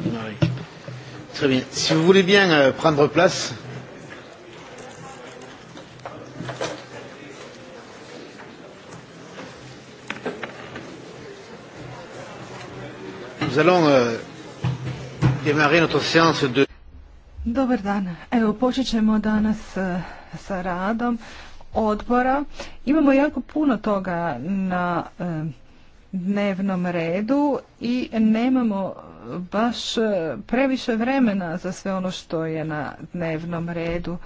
va démarrer. Très bien. Si vous voulez bien euh, prendre place. Nous allons euh, démarrer notre séance de... Dobar dan. Evo, počet ćemo danas uh, sa radom odbora. Imamo jako puno toga na uh, dnevnom redu i nemamo baš e, previše vremena za sve ono što je na dnevnom redu.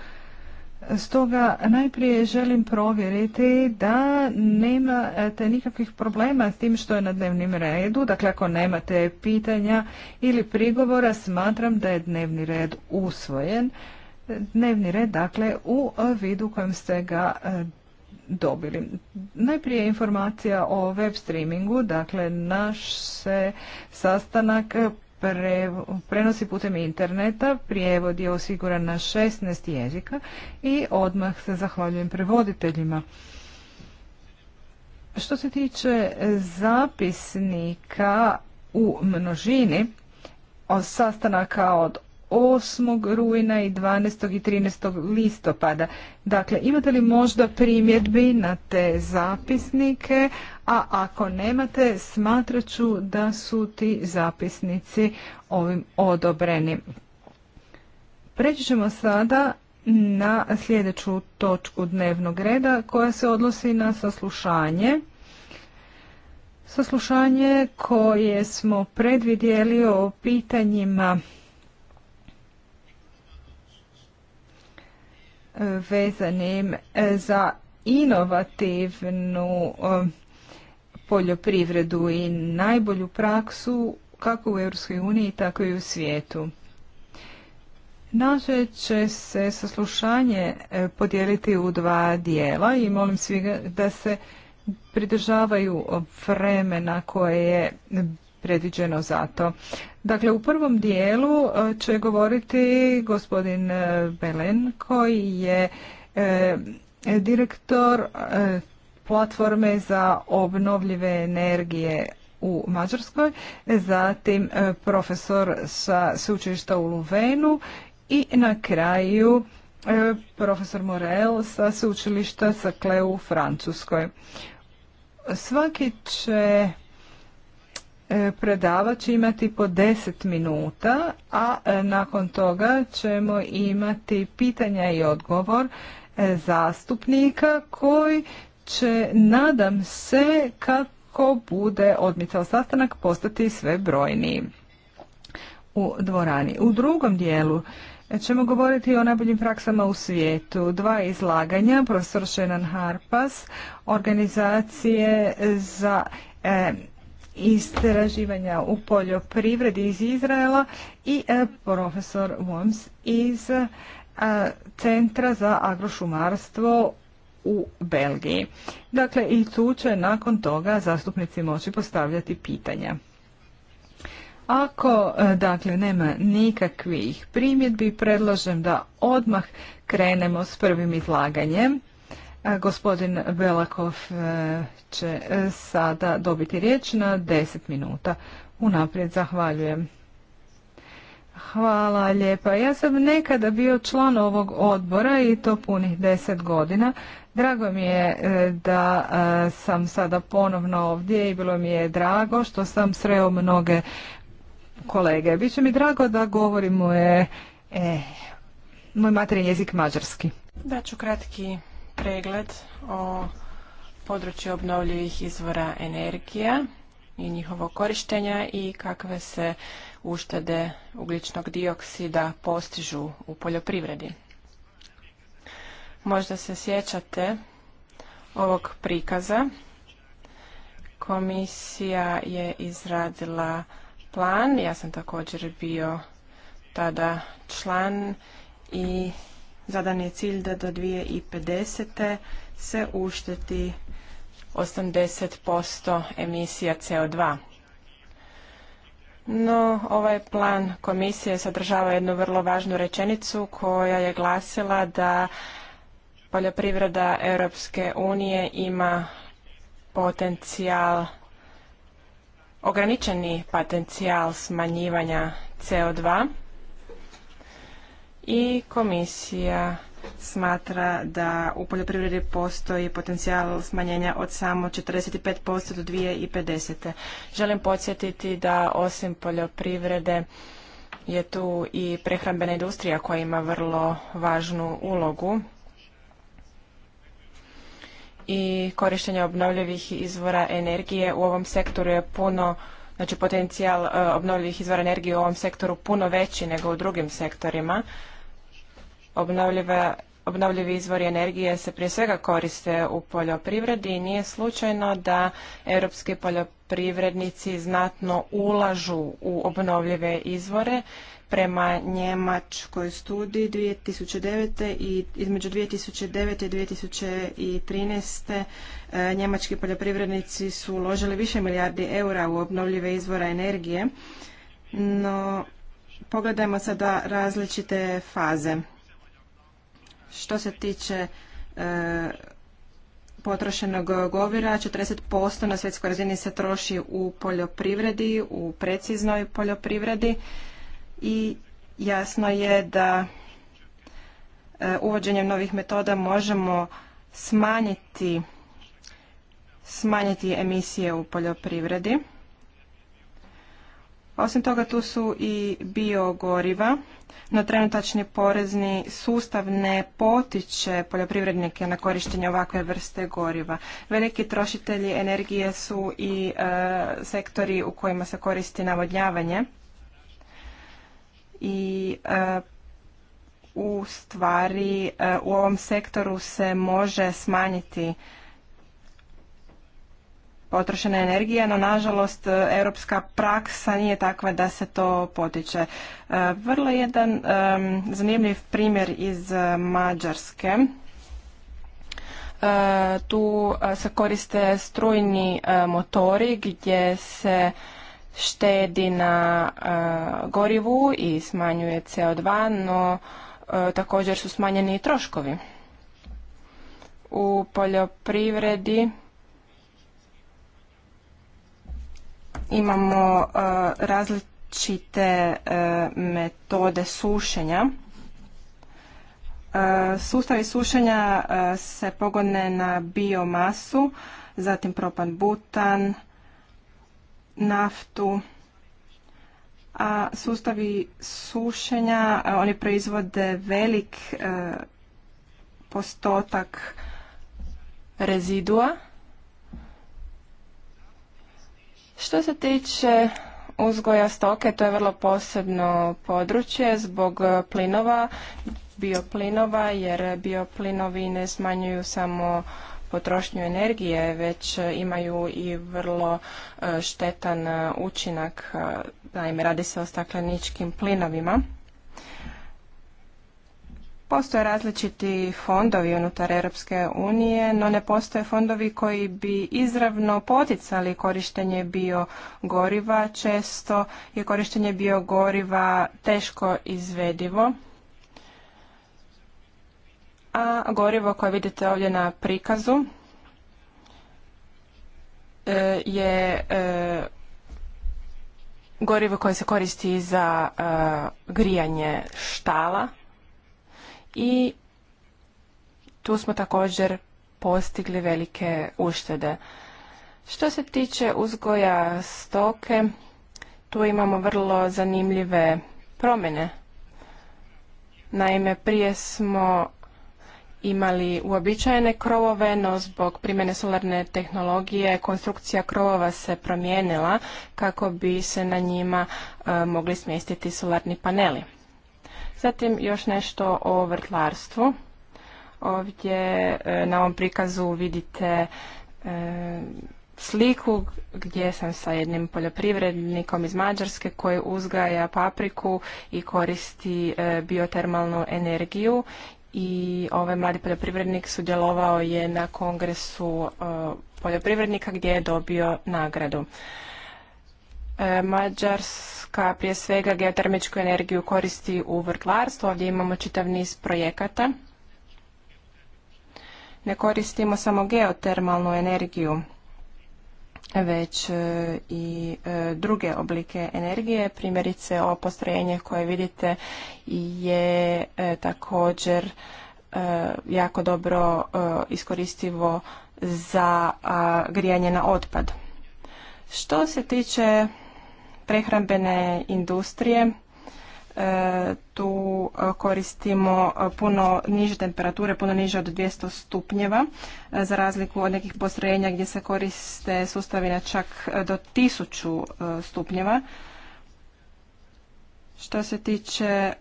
Stoga najprije želim provjeriti da nemate nikakvih problema s tim što je na dnevnim redu. Dakle, ako nemate pitanja ili prigovora, smatram da je dnevni red usvojen. Dnevni red, dakle, u vidu kojem ste ga e, dobili. Najprije informacija o web streamingu, dakle naš se sastanak prenosi putem interneta, prijevod je osiguran na 16 jezika i odmah se zahvaljujem prevoditeljima. Što se tiče zapisnika u množini, sastanaka od 8. rujna i 12. i 13. listopada. Dakle, imate li možda primjedbi na te zapisnike, a ako nemate, smatraću da su ti zapisnici ovim odobreni. Preći ćemo sada na sljedeću točku dnevnog reda koja se odnosi na saslušanje. Saslušanje koje smo predvidjeli o pitanjima vezanim e, za inovativnu e, poljoprivredu i najbolju praksu kako u EU tako i u svijetu. Naše će se saslušanje e, podijeliti u dva dijela i molim svi da se pridržavaju vremena koje je predviđeno za to. Dakle, u prvom dijelu e, će govoriti gospodin e, Belen koji je e, direktor platforme za obnovljive energije u Mađarskoj, zatim profesor sa sveučilišta u Luvenu i na kraju profesor Morel sa sveučilišta Sakle u Francuskoj. Svaki će E, predavač će imati po 10 minuta, a e, nakon toga ćemo imati pitanja i odgovor e, zastupnika koji će, nadam se, kako bude odmicao sastanak, postati sve brojniji u dvorani. U drugom dijelu ćemo govoriti o najboljim praksama u svijetu. Dva izlaganja, profesor Šenan Harpas, organizacije za istraživanja u poljoprivredi iz Izraela i e, profesor Woms iz e, Centra za agrošumarstvo u Belgiji. Dakle, i tu će nakon toga zastupnici moći postavljati pitanja. Ako e, dakle nema nikakvih primjedbi, predlažem da odmah krenemo s prvim izlaganjem. Gospodin Belakov e, će e, sada dobiti riječ na 10 minuta. Unaprijed zahvaljujem. Hvala lijepa. Ja sam nekada bio član ovog odbora i to punih deset godina. Drago mi je e, da sam sada ponovno ovdje i bilo mi je drago što sam sreo mnoge kolege. Biće mi drago da govorim moj materijen jezik mađarski. Daću kratki pregled o području obnovljivih izvora energija i njihovog korištenja i kakve se uštede ugljičnog dioksida postižu u poljoprivredi. Možda se sjećate ovog prikaza. Komisija je izradila plan, ja sam također bio tada član i Zadan je cilj da do 2050. se ušteti 80% emisija CO2. No, ovaj plan komisije sadržava jednu vrlo važnu rečenicu koja je glasila da poljoprivreda Europske unije ima potencijal, ograničeni potencijal smanjivanja CO2 i komisija smatra da u poljoprivredi postoji potencijal smanjenja od samo 45% do 2050. Želim podsjetiti da osim poljoprivrede je tu i prehrambena industrija koja ima vrlo važnu ulogu i korištenje obnovljivih izvora energije u ovom sektoru je puno znači potencijal e, obnovljivih izvora energije u ovom sektoru puno veći nego u drugim sektorima Obnovljive, obnovljivi izvori energije se prije svega koriste u poljoprivredi i nije slučajno da europski poljoprivrednici znatno ulažu u obnovljive izvore prema njemačkoj studiji 2009. i između 2009. i 2013. E, njemački poljoprivrednici su uložili više milijardi eura u obnovljive izvore energije, no pogledajmo sada različite faze što se tiče e, potrošenog govira, 40% na svjetskoj razini se troši u poljoprivredi, u preciznoj poljoprivredi i jasno je da e, uvođenjem novih metoda možemo smanjiti smanjiti emisije u poljoprivredi. Osim toga tu su i biogoriva, no trenutačni porezni sustav ne potiče poljoprivrednike na korištenje ovakve vrste goriva. Veliki trošitelji energije su i e, sektori u kojima se koristi navodnjavanje i e, u stvari e, u ovom sektoru se može smanjiti potrošena energija, no nažalost e, europska praksa nije takva da se to potiče. E, vrlo jedan zanimljiv primjer iz e, Mađarske. Tu se koriste strujni motori gdje se štedi na gorivu i smanjuje CO2, no također su smanjeni i troškovi. U poljoprivredi imamo e, različite e, metode sušenja. E, sustavi sušenja se pogone na biomasu, zatim propan butan, naftu, a sustavi sušenja, oni proizvode velik postotak rezidua Što se tiče uzgoja stoke, to je vrlo posebno područje zbog plinova, bioplinova, jer bioplinovi ne smanjuju samo potrošnju energije, već imaju i vrlo e, štetan e, učinak, e, naime radi se o stakleničkim plinovima. Postoje različiti fondovi unutar Europske unije, no ne postoje fondovi koji bi izravno poticali korištenje biogoriva. Često je korištenje biogoriva teško izvedivo. A gorivo koje vidite ovdje na prikazu e, je e, gorivo koje se koristi za e, grijanje štala i tu smo također postigli velike uštede. Što se tiče uzgoja stoke, tu imamo vrlo zanimljive promjene. Naime, prije smo imali uobičajene krovove, no zbog primjene solarne tehnologije konstrukcija krovova se promijenila kako bi se na njima e, mogli smjestiti solarni paneli. Zatim još nešto o vrtlarstvu. Ovdje e, na ovom prikazu vidite e, sliku gdje sam sa jednim poljoprivrednikom iz Mađarske koji uzgaja papriku i koristi e, biotermalnu energiju i ovaj mladi poljoprivrednik sudjelovao je na kongresu poljoprivrednika gdje je dobio nagradu. E, Mađarska prije svega geotermičku energiju koristi u vrtlarstvu. Ovdje imamo čitav niz projekata. Ne koristimo samo geotermalnu energiju, već e, i e, druge oblike energije. Primjerice ovo postrojenje koje vidite je također jako dobro iskoristivo za grijanje na otpad. Što se tiče prehrambene industrije. E, tu e, koristimo e, puno niže temperature, puno niže od 200 stupnjeva, za razliku od nekih postrojenja gdje se koriste sustavi na čak do 1000 stupnjeva. Što se tiče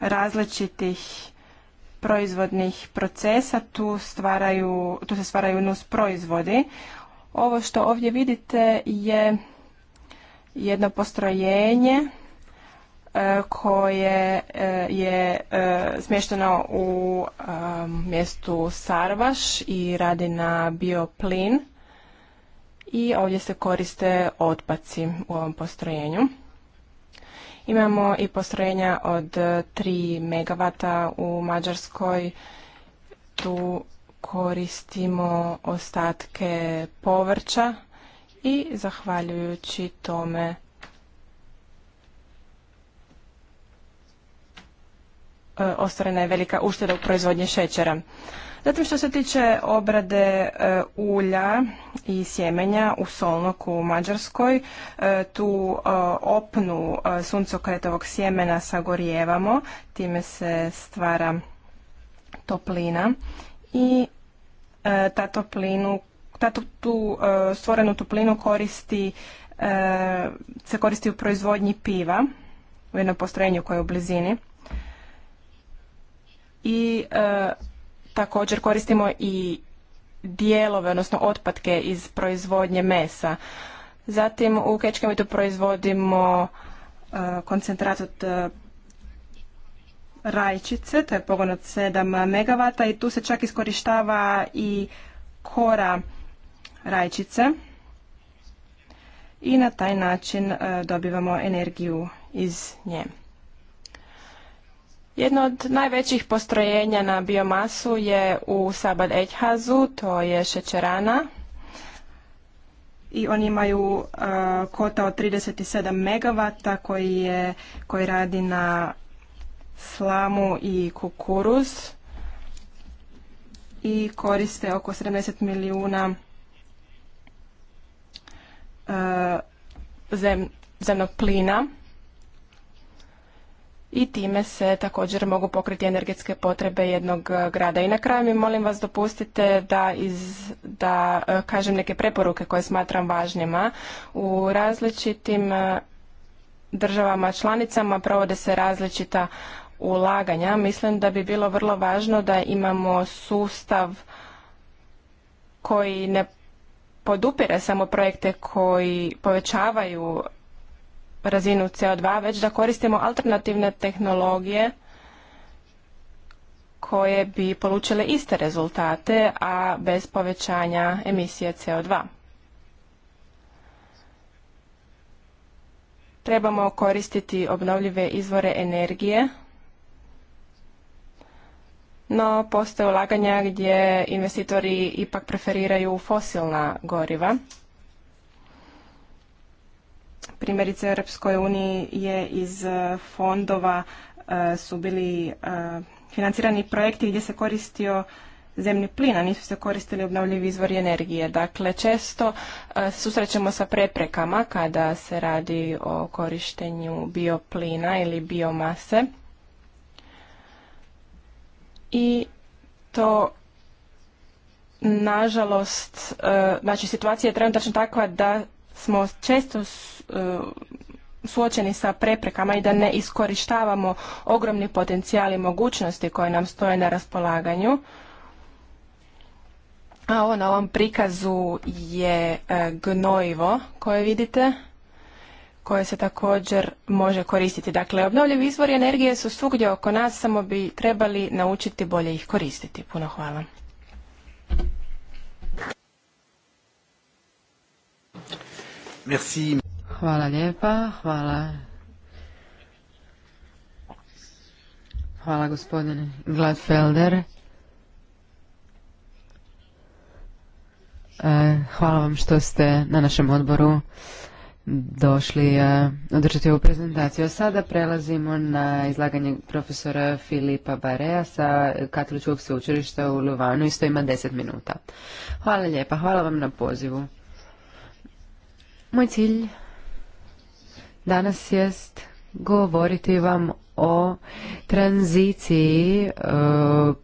različitih proizvodnih procesa, tu, stvaraju, tu se stvaraju nus proizvodi. Ovo što ovdje vidite je jedno postrojenje e, koje e, je e, smješteno u mjestu Sarvaš i radi na bioplin i ovdje se koriste otpaci u ovom postrojenju. Imamo i postrojenja od 3 MW u Mađarskoj, tu koristimo ostatke povrća i zahvaljujući tome e, ostvarena je velika ušteda u proizvodnje šećera. Zatim što se tiče obrade e, ulja i sjemenja u Solnoku u Mađarskoj, e, tu opnu suncokretovog sjemena sagorijevamo, time se stvara toplina i E, ta toplinu, ta tu e, stvorenu toplinu koristi, e, se koristi u proizvodnji piva u jednom postrojenju koje je u blizini. I također koristimo i dijelove, odnosno otpadke iz proizvodnje mesa. Zatim u Kečkemitu proizvodimo koncentrat od rajčice, to je pogon od 7 MW i tu se čak iskorištava i kora rajčice i na taj način e, dobivamo energiju iz nje. Jedno od najvećih postrojenja na biomasu je u Sabad Ejhazu, to je šećerana i oni imaju e, kota od 37 MW koji, koji radi na slamu i kukuruz i koriste oko 70 milijuna e, zemnog plina i time se također mogu pokriti energetske potrebe jednog e, grada. I na kraju mi molim vas dopustite da, iz, da e, kažem neke preporuke koje smatram važnjima. U različitim državama članicama provode se različita ulaganja, mislim da bi bilo vrlo važno da imamo sustav koji ne podupire samo projekte koji povećavaju razinu CO2, već da koristimo alternativne tehnologije koje bi polučile iste rezultate, a bez povećanja emisije CO2. Trebamo koristiti obnovljive izvore energije no postoje ulaganja gdje investitori ipak preferiraju fosilna goriva. Primjerice Europskoj uniji je iz e, fondova e, su bili e, financirani projekti gdje se koristio zemni plina, nisu se koristili obnovljivi izvori energije. Dakle, često susrećemo sa preprekama kada se radi o korištenju bioplina ili biomase i to nažalost, e, znači situacija je trenutačno takva da smo često e, suočeni sa preprekama i da ne iskorištavamo ogromni potencijal i mogućnosti koje nam stoje na raspolaganju. A ovo na ovom prikazu je e, gnojivo koje vidite koje se također može koristiti. Dakle, obnovljivi izvori energije su svugdje oko nas, samo bi trebali naučiti bolje ih koristiti. Puno hvala. Merci. Hvala lijepa, hvala. Hvala gospodine Gladfelder. E, hvala vam što ste na našem odboru došli eh, održati ovu prezentaciju. A sada prelazimo na izlaganje profesora Filipa Barea sa Katoličkog sveučilišta u Luvanu. Isto ima 10 minuta. Hvala lijepa, hvala vam na pozivu. Moj cilj danas jest govoriti vam o tranziciji e,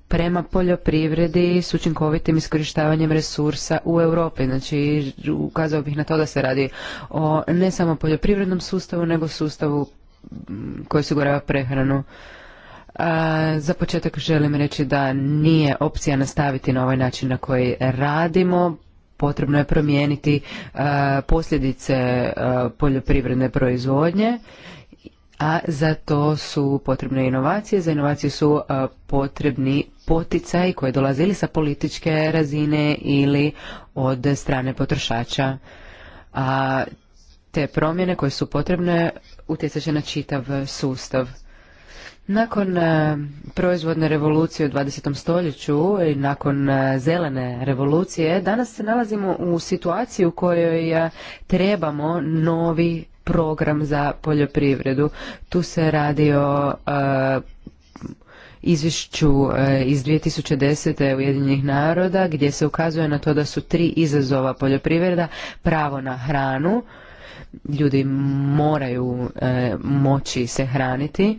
prema poljoprivredi s učinkovitim iskorištavanjem resursa u Europi. Znači, ukazao bih na to da se radi o ne samo poljoprivrednom sustavu, nego sustavu koji osigurava prehranu. za početak želim reći da nije opcija nastaviti na ovaj način na koji radimo. Potrebno je promijeniti posljedice poljoprivredne proizvodnje a za to su potrebne inovacije, za inovacije su e, potrebni poticaji koji dolaze ili sa političke razine ili od strane potrošača. A te promjene koje su potrebne utjecaće na čitav sustav. Nakon e, proizvodne revolucije u 20. stoljeću i nakon e, zelene revolucije, danas se nalazimo u situaciji u kojoj trebamo novi program za poljoprivredu. Tu se radi o e, izvješću e, iz 2010. Ujedinjenih naroda gdje se ukazuje na to da su tri izazova poljoprivreda pravo na hranu, ljudi moraju e, moći se hraniti,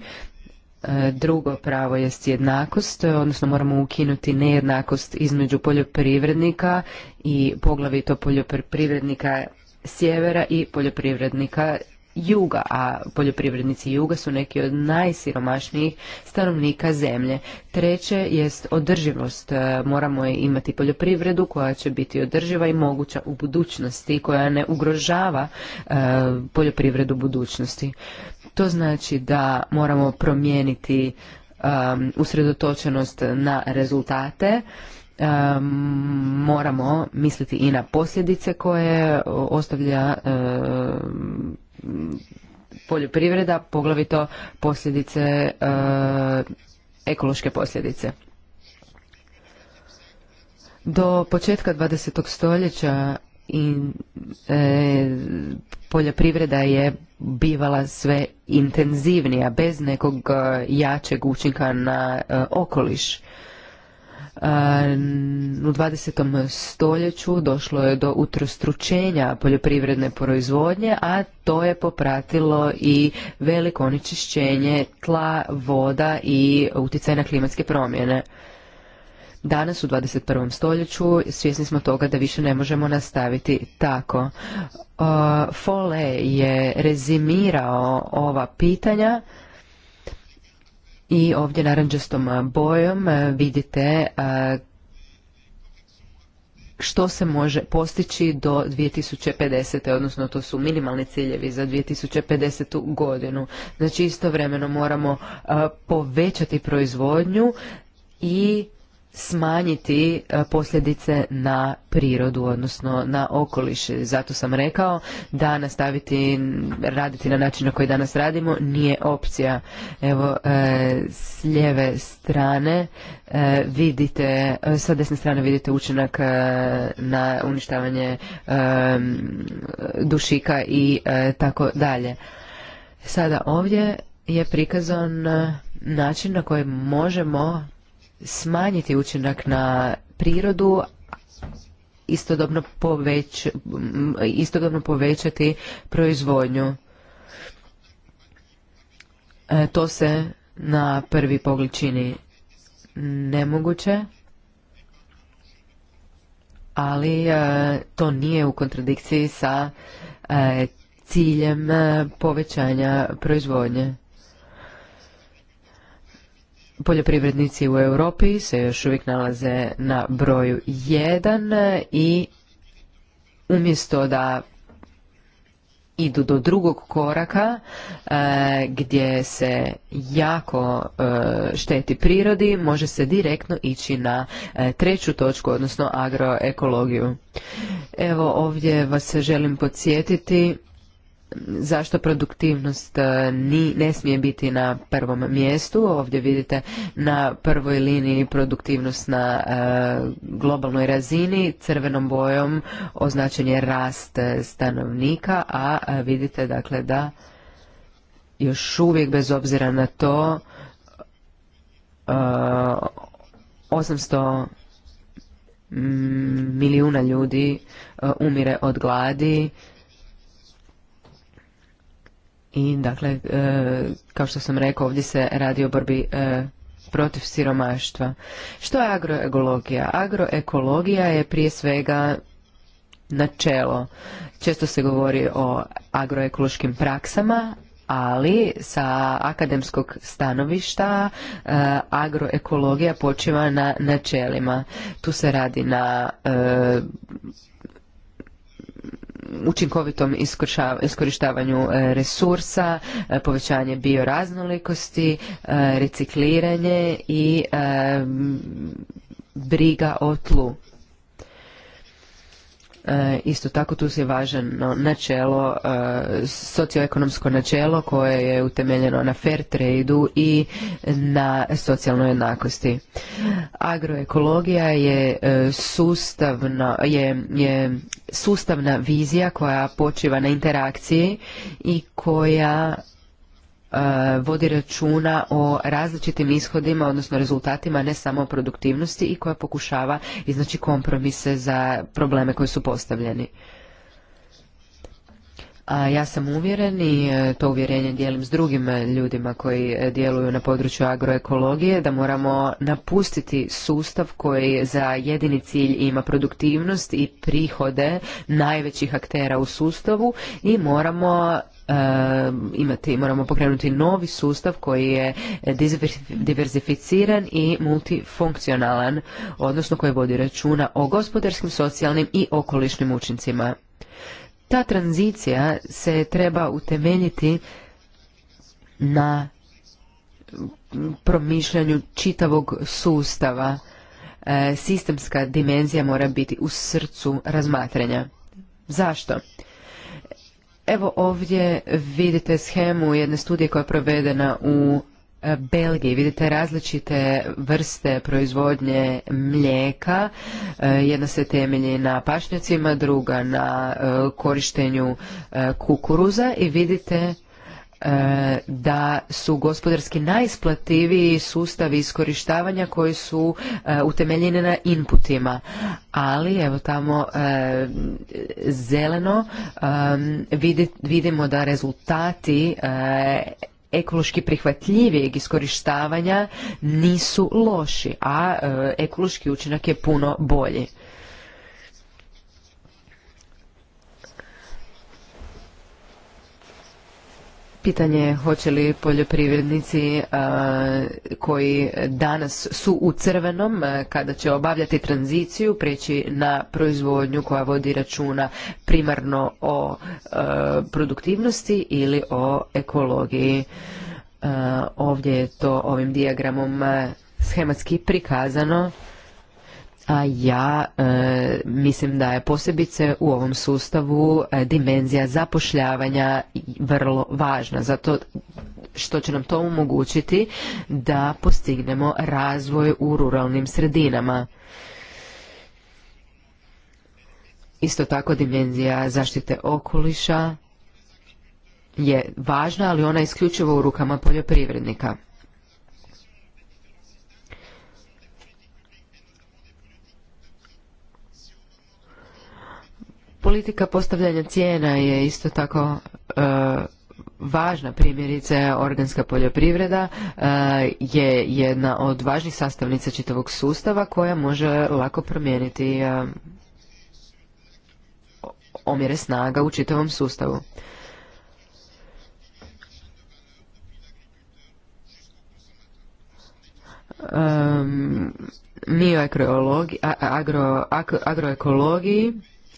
Drugo pravo jest jednakost, odnosno moramo ukinuti nejednakost između poljoprivrednika i poglavito poljoprivrednika sjevera i poljoprivrednika juga, a poljoprivrednici juga su neki od najsiromašnijih stanovnika zemlje. Treće jest održivost. E, moramo imati poljoprivredu koja će biti održiva i moguća u budućnosti, koja ne ugrožava e, poljoprivredu budućnosti. To znači da moramo promijeniti e, usredotočenost na rezultate, moramo misliti i na posljedice koje ostavlja poljoprivreda, poglavito posljedice, ekološke posljedice. Do početka 20. stoljeća i e, poljoprivreda je bivala sve intenzivnija bez nekog e, jačeg učinka na e, okoliš u 20. stoljeću došlo je do utrostručenja poljoprivredne proizvodnje, a to je popratilo i veliko onečišćenje tla, voda i utjecaj na klimatske promjene. Danas u 21. stoljeću svjesni smo toga da više ne možemo nastaviti tako. Fole je rezimirao ova pitanja i ovdje naranđastom bojom vidite što se može postići do 2050. odnosno to su minimalni ciljevi za 2050. godinu. Znači istovremeno moramo povećati proizvodnju i smanjiti e, posljedice na prirodu, odnosno na okoliš. Zato sam rekao da nastaviti raditi na način na koji danas radimo nije opcija. Evo, e, s lijeve strane e, vidite, sa desne strane vidite učinak na uništavanje dušika i tako dalje. Sada ovdje je prikazan način na koji možemo smanjiti učinak na prirodu, istodobno, poveć, istodobno povećati proizvodnju. E, to se na prvi pogled čini nemoguće, ali e, to nije u kontradikciji sa e, ciljem povećanja proizvodnje poljoprivrednici u Europi se još uvijek nalaze na broju 1 i umjesto da idu do drugog koraka e, gdje se jako e, šteti prirodi, može se direktno ići na e, treću točku, odnosno agroekologiju. Evo ovdje vas želim podsjetiti zašto produktivnost e, ni, ne smije biti na prvom mjestu. Ovdje vidite na prvoj liniji produktivnost na e, globalnoj razini, crvenom bojom označen je rast e, stanovnika, a vidite dakle da još uvijek bez obzira na to 800 milijuna ljudi umire od gladi i dakle, e, kao što sam rekao, ovdje se radi o borbi e, protiv siromaštva. Što je agroekologija? Agroekologija je prije svega načelo. Često se govori o agroekološkim praksama, ali sa akademskog stanovišta e, agroekologija počiva na načelima. Tu se radi na učinkovitom iskorištavanju e, resursa, e, povećanje bioraznolikosti, e, recikliranje i briga o tlu. E, isto tako tu je no, načelo, e, socioekonomsko načelo koje je utemeljeno na fair tradu i na socijalnoj jednakosti. Agroekologija je, e, sustavna, je, je sustavna vizija koja počiva na interakciji i koja E, vodi računa o različitim ishodima, odnosno rezultatima, ne samo o produktivnosti i koja pokušava iznaći kompromise za probleme koji su postavljeni a ja sam uvjeren i e, to uvjerenje dijelim s drugim e, ljudima koji e, djeluju na području agroekologije da moramo napustiti sustav koji za jedini cilj ima produktivnost i prihode najvećih aktera u sustavu i moramo imati, moramo pokrenuti novi sustav koji je diversificiran i multifunkcionalan, odnosno koji vodi računa o gospodarskim, socijalnim i okolišnim učincima. Ta tranzicija se treba utemeljiti na promišljanju čitavog sustava. E, sistemska dimenzija mora biti u srcu razmatranja. Zašto? Evo ovdje vidite schemu jedne studije koja je provedena u Belgiji. Vidite različite vrste proizvodnje mlijeka. E, jedna se temelji na pašnjacima, druga na e, korištenju e, kukuruza i vidite da su gospodarski najisplativiji sustavi iskorištavanja koji su utemeljeni na inputima. Ali evo tamo zeleno vidimo da rezultati ekološki prihvatljivijeg iskorištavanja nisu loši, a e, ekološki učinak je puno bolji. Pitanje je hoće li poljoprivrednici e, koji danas su u crvenom e, kada će obavljati tranziciju preći na proizvodnju koja vodi računa primarno o e, produktivnosti ili o ekologiji. Ovdje je to ovim dijagramom schematski prikazano a ja e, mislim da je posebice u ovom sustavu e, dimenzija zapošljavanja vrlo važna zato što će nam to omogućiti da postignemo razvoj u ruralnim sredinama isto tako dimenzija zaštite okoliša je važna ali ona je isključivo u rukama poljoprivrednika Politika postavljanja cijena je isto tako e, važna primjerice organska poljoprivreda e, je jedna od važnih sastavnica čitavog sustava koja može lako promijeniti e, omjere snaga u čitavom sustavu. Mi agroekologiji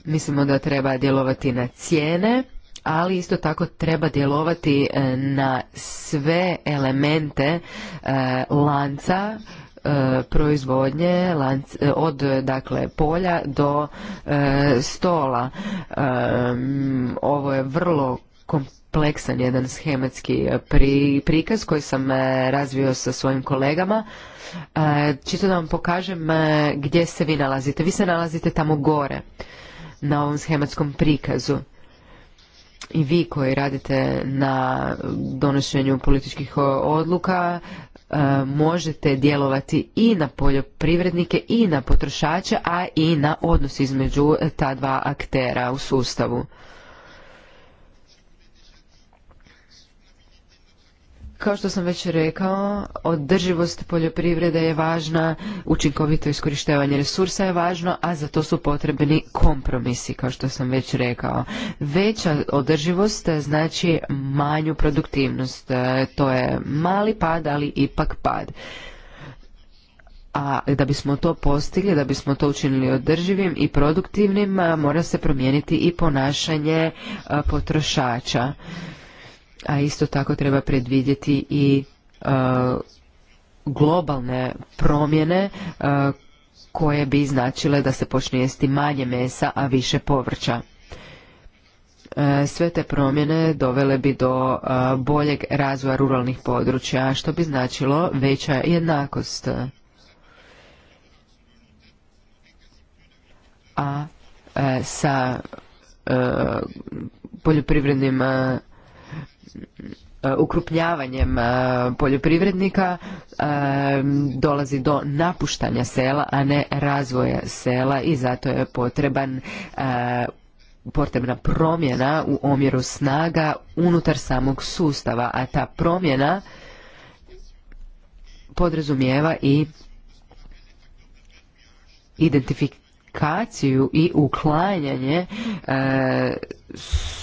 Mislimo da treba djelovati na cijene, ali isto tako treba djelovati e, na sve elemente e, lanca e, proizvodnje od dakle polja do stola. ovo je vrlo kompleksan jedan schematski prikaz koji sam razvio sa svojim kolegama. čisto čito da vam pokažem gdje se vi nalazite. Vi se nalazite tamo gore na ovom schematskom prikazu. I vi koji radite na donošenju političkih odluka e, možete djelovati i na poljoprivrednike i na potrošače, a i na odnos između ta dva aktera u sustavu. Kao što sam već rekao, održivost poljoprivrede je važna, učinkovito iskorištavanje resursa je važno, a za to su potrebni kompromisi, kao što sam već rekao. Veća održivost znači manju produktivnost. E, to je mali pad, ali ipak pad. A da bismo to postigli, da bismo to učinili održivim i produktivnim, mora se promijeniti i ponašanje e, potrošača a isto tako treba predvidjeti i e, globalne promjene e, koje bi značile da se počne jesti manje mesa, a više povrća. E, sve te promjene dovele bi do boljeg razvoja ruralnih područja, što bi značilo veća jednakost. A sa poljoprivrednim E, ukrupnjavanjem e, poljoprivrednika e, dolazi do napuštanja sela, a ne razvoja sela i zato je potreban potrebna promjena u omjeru snaga unutar samog sustava, a ta promjena podrazumijeva i identifikaciju kaciju i uklanjanje e,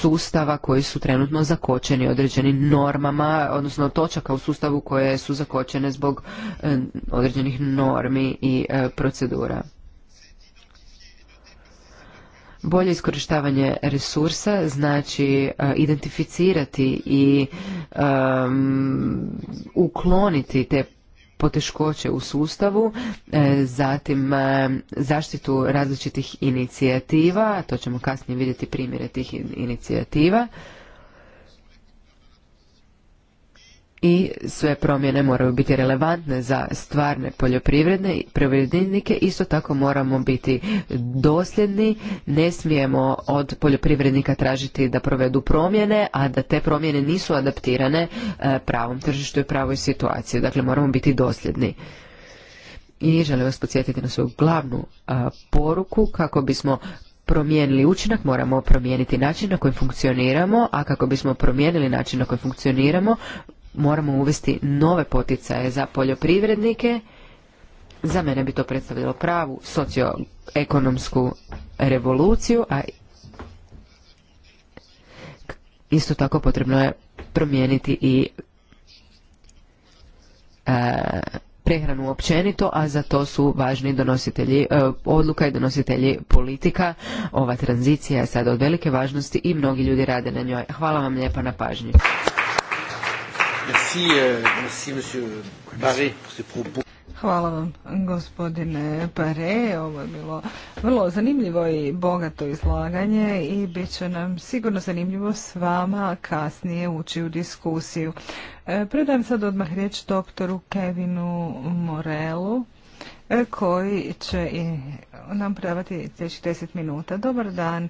sustava koji su trenutno zakočeni određenim normama, odnosno točaka u sustavu koje su zakočene zbog e, određenih normi i e, procedura. Bolje iskorištavanje resursa znači identificirati i ukloniti te poteškoće u sustavu, e, zatim e, zaštitu različitih inicijativa, to ćemo kasnije vidjeti primjere tih inicijativa, i sve promjene moraju biti relevantne za stvarne poljoprivredne poljoprivrednike. Isto tako moramo biti dosljedni, ne smijemo od poljoprivrednika tražiti da provedu promjene, a da te promjene nisu adaptirane e, pravom tržištu i pravoj situaciji. Dakle, moramo biti dosljedni. I želim vas podsjetiti na svoju glavnu e, poruku kako bismo promijenili učinak, moramo promijeniti način na koji funkcioniramo, a kako bismo promijenili način na koji funkcioniramo, moramo uvesti nove poticaje za poljoprivrednike, za mene bi to predstavljalo pravu socioekonomsku revoluciju, a isto tako potrebno je promijeniti i e, prehranu općenito, a za to su važni donositelji e, odluka i donositelji politika. Ova tranzicija je sada od velike važnosti i mnogi ljudi rade na njoj. Hvala vam lijepa na pažnju. Euh, Hvala vam gospodine Pare, ovo je bilo vrlo zanimljivo i bogato izlaganje i bit će nam sigurno zanimljivo s vama kasnije ući u diskusiju. E, predajem sad odmah riječ doktoru Kevinu Morelu e, koji će nam predavati sljedećih 10 minuta. Dobar dan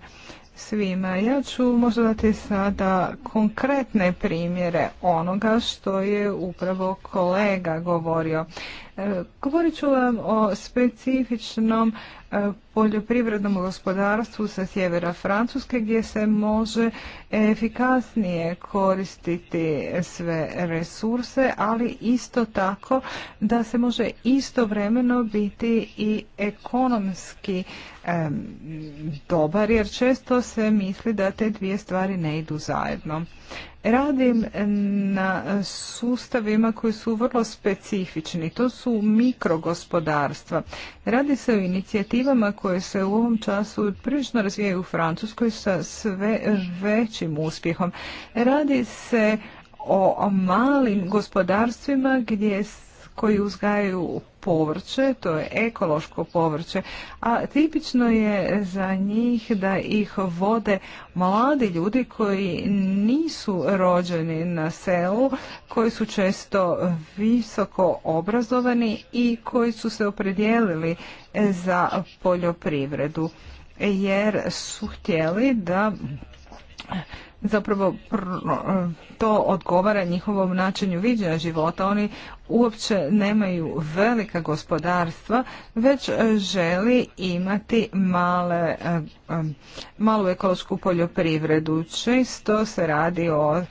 svima. Ja ću možda dati sada konkretne primjere onoga što je upravo kolega govorio. E, govorit ću vam o specifičnom e, poljoprivrednom gospodarstvu sa sjevera Francuske gdje se može efikasnije koristiti sve resurse, ali isto tako da se može istovremeno biti i ekonomski dobar jer često se misli da te dvije stvari ne idu zajedno. Radim na sustavima koji su vrlo specifični, to su mikrogospodarstva. Radi se o inicijativama koje se u ovom času prilično razvijaju u Francuskoj sa sve većim uspjehom. Radi se o malim gospodarstvima gdje koji uzgajaju povrće, to je ekološko povrće, a tipično je za njih da ih vode mladi ljudi koji nisu rođeni na selu, koji su često visoko obrazovani i koji su se opredijelili za poljoprivredu jer su htjeli da zapravo to odgovara njihovom načinju viđenja života. Oni uopće nemaju velika gospodarstva, već e, želi imati male, e, e, malu ekološku poljoprivredu. Često se radi o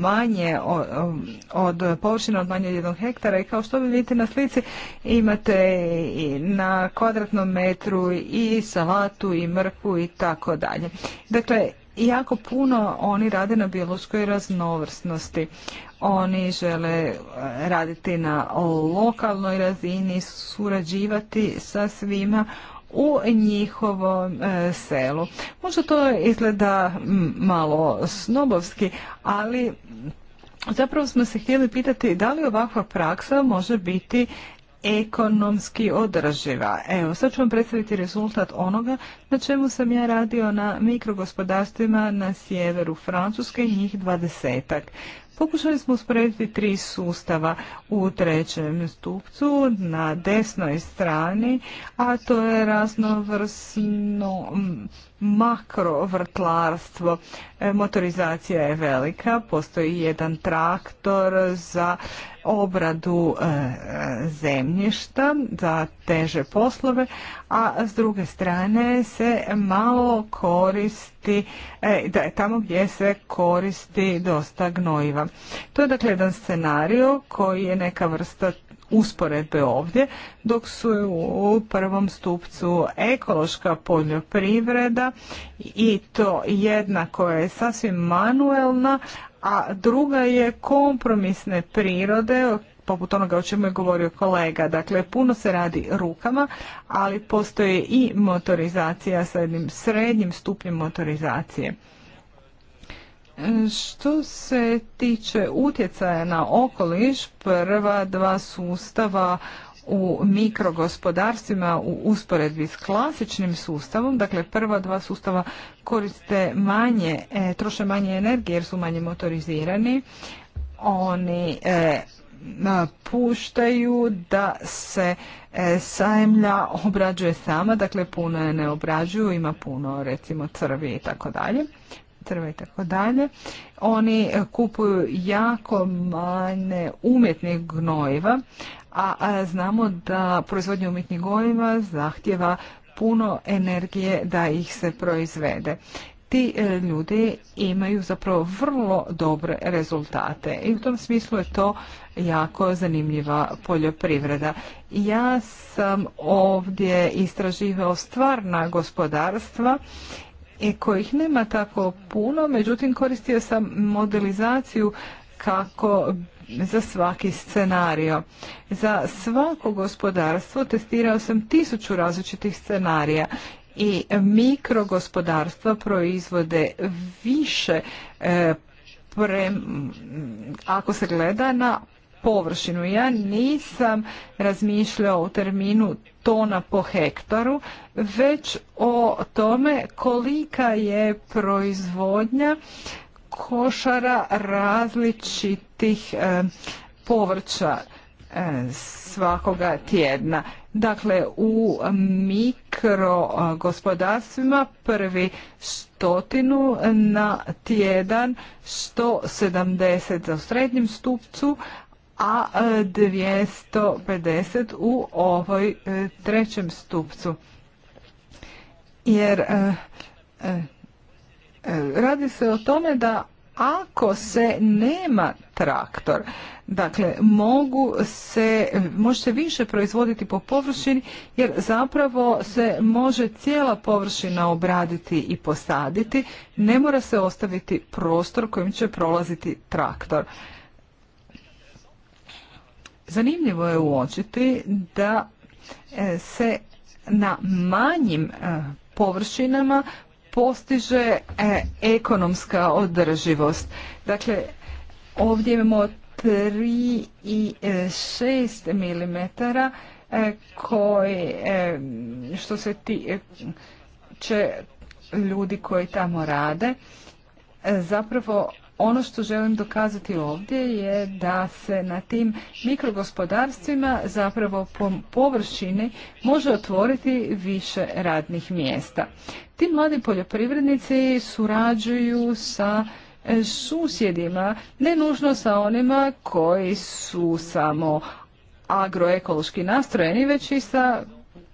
manje od površina od manje od jednog hektara i kao što vi vidite na slici imate i na kvadratnom metru i salatu i mrku i tako dalje. Dakle, jako puno oni rade na biološkoj raznovrsnosti. Oni žele eh, raditi na lokalnoj razini, surađivati sa svima u njihovom e, selu. Možda to izgleda malo snobovski, ali zapravo smo se htjeli pitati da li ovakva praksa može biti ekonomski održiva. Evo, sad ću vam predstaviti rezultat onoga na čemu sam ja radio na mikrogospodarstvima na sjeveru Francuske, njih dvadesetak. Pokušali smo usporediti tri sustava u trećem stupcu na desnoj strani, a to je raznovrsno makrovrtlarstvo. E, motorizacija je velika, postoji jedan traktor za obradu e, zemljišta za teže poslove, a s druge strane se malo koristi, e, da tamo gdje se koristi dosta gnojiva. To je dakle jedan scenario koji je neka vrsta usporedbe ovdje, dok su u prvom stupcu ekološka poljoprivreda i to jedna koja je sasvim manuelna, a druga je kompromisne prirode poput onoga o čemu je govorio kolega. Dakle, puno se radi rukama, ali postoji i motorizacija sa jednim srednjim stupnjem motorizacije. Što se tiče utjecaja na okoliš, prva dva sustava u mikrogospodarstvima u usporedbi s klasičnim sustavom, dakle prva dva sustava koriste manje, e, troše manje energije jer su manje motorizirani, oni e, puštaju da se e, sajemlja obrađuje sama, dakle puno je ne obrađuju, ima puno recimo crvi i tako dalje drva i tako dalje. Oni kupuju jako manje umjetnih gnojiva, a znamo da proizvodnja umjetnih gnojiva zahtjeva puno energije da ih se proizvede. Ti e, ljudi imaju zapravo vrlo dobre rezultate i u tom smislu je to jako zanimljiva poljoprivreda. Ja sam ovdje istraživao stvarna gospodarstva i kojih nema tako puno, međutim koristio sam modelizaciju kako za svaki scenario. Za svako gospodarstvo testirao sam tisuću različitih scenarija i mikrogospodarstva proizvode više e, pre, ako se gleda na površinu. Ja nisam razmišljao o terminu tona po hektaru, već o tome kolika je proizvodnja košara različitih e, povrća e, svakoga tjedna. Dakle, u mikrogospodarstvima e, prvi stotinu na tjedan 170 za srednjem stupcu, a 250 e, u ovoj e, trećem stupcu. Jer e, radi se o tome da ako se nema traktor, dakle mogu se, može se više proizvoditi po površini jer zapravo se može cijela površina obraditi i posaditi, ne mora se ostaviti prostor kojim će prolaziti traktor. Zanimljivo je uočiti da e, se na manjim e, površinama postiže e, ekonomska održivost. Dakle, ovdje imamo 3 i 6 milimetara koji što se ti će ljudi koji tamo rade zapravo ono što želim dokazati ovdje je da se na tim mikrogospodarstvima zapravo po površini može otvoriti više radnih mjesta. Ti mladi poljoprivrednici surađuju sa e, susjedima, ne nužno sa onima koji su samo agroekološki nastrojeni, već i sa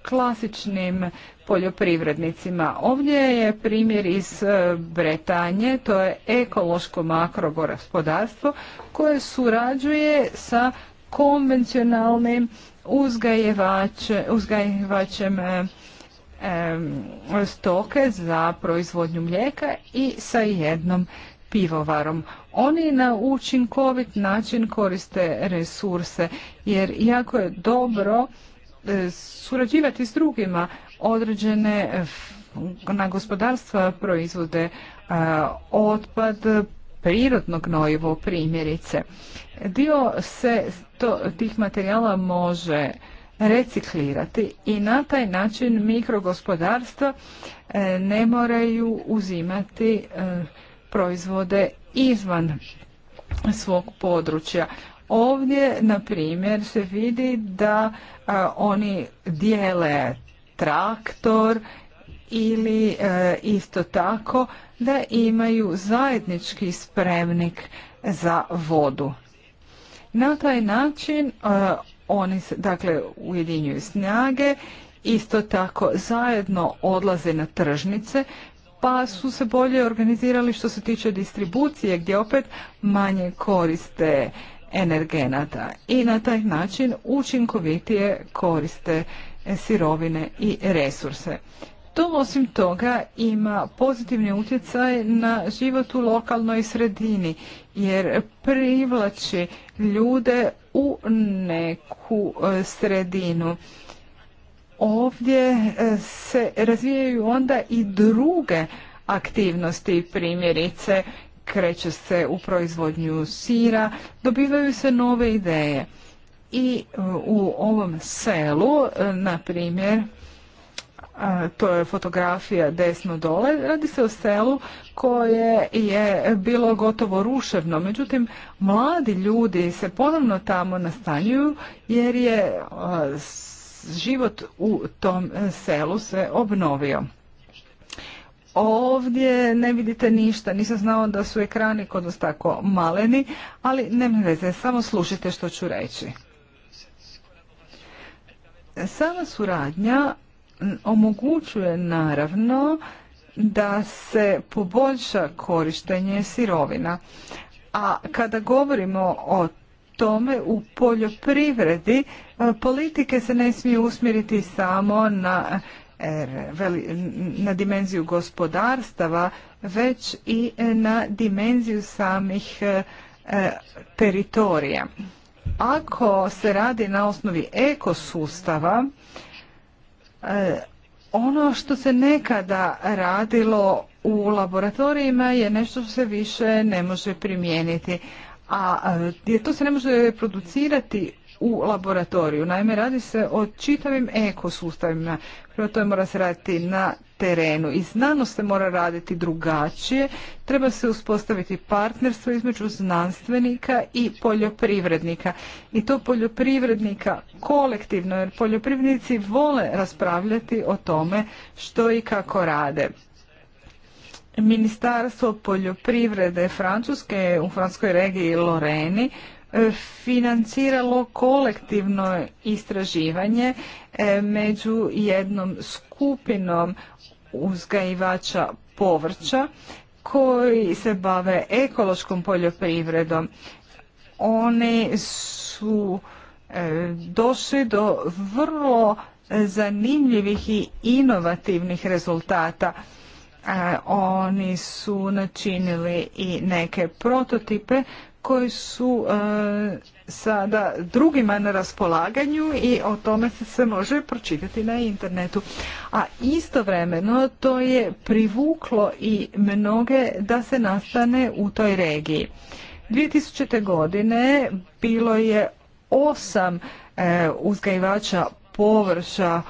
klasičnim poljoprivrednicima. Ovdje je primjer iz e, Bretanje, to je ekološko makrogospodarstvo koje surađuje sa konvencionalnim uzgajivačem e, e, stoke za proizvodnju mlijeka i sa jednom pivovarom. Oni na učinkovit način koriste resurse jer jako je dobro E, surađivati s drugima određene na gospodarstva proizvode e, otpad prirodno gnojivo primjerice. Dio se to, tih materijala može reciklirati i na taj način mikrogospodarstva e, ne moraju uzimati proizvode izvan svog područja. Ovdje, na primjer, se vidi da oni dijele traktor ili e, isto tako da imaju zajednički spremnik za vodu. Na taj način e, oni se dakle ujedinjuju snage, isto tako zajedno odlaze na tržnice pa su se bolje organizirali što se tiče distribucije gdje opet manje koriste energenata i na taj način učinkovitije koriste sirovine i resurse. To osim toga ima pozitivni utjecaj na život u lokalnoj sredini jer privlači ljude u neku e, sredinu. Ovdje e, se razvijaju onda i druge aktivnosti, primjerice kreće se u proizvodnju sira, dobivaju se nove ideje. I e, u ovom selu, e, na primjer, to je fotografija desno dole, radi se o selu koje je bilo gotovo ruševno. Međutim, mladi ljudi se ponovno tamo nastanjuju jer je život u tom selu se obnovio. Ovdje ne vidite ništa, nisam znao da su ekrani kod vas tako maleni, ali nema veze, samo slušajte što ću reći. Sama suradnja omogućuje naravno da se poboljša korištenje sirovina. A kada govorimo o tome u poljoprivredi e, politike se ne smiju usmjeriti samo na na dimenziju gospodarstava, već i na dimenziju samih e, teritorija. Ako se radi na osnovi ekosustava, e, ono što se nekada radilo u laboratorijima je nešto što se više ne može primijeniti. A e, to se ne može reproducirati u laboratoriju. Naime, radi se o čitavim ekosustavima. Prvo to mora se raditi na terenu i znanost se mora raditi drugačije. Treba se uspostaviti partnerstvo između znanstvenika i poljoprivrednika. I to poljoprivrednika kolektivno, jer poljoprivrednici vole raspravljati o tome što i kako rade. Ministarstvo poljoprivrede Francuske u francuskoj regiji Loreni E, financiralo kolektivno istraživanje e, među jednom skupinom uzgajivača povrća koji se bave ekološkom poljoprivredom. Oni su e, došli do vrlo zanimljivih i inovativnih rezultata. Oni su načinili i neke prototipe koji su e, sada drugima na raspolaganju i o tome se, sve može pročitati na internetu. A istovremeno to je privuklo i mnoge da se nastane u toj regiji. 2000. godine bilo je osam e, uzgajivača površa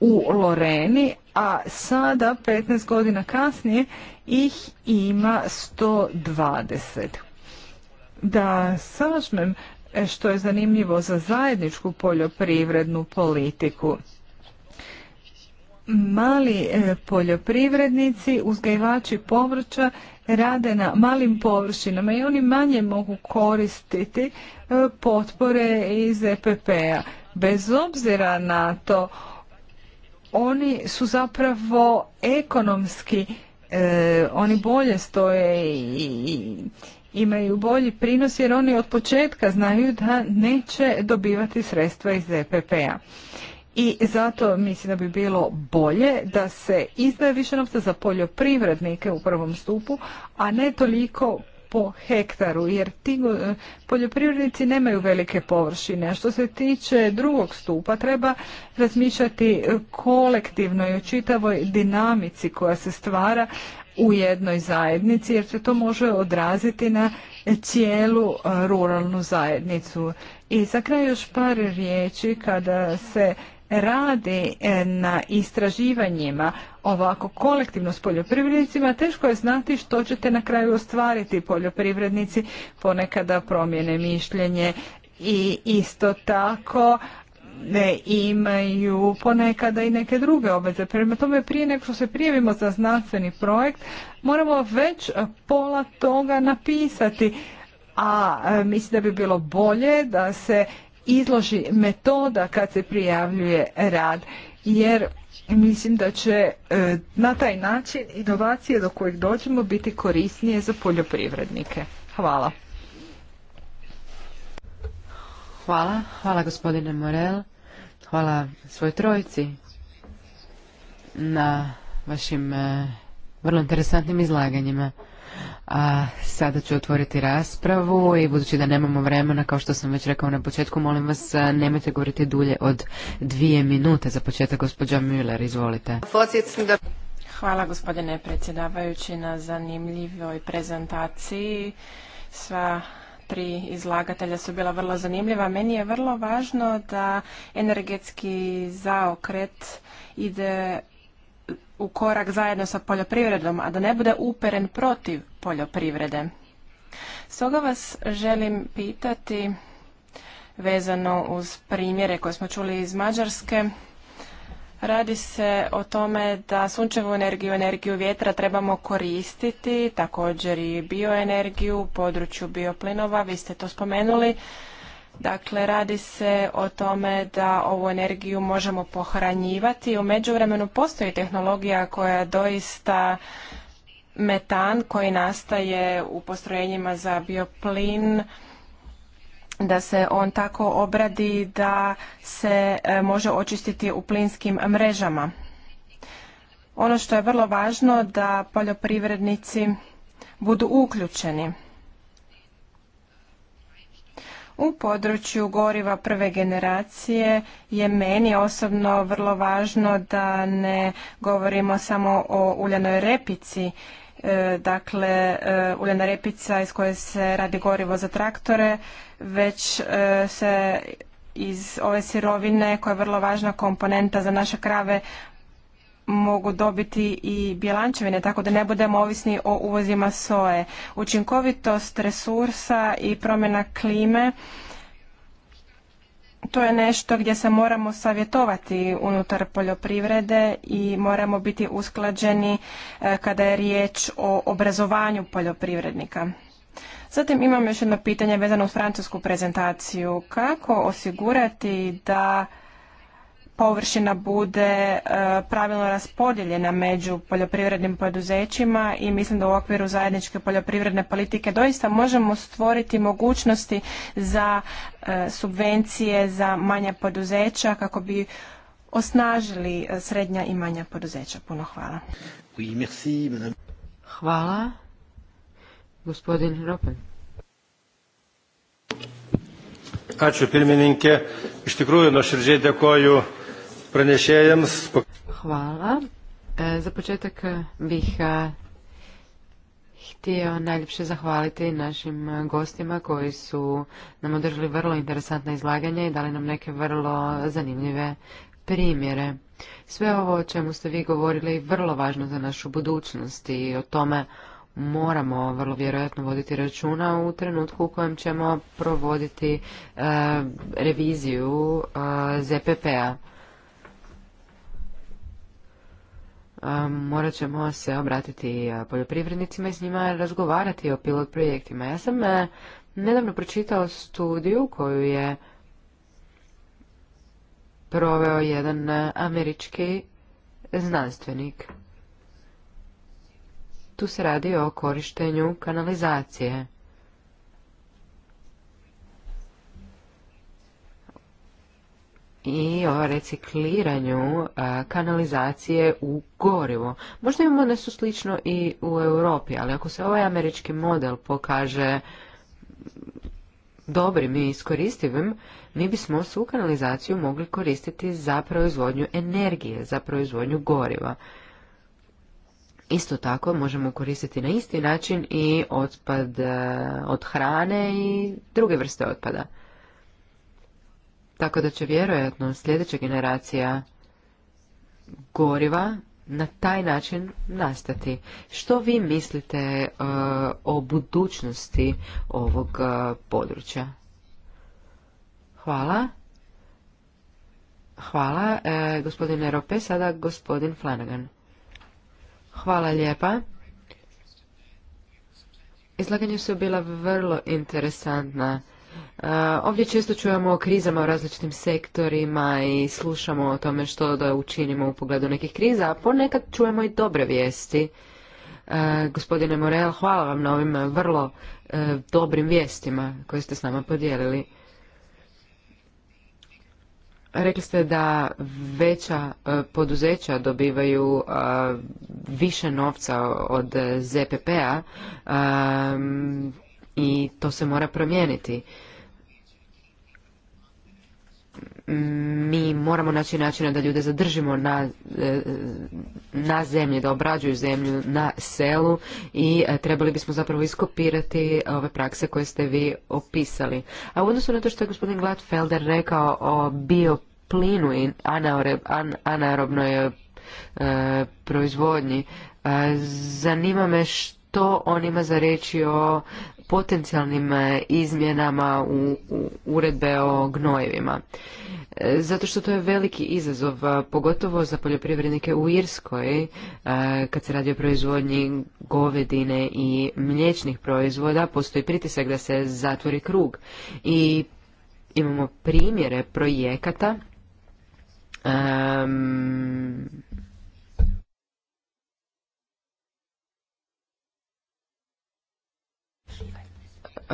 u Loreni, a sada 15 godina kasnije ih ima 120 da sažmem e, što je zanimljivo za zajedničku poljoprivrednu politiku. Mali e, poljoprivrednici, uzgajivači povrća rade na malim površinama i oni manje mogu koristiti e, potpore iz EPP-a. Bez obzira na to, oni su zapravo ekonomski, oni bolje stoje i imaju bolji prinos jer oni od početka znaju da neće dobivati sredstva iz EPP-a. I zato mislim da bi bilo bolje da se izdaje više novca za poljoprivrednike u prvom stupu, a ne toliko po hektaru, jer ti e, poljoprivrednici nemaju velike površine. A što se tiče drugog stupa, treba razmišljati kolektivno i o čitavoj dinamici koja se stvara u jednoj zajednici jer se to može odraziti na cijelu e, ruralnu zajednicu. I za kraj još par riječi kada se radi e, na istraživanjima ovako kolektivno s poljoprivrednicima, teško je znati što ćete na kraju ostvariti poljoprivrednici ponekada promjene mišljenje i isto tako ne imaju ponekada i neke druge obveze. Prema tome prije nego što se prijavimo za znanstveni projekt moramo već pola toga napisati. A e, mislim da bi bilo bolje da se izloži metoda kad se prijavljuje rad jer mislim da će e, na taj način inovacije do kojih dođemo biti korisnije za poljoprivrednike. Hvala. Hvala. Hvala gospodine Morel. Hvala svoj trojici na vašim e, vrlo interesantnim izlaganjima. A sada ću otvoriti raspravu i budući da nemamo vremena, kao što sam već rekao na početku, molim vas e, nemojte govoriti dulje od dvije minute. Za početak, gospođa Müller, izvolite. Hvala gospodine predsjedavajući na zanimljivoj prezentaciji. Sva tri izlagatelja su bila vrlo zanimljiva. Meni je vrlo važno da energetski zaokret ide u korak zajedno sa poljoprivredom, a da ne bude uperen protiv poljoprivrede. Stoga vas želim pitati vezano uz primjere koje smo čuli iz Mađarske Radi se o tome da sunčevu energiju, energiju vjetra trebamo koristiti, također i bioenergiju u području bioplinova, vi ste to spomenuli. Dakle, radi se o tome da ovu energiju možemo pohranjivati. U međuvremenu postoji tehnologija koja doista metan koji nastaje u postrojenjima za bioplin da se on tako obradi da se e, može očistiti u plinskim mrežama. Ono što je vrlo važno da poljoprivrednici budu uključeni. U području goriva prve generacije je meni osobno vrlo važno da ne govorimo samo o uljanoj repici, e, dakle e, uljana repica iz koje se radi gorivo za traktore već e, se iz ove sirovine koja je vrlo važna komponenta za naše krave mogu dobiti i bjelančevine, tako da ne budemo ovisni o uvozima soje. Učinkovitost resursa i promjena klime to je nešto gdje se moramo savjetovati unutar poljoprivrede i moramo biti usklađeni e, kada je riječ o obrazovanju poljoprivrednika. Zatim imam još jedno pitanje vezano uz francusku prezentaciju. Kako osigurati da površina bude e, pravilno raspodijeljena među poljoprivrednim poduzećima i mislim da u okviru zajedničke poljoprivredne politike doista možemo stvoriti mogućnosti za e, subvencije za manja poduzeća kako bi osnažili e, srednja i manja poduzeća. Puno hvala. Hvala. Gospodin Ropen. Ačiū pirmininkė. Iš tikrųjų, nuoširdžiai pranešėjams. Hvala. E, za početak bih e, htio najljepše zahvaliti našim gostima koji su nam održali vrlo interesantna izlaganje i dali nam neke vrlo zanimljive primjere. Sve ovo o čemu ste vi govorili je vrlo važno za našu budućnost i o tome moramo vrlo vjerojatno voditi računa u trenutku u kojem ćemo provoditi e, reviziju e, ZPP-a. E, morat ćemo se obratiti poljoprivrednicima i s njima razgovarati o pilot projektima. Ja sam nedavno pročitao studiju koju je proveo jedan američki znanstvenik tu se radi o korištenju kanalizacije. i o recikliranju kanalizacije u gorivo. Možda imamo nešto slično i u Europi, ali ako se ovaj američki model pokaže dobrim i iskoristivim, mi bismo svu kanalizaciju mogli koristiti za proizvodnju energije, za proizvodnju goriva. Isto tako možemo koristiti na isti način i otpad e, od hrane i druge vrste otpada. Tako da će vjerojatno sljedeća generacija goriva na taj način nastati. Što vi mislite e, o budućnosti ovog e, područja? Hvala. Hvala, gospodine Rope, sada gospodin Flanagan. Hvala lijepa. Izlaganje su bila vrlo interesantna. E, ovdje često čujemo o krizama u različitim sektorima i slušamo o tome što da učinimo u pogledu nekih kriza, a ponekad čujemo i dobre vijesti. E, gospodine Morel, hvala vam na ovim vrlo e, dobrim vijestima koje ste s nama podijelili. Rekli ste da veća e, poduzeća dobivaju e, više novca od ZPP-a e, i to se mora promijeniti mi moramo naći načina da ljude zadržimo na, e, na zemlji, da obrađuju zemlju na selu i e, trebali bismo zapravo iskopirati ove prakse koje ste vi opisali. A u odnosu na to što je gospodin Gladfelder rekao o bioplinu i anaerobnoj e, proizvodnji, zanima me što on ima za reći o potencijalnim e, izmjenama u uredbe o gnojevima. E, zato što to je veliki izazov, pogotovo za poljoprivrednike u Irskoj, e, kad se radi o proizvodnji govedine i mliječnih proizvoda, postoji pritisak da se zatvori krug. I imamo primjere projekata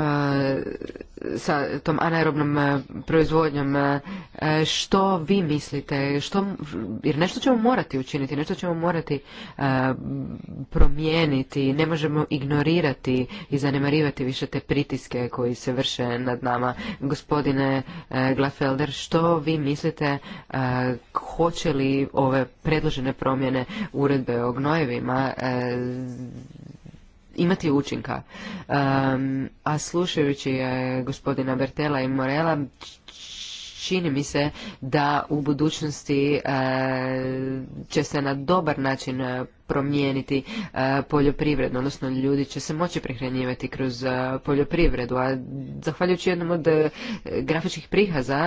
E, sa tom anaerobnom e, proizvodnjom e, što vi mislite što, jer nešto ćemo morati učiniti nešto ćemo morati promijeniti ne možemo ignorirati i zanemarivati više te pritiske koji se vrše nad nama gospodine Glafelder što vi mislite hoće li ove predložene promjene uredbe o gnojevima imati učinka. a slušajući eh, gospodina Bertela i Morela, čini mi se da u budućnosti eh, će se na dobar način eh, promijeniti e, poljoprivredno, odnosno ljudi će se moći prehranjivati kroz e, poljoprivredu, a zahvaljujući jednom od e, grafičkih prihaza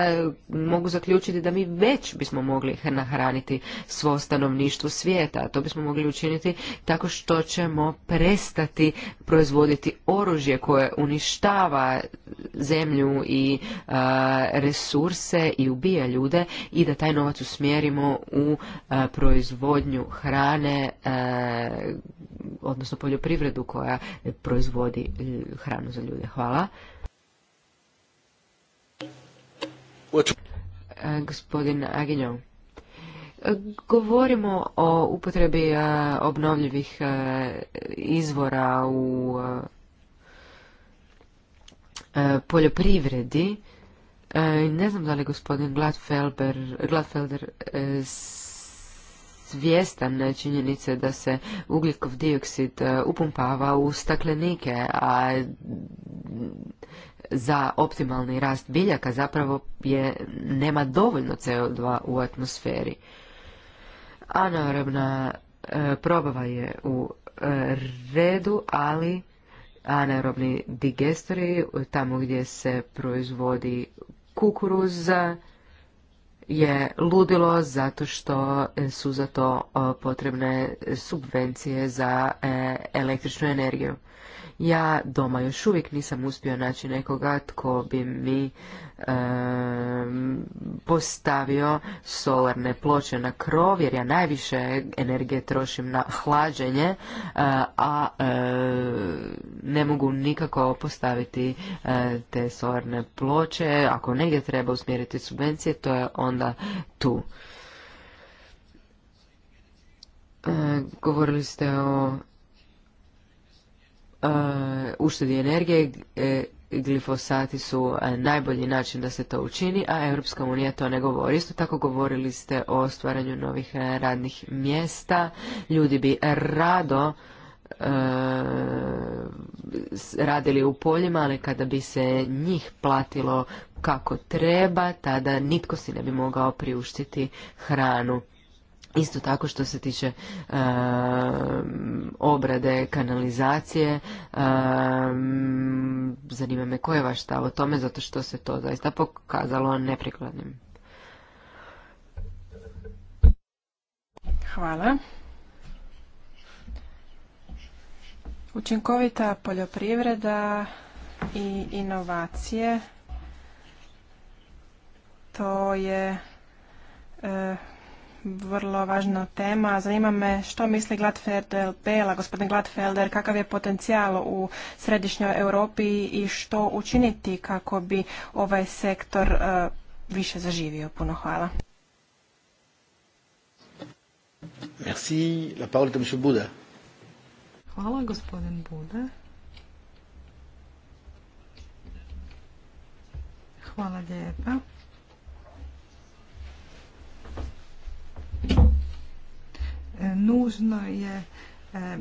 mogu zaključiti da mi već bismo mogli nahraniti svo stanovništvo svijeta. To bismo mogli učiniti tako što ćemo prestati proizvoditi oružje koje uništava zemlju i resurse i ubija ljude i da taj novac usmjerimo u proizvodnju hrane Eh, odnosno poljoprivredu koja proizvodi eh, hranu za ljude. Hvala. Eh, gospodin Aginjov. Govorimo o upotrebi obnovljivih izvora u poljoprivredi. Ne znam da li gospodin Gladfelder, Gladfelder svjestan činjenice da se ugljikov dioksid e, upumpava u staklenike, a za optimalni rast biljaka zapravo je, nema dovoljno CO2 u atmosferi. Anaerobna probava je u e, redu, ali anaerobni digestori, tamo gdje se proizvodi kukuruza, je ludilo zato što su za to e, potrebne subvencije za e, električnu energiju. Ja doma još uvijek nisam uspio naći nekoga tko bi mi postavio solarne ploče na krov, jer ja najviše energije trošim na hlađenje, eh, a eh, ne mogu nikako postaviti eh, te solarne ploče. Ako negdje treba usmjeriti subvencije, to je onda tu. Govorili ste o E, uštedi energije, e, glifosati su e, najbolji način da se to učini, a Europska unija to ne govori. Isto tako govorili ste o stvaranju novih radnih mjesta. Ljudi bi rado radili u poljima, ali kada bi se njih platilo kako treba, tada nitko si ne bi mogao priuštiti hranu. Isto tako što se tiče obrade kanalizacije, zanima me koje je vaš stav o tome, zato što se to zaista pokazalo neprikladnim. Hvala. Učinkovita poljoprivreda i inovacije, to je eh, vrlo važna tema. Zanima me što misli Gladfelder Bela, gospodin Gladfelder, kakav je potencijal u središnjoj Europi i što učiniti kako bi ovaj sektor e, više zaživio. Puno hvala. Merci. La parole Hvala, gospodin Buda. Hvala lijepa. E, nužno je e,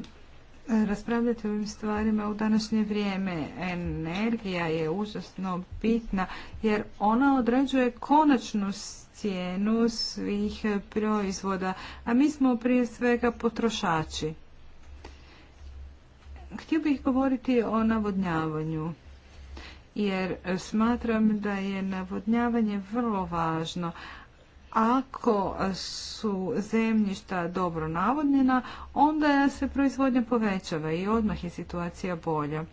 raspravljati o ovim stvarima u današnje vrijeme. Energija je užasno bitna jer ona određuje konačnu cijenu svih proizvoda, a mi smo prije svega potrošači. Htio bih govoriti o navodnjavanju jer smatram da je navodnjavanje vrlo važno, ako su zemljišta dobro navodnjena, onda se proizvodnja povećava i odmah je situacija bolja.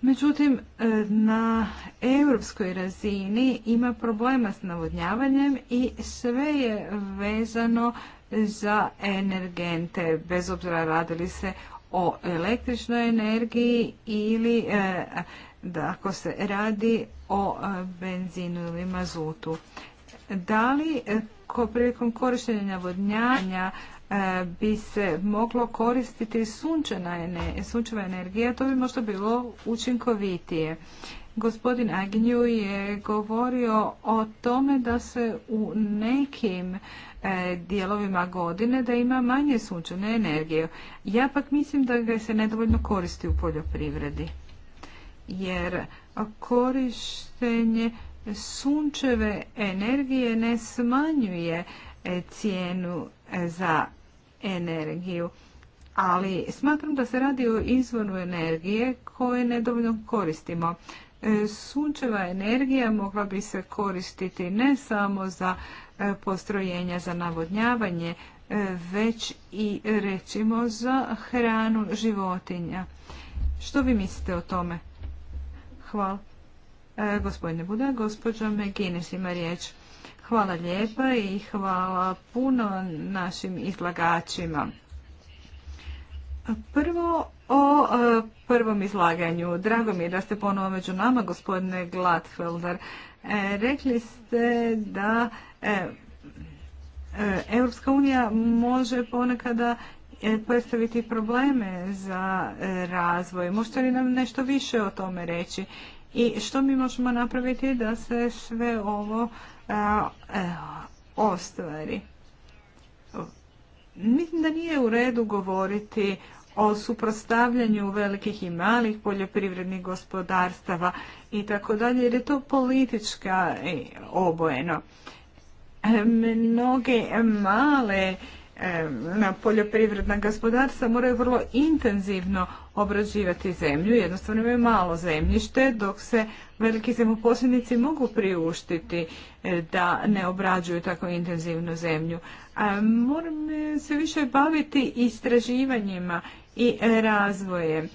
Međutim, na europskoj razini ima problema s navodnjavanjem i sve je vezano za energente, bez obzira radili se o električnoj energiji ili e, ako se radi o e, benzinu ili mazutu. Da li e, prilikom korištenja vodnjanja e, bi se moglo koristiti sunčeva energija, to bi možda bilo učinkovitije. Gospodin Agnju je govorio o tome da se u nekim e, dijelovima godine da ima manje sunčane energije. Ja pak mislim da ga se nedovoljno koristi u poljoprivredi. Jer korištenje sunčeve energije ne smanjuje e, cijenu e, za energiju. Ali smatram da se radi o izvoru energije koje nedovoljno koristimo. E, sunčeva energija mogla bi se koristiti ne samo za postrojenja za navodnjavanje, već i recimo za hranu životinja. Što vi mislite o tome? Hvala. E, gospodine Buda, gospođo Mekines ima riječ. Hvala lijepa i hvala puno našim izlagačima. Prvo o e, prvom izlaganju. Drago mi je da ste ponovo među nama, gospodine Gladfelder. E, rekli ste da e, Europska unija može ponekada predstaviti probleme za razvoj. Možete li nam nešto više o tome reći? i što mi možemo napraviti da se sve ovo ostvari. Mislim da nije u redu govoriti o suprotstavljanju velikih i malih poljoprivrednih gospodarstava i tako dalje, jer je to politička e, obojeno. Mnoge male e, poljoprivredna gospodarstva moraju vrlo intenzivno obrađivati zemlju. Jednostavno imaju malo zemljište, dok se veliki zemoposljednici mogu priuštiti e, da ne obrađuju tako intenzivnu zemlju. Moram e, se više baviti istraživanjima i razvojem.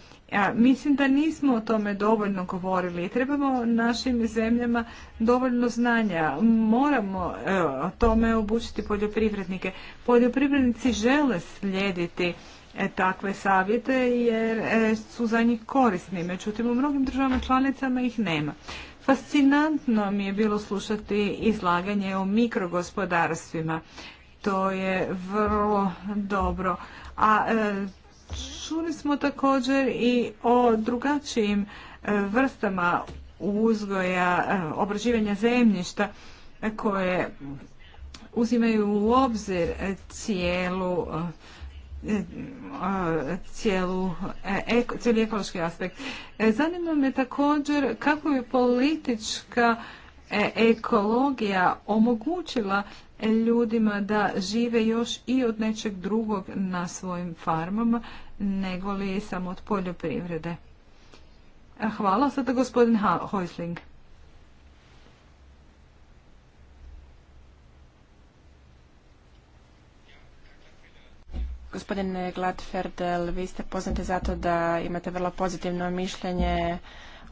mislim da nismo o tome dovoljno govorili. Trebamo našim zemljama dovoljno znanja. Moramo e, tome obučiti poljoprivrednike. Poljoprivrednici žele slijediti E, takve savjete jer e, su za njih korisni. Međutim, u mnogim državama članicama ih nema. Fascinantno mi je bilo slušati izlaganje o mikrogospodarstvima. To je vrlo dobro. A e, čuli smo također i o drugačijim vrstama uzgoja, obrađivanja zemljišta koje uzimaju u obzir cijelu cijelu, e, cijeli ekološki aspekt. E, zanima me također kako bi politička e, ekologija omogućila ljudima da žive još i od nečeg drugog na svojim farmama nego li samo od poljoprivrede. Hvala. Sada gospodin Hojsling. Gospodine Gladferdel, vi ste poznati zato da imate vrlo pozitivno mišljenje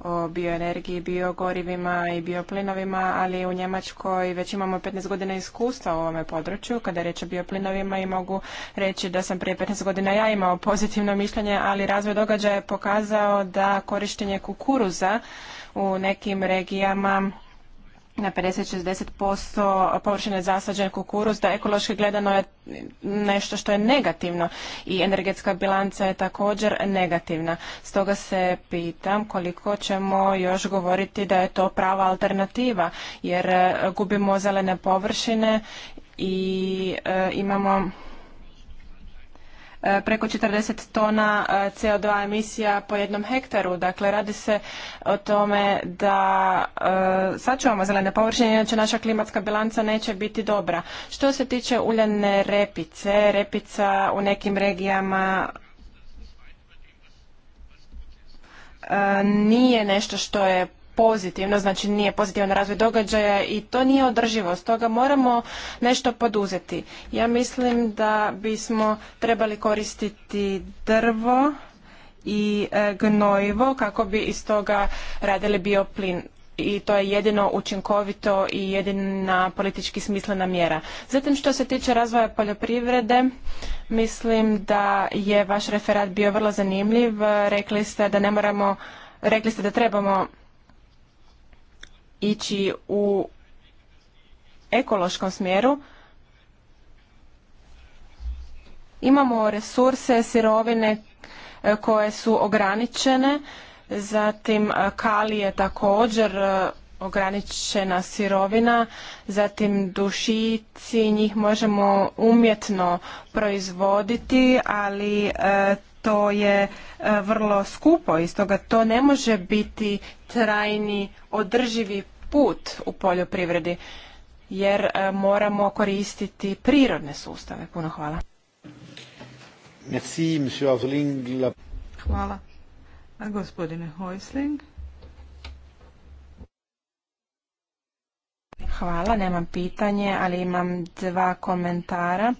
o bioenergiji, biogorivima i bioplinovima, ali u Njemačkoj već imamo 15 godina iskustva u ovome području kada je riječ o bioplinovima i mogu reći da sam prije 15 godina ja imao pozitivno mišljenje, ali razvoj događaja je pokazao da korištenje kukuruza u nekim regijama na 50-60% površine zasađen kukuruz, da ekološki gledano je nešto što je negativno i energetska bilanca je također negativna. Stoga se pitam koliko ćemo još govoriti da je to prava alternativa, jer e, gubimo zelene površine i e, imamo E, preko 40 tona e, CO2 emisija po jednom hektaru. Dakle, radi se o tome da e, sačuvamo zelene površine, inače naša klimatska bilanca neće biti dobra. Što se tiče uljane repice, repica u nekim regijama nije nešto što je pozitivno, znači nije pozitivan razvoj događaja i to nije održivo, stoga moramo nešto poduzeti. Ja mislim da bismo trebali koristiti drvo i e, gnojivo kako bi iz toga radili bioplin i to je jedino učinkovito i jedina politički smislena mjera. Zatim što se tiče razvoja poljoprivrede, mislim da je vaš referat bio vrlo zanimljiv. Rekli ste da ne moramo, rekli ste da trebamo ići u ekološkom smjeru, imamo resurse, sirovine e, koje su ograničene, zatim e, kali je također e, ograničena sirovina, zatim dušici, njih možemo umjetno proizvoditi, ali to je e, vrlo skupo i stoga to ne može biti trajni održivi put u poljoprivredi jer e, moramo koristiti prirodne sustave. Puno hvala. Merci, Hvala. gospodine Hojsling? Hvala, nemam pitanje, ali imam dva komentara.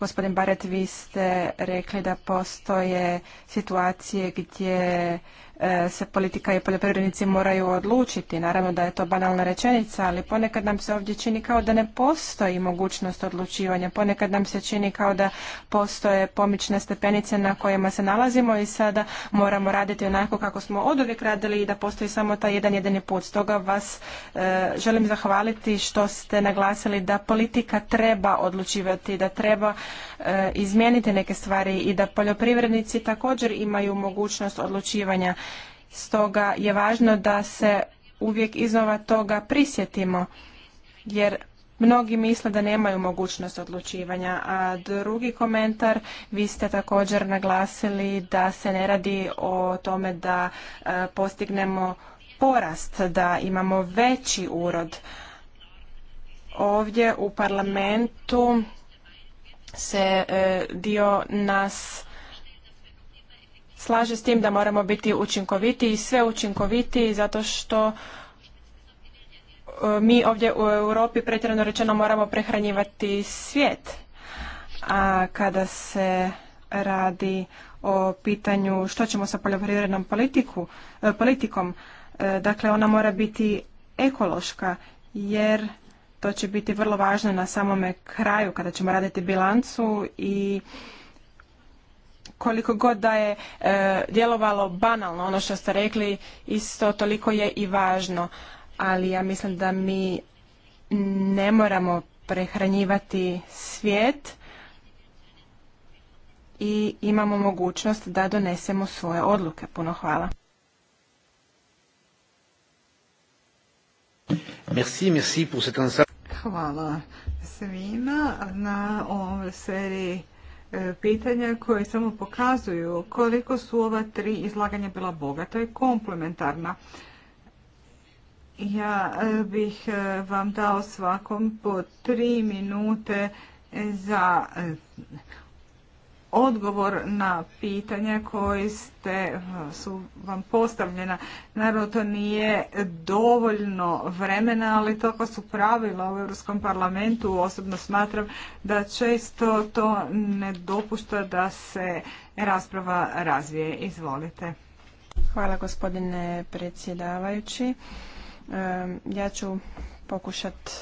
Gospodin Baret, vi ste rekli da postoje situacije gdje E, se politika i poljoprivrednici moraju odlučiti. Naravno da je to banalna rečenica, ali ponekad nam se ovdje čini kao da ne postoji mogućnost odlučivanja. Ponekad nam se čini kao da postoje pomične stepenice na kojima se nalazimo i sada moramo raditi onako kako smo oduvijek radili i da postoji samo taj jedan jedini put. Stoga vas e, želim zahvaliti što ste naglasili da politika treba odlučivati, da treba e, izmijeniti neke stvari i da poljoprivrednici također imaju mogućnost odlučivanja Stoga je važno da se uvijek iznova toga prisjetimo, jer mnogi misle da nemaju mogućnost odlučivanja. A drugi komentar, vi ste također naglasili da se ne radi o tome da e, postignemo porast, da imamo veći urod. Ovdje u parlamentu se e, dio nas slaže s tim da moramo biti učinkoviti i sve učinkovitiji zato što e, mi ovdje u Europi pretjerano rečeno moramo prehranjivati svijet. A kada se radi o pitanju što ćemo sa poljoprivrednom politiku, e, politikom, e, dakle ona mora biti ekološka jer to će biti vrlo važno na samome kraju kada ćemo raditi bilancu i koliko god da je e, djelovalo banalno ono što ste rekli, isto toliko je i važno. Ali ja mislim da mi ne moramo prehranjivati svijet i imamo mogućnost da donesemo svoje odluke. Puno hvala. Merci, merci pour Hvala svima na ovoj seriji pitanja koje samo pokazuju koliko su ova tri izlaganja bila bogata i komplementarna. Ja e, bih e, vam dao svakom po tri minute za e, odgovor na pitanja koji ste, su vam postavljena. Naravno, to nije dovoljno vremena, ali toko su pravila u Europskom parlamentu. Osobno smatram da često to ne dopušta da se rasprava razvije. Izvolite. Hvala gospodine predsjedavajući. Ehm, ja ću pokušati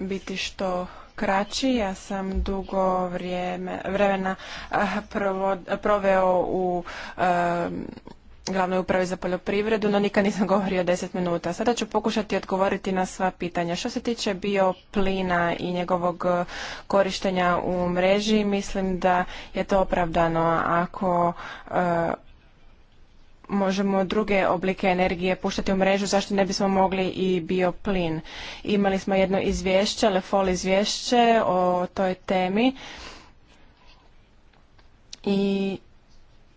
biti što kraći. Ja sam dugo vremena eh, proveo u glavnoj upravi za poljoprivredu, no nikad nisam govorio 10 minuta. Sada ću pokušati odgovoriti na sva pitanja. Što se tiče bioplina i njegovog eh, korištenja u mreži, mislim da je to opravdano ako eh, možemo druge oblike energije puštati u mrežu, zašto ne bismo mogli i bioplin. Imali smo jedno izvješće, Lefol izvješće o toj temi i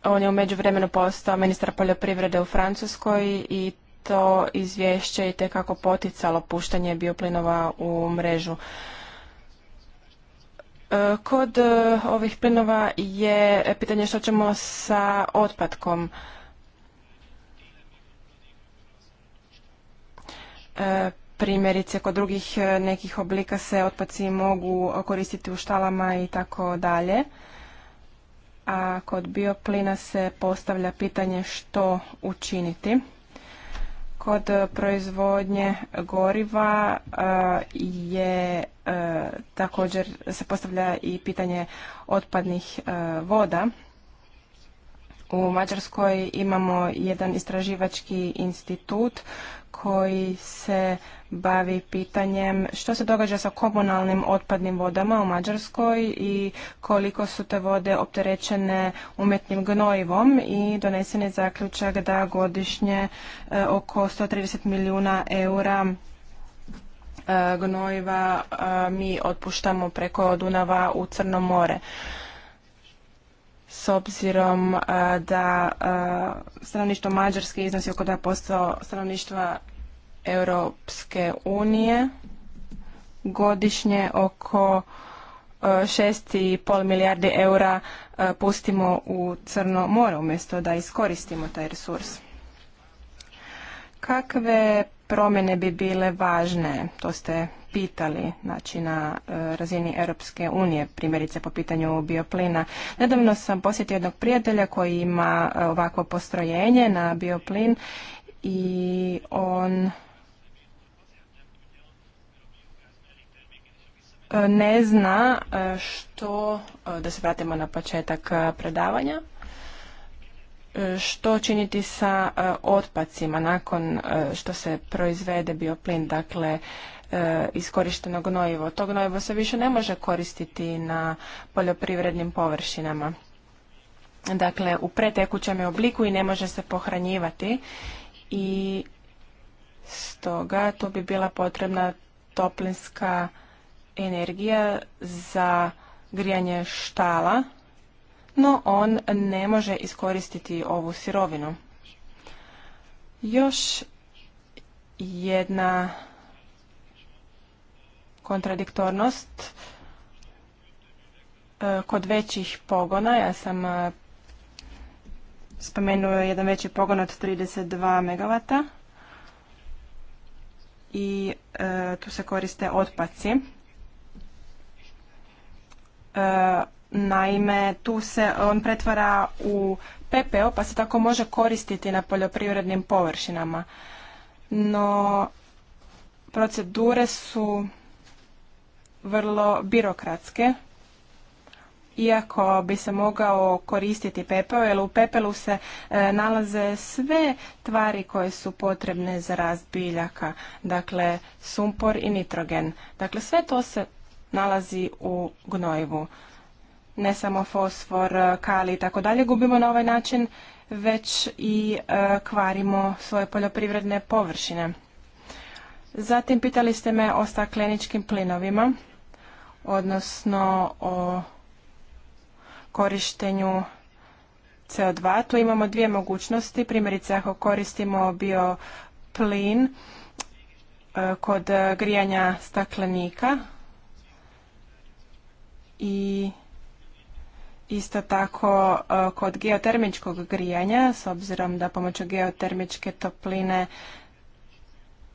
on je u međuvremenu postao ministar poljoprivrede u Francuskoj i to izvješće i tekako poticalo puštanje bioplinova u mrežu. E, kod e, ovih plinova je pitanje što ćemo sa otpadkom E, primjerice kod drugih e, nekih oblika se otpaci mogu koristiti u štalama i tako dalje. A kod bioplina se postavlja pitanje što učiniti. Kod proizvodnje goriva e, je također se postavlja i pitanje otpadnih voda. U Mađarskoj imamo jedan istraživački institut koji se bavi pitanjem što se događa sa komunalnim otpadnim vodama u Mađarskoj i koliko su te vode opterećene umjetnim gnojivom i donesen je zaključak da godišnje e, oko 130 milijuna eura e, gnojiva e, mi otpuštamo preko Dunava u Crno more s obzirom e, da e, stanovništvo Mađarske iznosi oko 2% stanovništva Europske unije, godišnje oko 6,5 e, milijardi eura pustimo u Crno more umjesto da iskoristimo taj resurs. Kakve promjene bi bile važne? To ste pitali znači na e, razini Europske unije, primjerice po pitanju bioplina. Nedavno sam posjetio jednog prijatelja koji ima e, ovakvo postrojenje na bioplin i on e, ne zna što, da se vratimo na početak predavanja, što činiti sa otpacima nakon što se proizvede bioplin, dakle E, iskorišteno gnojivo. To gnojivo se više ne može koristiti na poljoprivrednim površinama. Dakle, u pretekućem je obliku i ne može se pohranjivati i stoga to bi bila potrebna toplinska energija za grijanje štala, no on ne može iskoristiti ovu sirovinu. Još jedna kontradiktornost e, kod većih pogona. Ja sam e, spomenuo jedan veći pogon od 32 MW i e, tu se koriste otpaci. Naime, tu se on pretvara u PPO pa se tako može koristiti na poljoprivrednim površinama. No, procedure su vrlo birokratske, iako bi se mogao koristiti pepeo, jer u pepelu se e, nalaze sve tvari koje su potrebne za rast biljaka, dakle sumpor i nitrogen. Dakle, sve to se nalazi u gnojivu. Ne samo fosfor, kali i tako dalje gubimo na ovaj način, već i e, kvarimo svoje poljoprivredne površine. Zatim pitali ste me o stakleničkim plinovima odnosno o korištenju CO2. Tu imamo dvije mogućnosti. Primjerice, ako koristimo bioplin e, kod grijanja staklenika i isto tako e, kod geotermičkog grijanja, s obzirom da pomoću geotermičke topline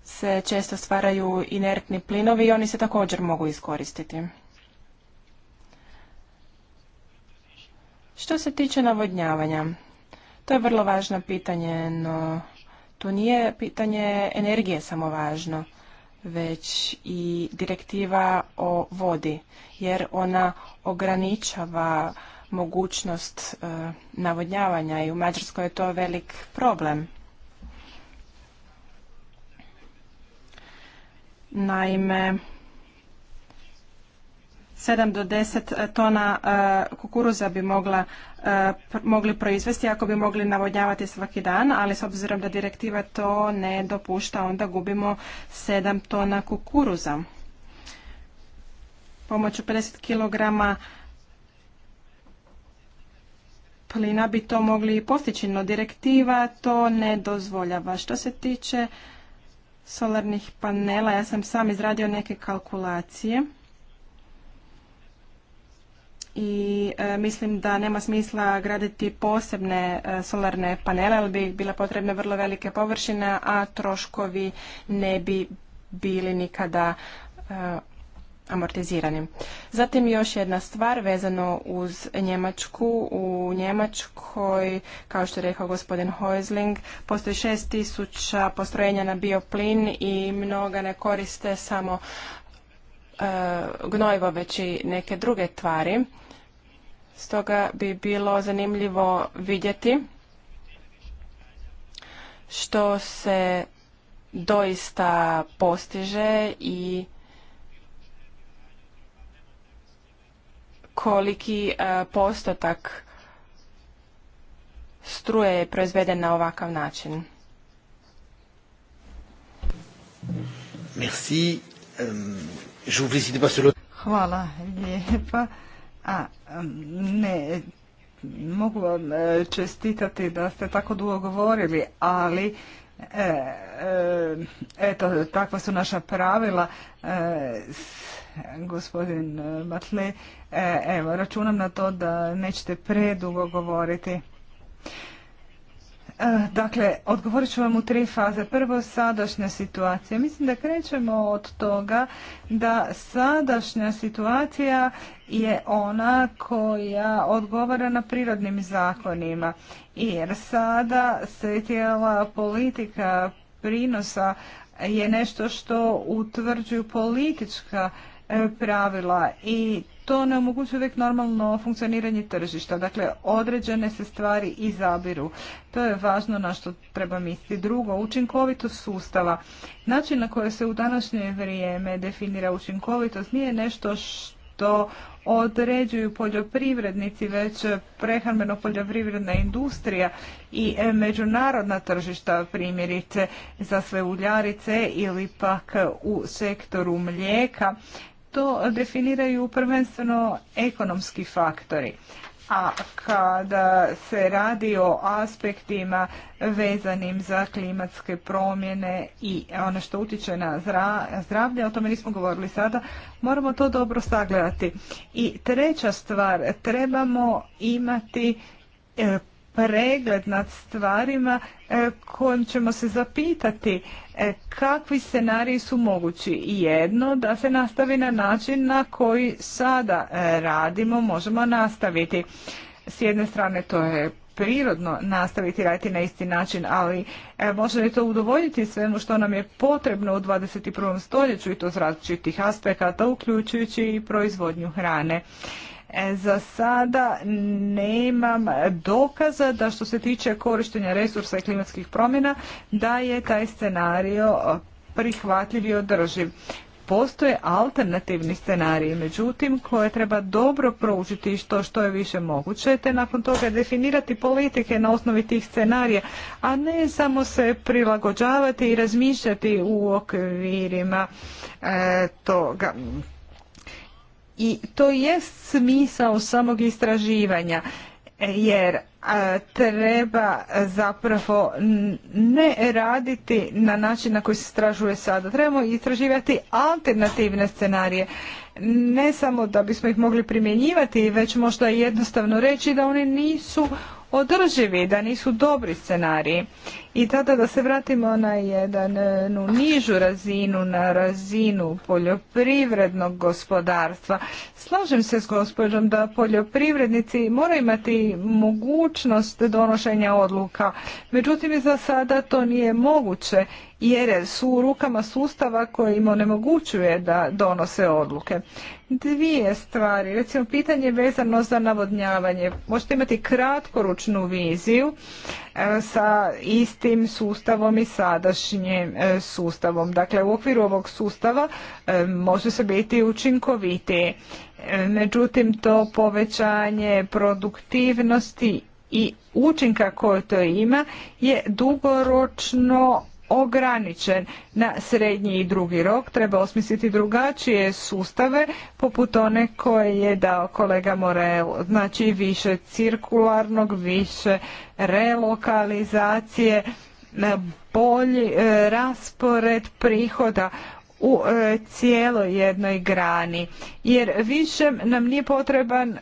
se često stvaraju inertni plinovi i oni se također mogu iskoristiti. Što se tiče navodnjavanja, to je vrlo važno pitanje, no tu nije pitanje energije samo važno, već i direktiva o vodi, jer ona ograničava mogućnost e, navodnjavanja i u Mađarskoj je to velik problem. Naime, 7 do 10 tona e, kukuruza bi mogla, e, mogli proizvesti ako bi mogli navodnjavati svaki dan, ali s obzirom da direktiva to ne dopušta, onda gubimo 7 tona kukuruza. Pomoću 50 kilograma plina bi to mogli postići, no direktiva to ne dozvoljava. Što se tiče solarnih panela. Ja sam sam izradio neke kalkulacije i e, mislim da nema smisla graditi posebne e, solarne panele, ali bi bila potrebne vrlo velike površine, a troškovi ne bi bili nikada e, amortiziranim. Zatim još jedna stvar vezano uz Njemačku. U Njemačkoj, kao što je rekao gospodin Heusling, postoji 6000 postrojenja na bioplin i mnoga ne koriste samo e, gnojivo, već i neke druge tvari. Stoga bi bilo zanimljivo vidjeti što se doista postiže i koliki e, postotak struje je proizveden na ovakav način. Euh, Hvala lijepa. A, ne, mogu vam e, čestitati da ste tako dugo govorili, ali e, eto, takva su naša pravila. s, gospodin Matle, e, e, Evo, računam na to da nećete predugo govoriti. E, dakle, odgovorit ću vam u tri faze. Prvo, sadašnja situacija. Mislim da krećemo od toga da sadašnja situacija je ona koja odgovara na prirodnim zakonima. Jer sada se tijela politika prinosa je nešto što utvrđuju politička E, pravila i to ne omogućuje uvijek normalno funkcioniranje tržišta. Dakle, određene se stvari izabiru. To je važno na što treba misliti. Drugo, učinkovitost sustava. Način na koji se u današnje vrijeme definira učinkovitost nije nešto što određuju poljoprivrednici, već prehrambeno-poljoprivredna industrija i e, međunarodna tržišta primjerice za sve uljarice ili pak u sektoru mlijeka to definiraju prvenstveno ekonomski faktori. A kada se radi o aspektima vezanim za klimatske promjene i ono što utječe na zdravlje, o tome nismo govorili sada, moramo to dobro sagledati. I treća stvar, trebamo imati e, pregled nad stvarima e, kojim ćemo se zapitati e, kakvi scenariji su mogući. Jedno, da se nastavi na način na koji sada e, radimo, možemo nastaviti. S jedne strane to je prirodno nastaviti raditi na isti način, ali može li to udovoljiti svemu što nam je potrebno u 21. stoljeću i to s različitih aspekata, uključujući i proizvodnju hrane. E, za sada nemam dokaza da što se tiče korištenja resursa i klimatskih promjena da je taj scenario prihvatljiv i održiv. Postoje alternativni scenariji, međutim, koje treba dobro proučiti što što je više moguće, te nakon toga definirati politike na osnovi tih scenarija, a ne samo se prilagođavati i razmišljati u okvirima e, toga. I to jest smisao samog istraživanja jer e, treba zapravo ne raditi na način na koji se istražuje sada. Trebamo istraživati alternativne scenarije. Ne samo da bismo ih mogli primjenjivati, već možda jednostavno reći da oni nisu održivi, da nisu dobri scenariji. I tada da se vratimo na jednu e, nižu razinu, na razinu poljoprivrednog gospodarstva. Slažem se s gospođom da poljoprivrednici moraju imati mogućnost donošenja odluka. Međutim, za sada to nije moguće jer su u rukama sustava koji im onemogućuje da donose odluke dvije stvari. Recimo, pitanje vezano za navodnjavanje. Možete imati kratkoručnu viziju e, sa istim sustavom i sadašnjim e, sustavom. Dakle, u okviru ovog sustava e, može se biti učinkovitiji. Međutim, to povećanje produktivnosti i učinka koje to ima je dugoročno ograničen. Na srednji i drugi rok treba osmisliti drugačije sustave poput one koje je dao kolega Morel. Znači više cirkularnog, više relokalizacije, e, bolji e, raspored prihoda u e, cijeloj jednoj grani. Jer više nam nije potreban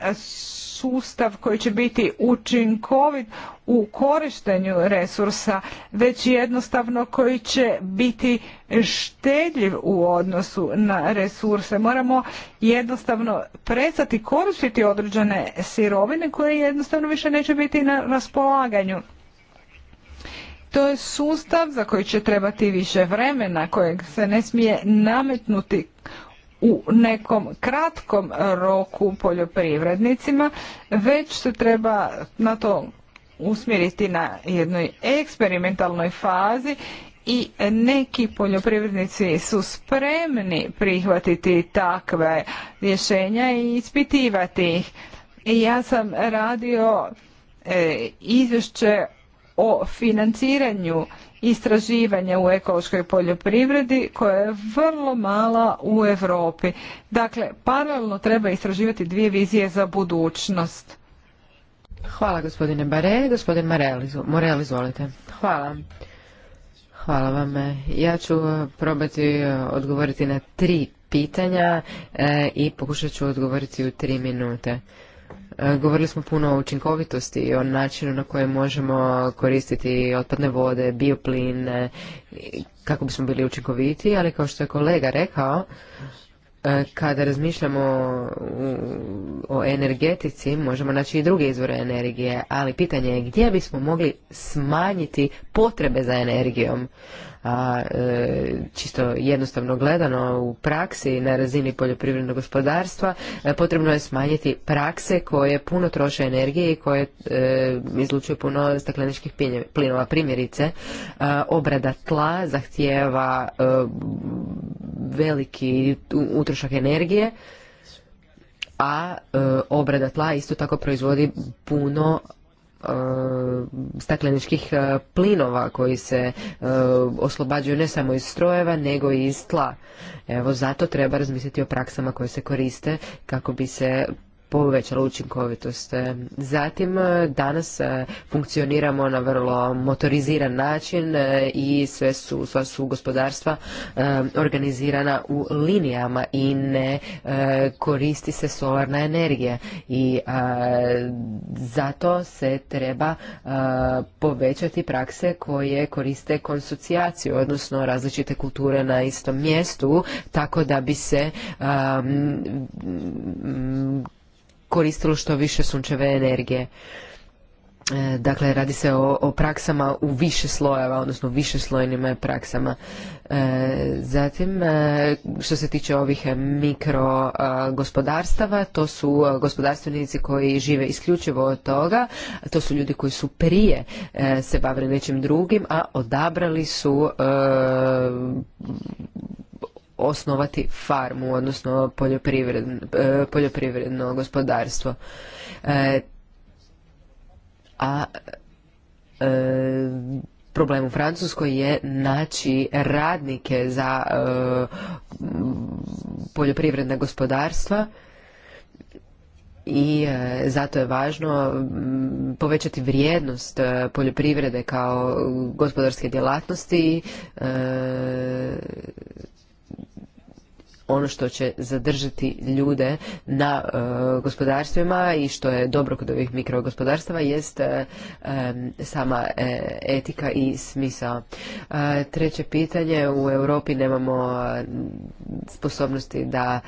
sustav koji će biti učinkovit u korištenju resursa, već jednostavno koji će biti štedljiv u odnosu na resurse. Moramo jednostavno prestati koristiti određene sirovine koje jednostavno više neće biti na raspolaganju. To je sustav za koji će trebati više vremena, kojeg se ne smije nametnuti u nekom kratkom roku poljoprivrednicima, već se treba na to usmjeriti na jednoj eksperimentalnoj fazi i neki poljoprivrednici su spremni prihvatiti takve rješenja i ispitivati ih. ja sam radio e, izvješće o financiranju istraživanja u ekološkoj poljoprivredi koja je vrlo mala u Europi. Dakle, paralelno treba istraživati dvije vizije za budućnost. Hvala gospodine Bare. Gospodin Morel, izvolite. Hvala. Hvala vam. Ja ću eh, probati eh, odgovoriti na tri pitanja eh, i pokušat ću odgovoriti u tri minute. E, govorili smo puno o učinkovitosti i o načinu na koji možemo koristiti otpadne vode, bioplin, kako bismo bili učinkoviti, ali kao što je kolega rekao, e, kada razmišljamo o energetici, možemo naći i druge izvore energije, ali pitanje je gdje bismo mogli smanjiti potrebe za energijom a e, čisto jednostavno gledano u praksi na razini poljoprivrednog gospodarstva e, potrebno je smanjiti prakse koje puno troše energije i koje e, izlučuju puno stakleničkih plinova. Primjerice, obrada tla zahtijeva veliki utrošak energije, a obrada tla isto tako proizvodi puno Eh, stakleničkih eh, plinova koji se eh, oslobađaju ne samo iz strojeva nego i iz tla. Evo zato treba razmisliti o praksama koje se koriste kako bi se povećala učinkovitost. Zatim, danas e, funkcioniramo na vrlo motoriziran način e, i sve su, sva su gospodarstva e, organizirana u linijama i ne koristi se solarna energija i zato se treba povećati prakse koje koriste konsocijaciju, odnosno različite kulture na istom mjestu, tako da bi se koristilo što više sunčeve energije. E, dakle, radi se o, praksama u više slojeva, odnosno više slojnim praksama. E, zatim, e, što se tiče ovih mikro gospodarstava, to su gospodarstvenici koji žive isključivo od toga, to su ljudi koji su prije se bavili nečim drugim, a odabrali su osnovati farmu, odnosno e, poljoprivredno, gospodarstvo. E, a e, problem u Francuskoj je naći radnike za poljoprivredna gospodarstva i zato je važno mm, povećati vrijednost poljoprivrede kao gospodarske djelatnosti ono što će zadržati ljude na e, gospodarstvima i što je dobro kod ovih mikrogospodarstava jest e, sama e, etika i smisao. Treće pitanje, u Europi nemamo sposobnosti da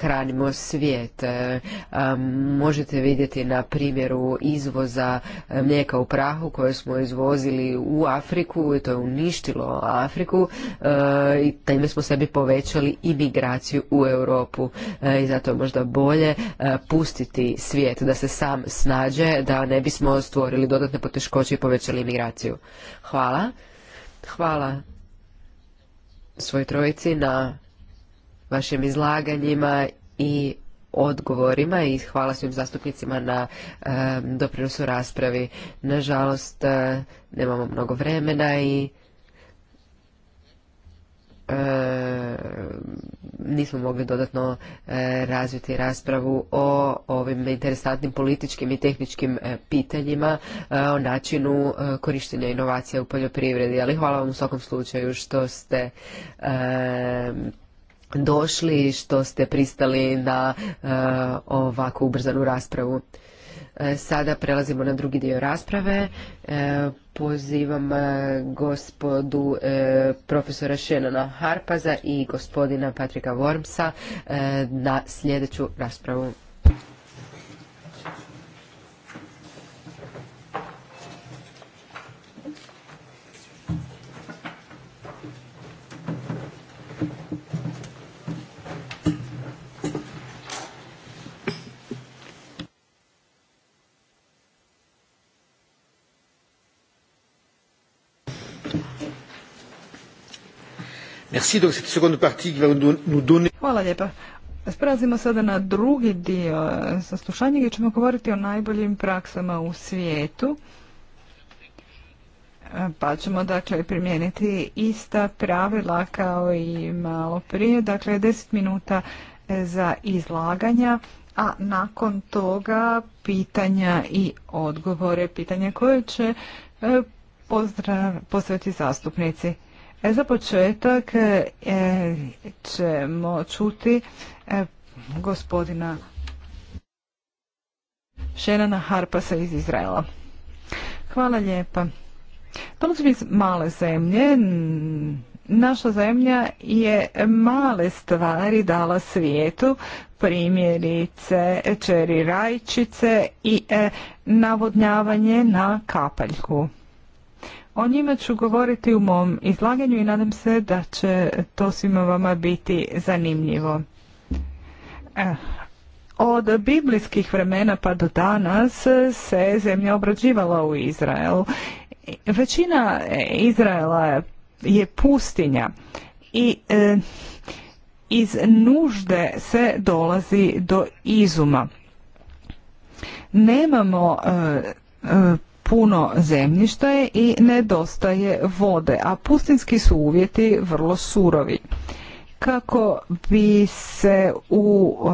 hranimo svijet. Možete vidjeti na primjeru izvoza mlijeka u prahu koje smo izvozili u Afriku i to je uništilo Afriku i time smo sebi povećali imigraciju i u Europu e, i zato je možda bolje e, pustiti svijet da se sam snađe da ne bismo stvorili dodatne poteškoće i povećali imigraciju. Hvala. Hvala svoj trojici na vašim izlaganjima i odgovorima i hvala svim zastupnicima na e, doprinosu raspravi. Nažalost, nemamo mnogo vremena i E, nismo mogli dodatno e, razviti raspravu o ovim interesantnim političkim i tehničkim e, pitanjima o načinu korištenja inovacija u poljoprivredi, ali hvala vam u svakom slučaju što ste došli, što ste pristali na ovakvu ubrzanu raspravu. E, sada prelazimo na drugi dio rasprave. E, pozivam e, gospodu profesora Šenona Harpaza i gospodina Patrika Wormsa na sljedeću raspravu. Hvala lijepa. Sprazimo sada na drugi dio eh, saslušanja gdje ćemo govoriti o najboljim praksama u svijetu. Eh, pa ćemo dakle primijeniti ista pravila kao i malo prije, dakle 10 minuta eh, za izlaganja, a nakon toga pitanja i odgovore, pitanja koje će postaviti zastupnici. E, za početak e, ćemo čuti e, gospodina Šenana Harpasa iz Izraela. Hvala lijepa. Dolazim iz male zemlje. Naša zemlja je male stvari dala svijetu, primjerice čeri rajčice i navodnjavanje na kapaljku. O njima ću govoriti u mom izlaganju i nadam se da će to svima vama biti zanimljivo. E, od biblijskih vremena pa do danas se zemlja obrađivala u Izraelu. Većina Izraela je pustinja i e, iz nužde se dolazi do izuma. Nemamo e, puno zemljišta je i nedostaje vode, a pustinski su uvjeti vrlo surovi. Kako bi se u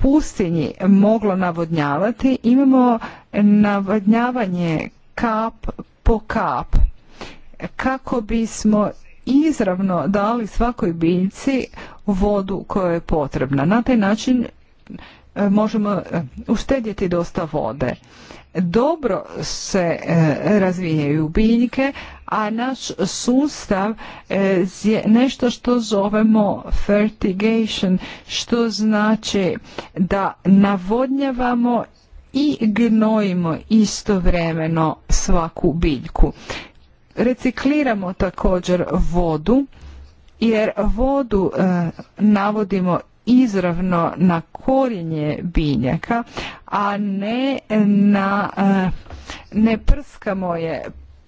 pustinji moglo navodnjavati, imamo navodnjavanje kap po kap. Kako bismo izravno dali svakoj biljci vodu koja je potrebna. Na taj način e, možemo e, uštedjeti dosta vode dobro se e, razvijaju biljke, a naš sustav e, je nešto što zovemo fertigation, što znači da navodnjavamo i gnojimo istovremeno svaku biljku. Recikliramo također vodu jer vodu e, navodimo izravno na korijenje biljaka, a ne na e, ne prskamo je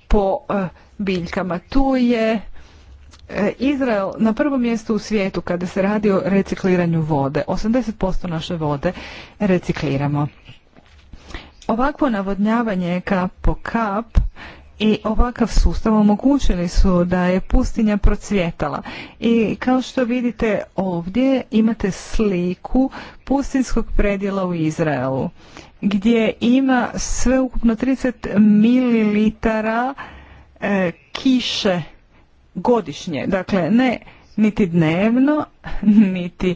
po e, biljkama. Tu je e, Izrael na prvom mjestu u svijetu kada se radi o recikliranju vode. 80% naše vode recikliramo. Ovakvo navodnjavanje kap po kap i ovakav sustav omogućili su da je pustinja procvjetala. I kao što vidite ovdje imate sliku pustinskog predjela u Izraelu gdje ima sve ukupno 30 mililitara e, kiše godišnje. Dakle, ne niti dnevno, niti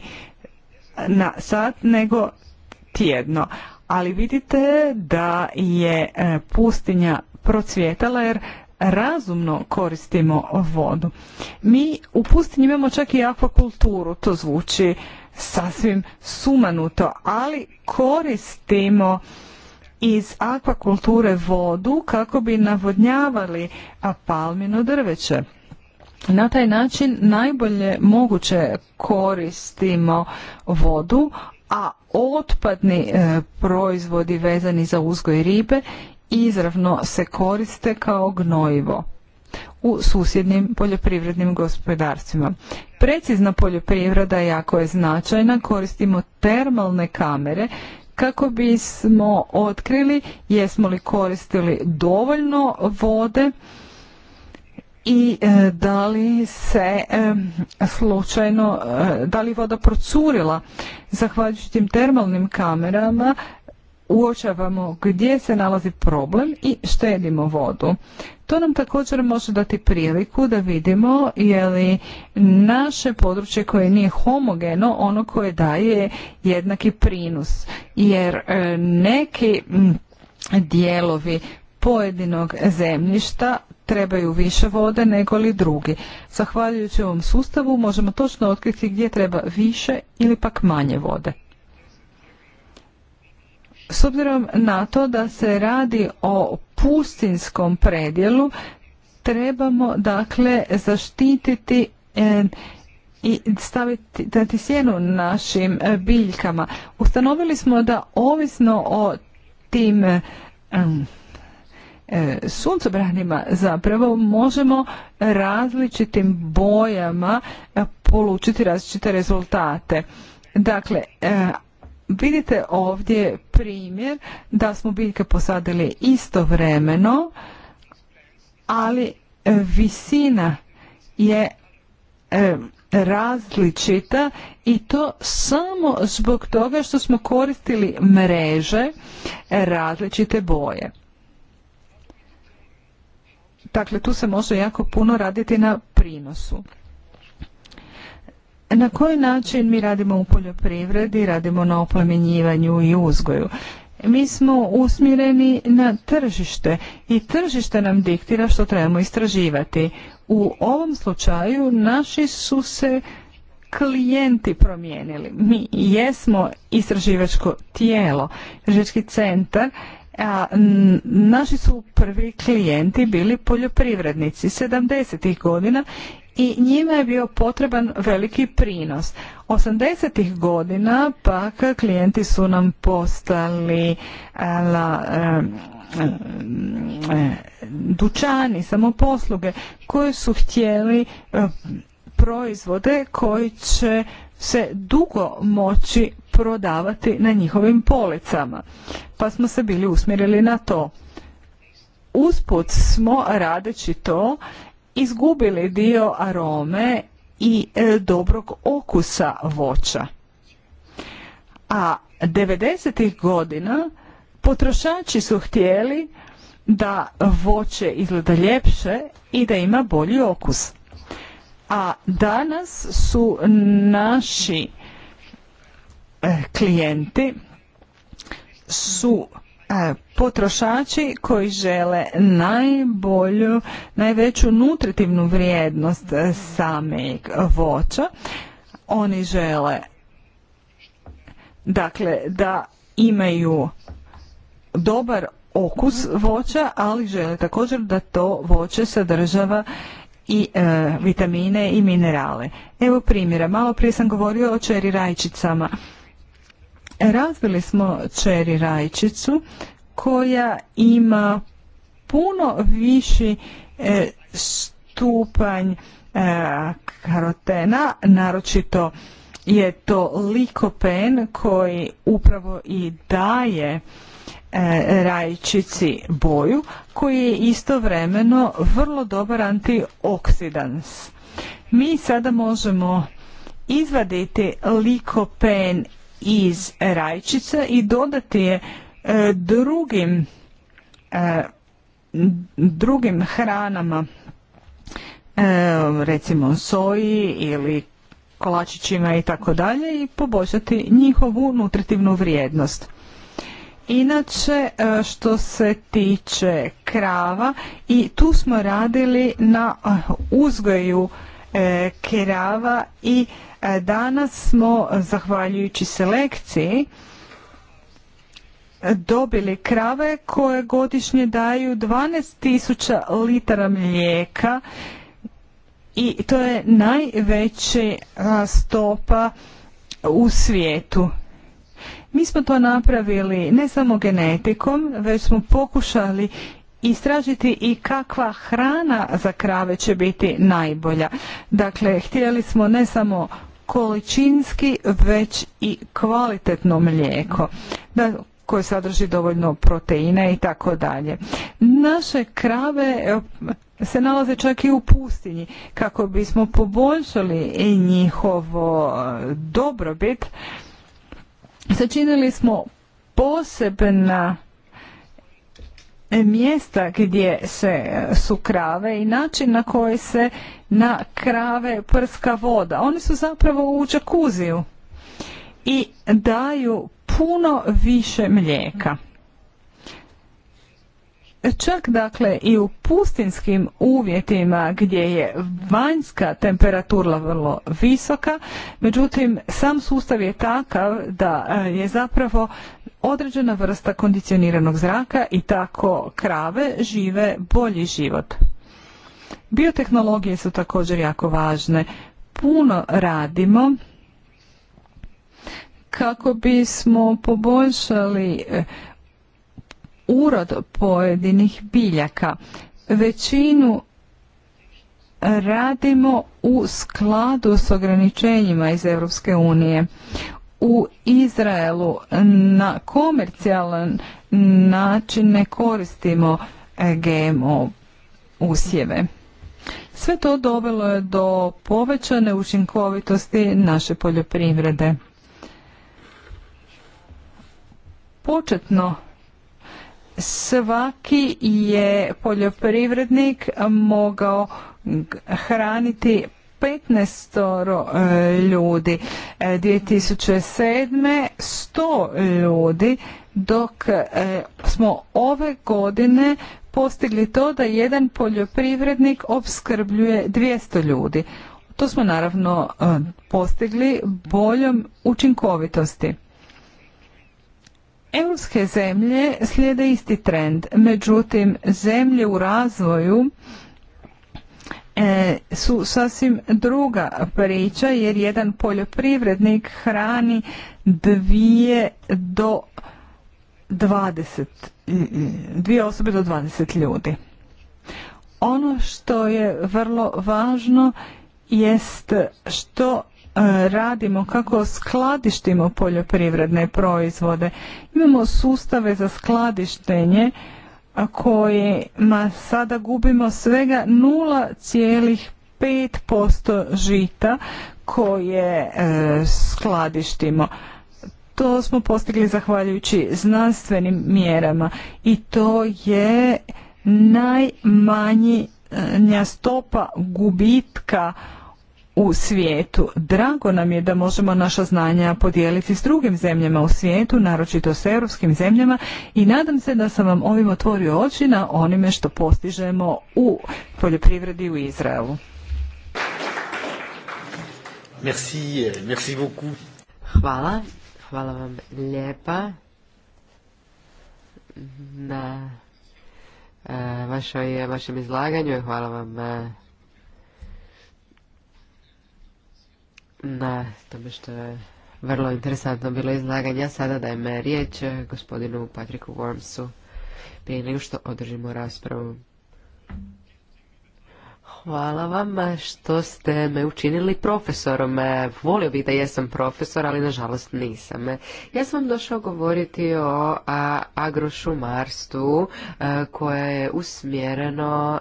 na sat, nego tjedno. Ali vidite da je e, pustinja procvjetala jer razumno koristimo vodu. Mi u pustinji imamo čak i akvakulturu, to zvuči sasvim sumanuto, ali koristimo iz akvakulture vodu kako bi navodnjavali palmino drveće. Na taj način najbolje moguće koristimo vodu, a otpadni e, proizvodi vezani za uzgoj ribe izravno se koriste kao gnojivo u susjednim poljoprivrednim gospodarstvima. Precizna poljoprivreda jako je značajna, koristimo termalne kamere kako bismo otkrili jesmo li koristili dovoljno vode i e, da li se e, slučajno, e, da li voda procurila. Zahvaljujući tim termalnim kamerama uočavamo gdje se nalazi problem i štedimo vodu. To nam također može dati priliku da vidimo je li naše područje koje nije homogeno ono koje daje jednaki prinos. Jer e, neki dijelovi pojedinog zemljišta trebaju više vode nego li drugi. Zahvaljujući ovom sustavu možemo točno otkriti gdje treba više ili pak manje vode. S obzirom na to da se radi o pustinskom predjelu, trebamo dakle zaštititi e, i staviti, dati sjenu našim e, biljkama. Ustanovili smo da ovisno o tim e, mm, e suncobranima zapravo možemo različitim bojama polučiti različite rezultate. Dakle, vidite ovdje primjer da smo biljke posadili istovremeno, ali e, visina je e, različita i to samo zbog toga što smo koristili mreže e, različite boje. Dakle, tu se može jako puno raditi na prinosu na koji način mi radimo u poljoprivredi, radimo na oplemenjivanju i uzgoju. Mi smo usmjereni na tržište i tržište nam diktira što trebamo istraživati. U ovom slučaju naši su se klijenti promijenili. Mi jesmo istraživačko tijelo, istraživački centar, a naši su prvi klijenti bili poljoprivrednici 70. godina i njima je bio potreban veliki prinos. 80. godina pak klijenti su nam postali eh, la, eh, eh, dućani, samoposluge koji su htjeli proizvode koji će se dugo moći prodavati na njihovim policama. Pa smo se bili usmjerili na to. Usput smo radeći to izgubili dio arome i e, dobrog okusa voća. A 90. godina potrošači su htjeli da voće izgleda ljepše i da ima bolji okus. A danas su naši e, klijenti su E, potrošači koji žele najbolju, najveću nutritivnu vrijednost e, samih voća. Oni žele dakle da imaju dobar okus voća, ali žele također da to voće sadržava i e, vitamine i minerale. Evo primjera, malo prije sam govorio o čeri rajčicama. Razvili smo čeri rajčicu koja ima puno viši e, stupanj e, karotena, naročito je to likopen koji upravo i daje e, rajčici boju koji je istovremeno vrlo dobar antioksidans. Mi sada možemo izvaditi likopen iz rajčica i dodati je e, drugim e, drugim hranama e, recimo soji ili kolačićima i tako dalje i poboljšati njihovu nutritivnu vrijednost. Inače, što se tiče krava, i tu smo radili na uzgoju E, kerava i e, danas smo, zahvaljujući selekciji, dobili krave koje godišnje daju 12.000 litara mlijeka i to je najveća stopa u svijetu. Mi smo to napravili ne samo genetikom, već smo pokušali istražiti i kakva hrana za krave će biti najbolja. Dakle, htjeli smo ne samo količinski, već i kvalitetno mlijeko. Da, koje sadrži dovoljno proteina i tako dalje. Naše krave e, se nalaze čak i u pustinji. Kako bismo poboljšali njihovo e, dobrobit, sačinili smo posebna mjesta gdje se e, su krave i način na koji se na krave prska voda. Oni su zapravo u džakuziju i daju puno više mlijeka. Čak dakle i u pustinskim uvjetima gdje je vanjska temperatura vrlo visoka, međutim sam sustav je takav da e, je zapravo određena vrsta kondicioniranog zraka i tako krave žive bolji život. Biotehnologije su također jako važne. Puno radimo kako bismo poboljšali e, urod pojedinih biljaka. Većinu radimo u skladu s ograničenjima iz Europske unije u Izraelu na komercijalan način ne koristimo e, GMO usjeve. Sve to dovelo je do povećane učinkovitosti naše poljoprivrede. Početno svaki je poljoprivrednik mogao hraniti 15 e, ljudi, 2007. E, 100 ljudi, dok e, smo ove godine postigli to da jedan poljoprivrednik opskrbljuje 200 ljudi. To smo naravno postigli boljom učinkovitosti. Europske zemlje slijede isti trend, međutim zemlje u razvoju E, su sasvim druga priča jer jedan poljoprivrednik hrani dvije do 20, e, dvije osobe do 20 ljudi. Ono što je vrlo važno jest što e, radimo, kako skladištimo poljoprivredne proizvode. Imamo sustave za skladištenje kojima sada gubimo svega 0,5% žita koje e, skladištimo. To smo postigli zahvaljujući znanstvenim mjerama i to je najmanji stopa gubitka u svijetu. Drago nam je da možemo naša znanja podijeliti s drugim zemljama u svijetu, naročito s europskim zemljama i nadam se da sam vam ovim otvorio oči na onime što postižemo u poljoprivredi u Izraelu. Merci, merci Hvala, hvala vam lijepa na eh, vašem izlaganju hvala vam eh, na bi što je vrlo interesantno bilo izlaganje. Sada dajem riječ gospodinu Patriku Wormsu prije nego što održimo raspravu. Hvala vam što ste me učinili profesorom. E, volio bih da jesam profesor, ali nažalost nisam. E, ja sam vam došao govoriti o agrošumarstvu e, koje je usmjereno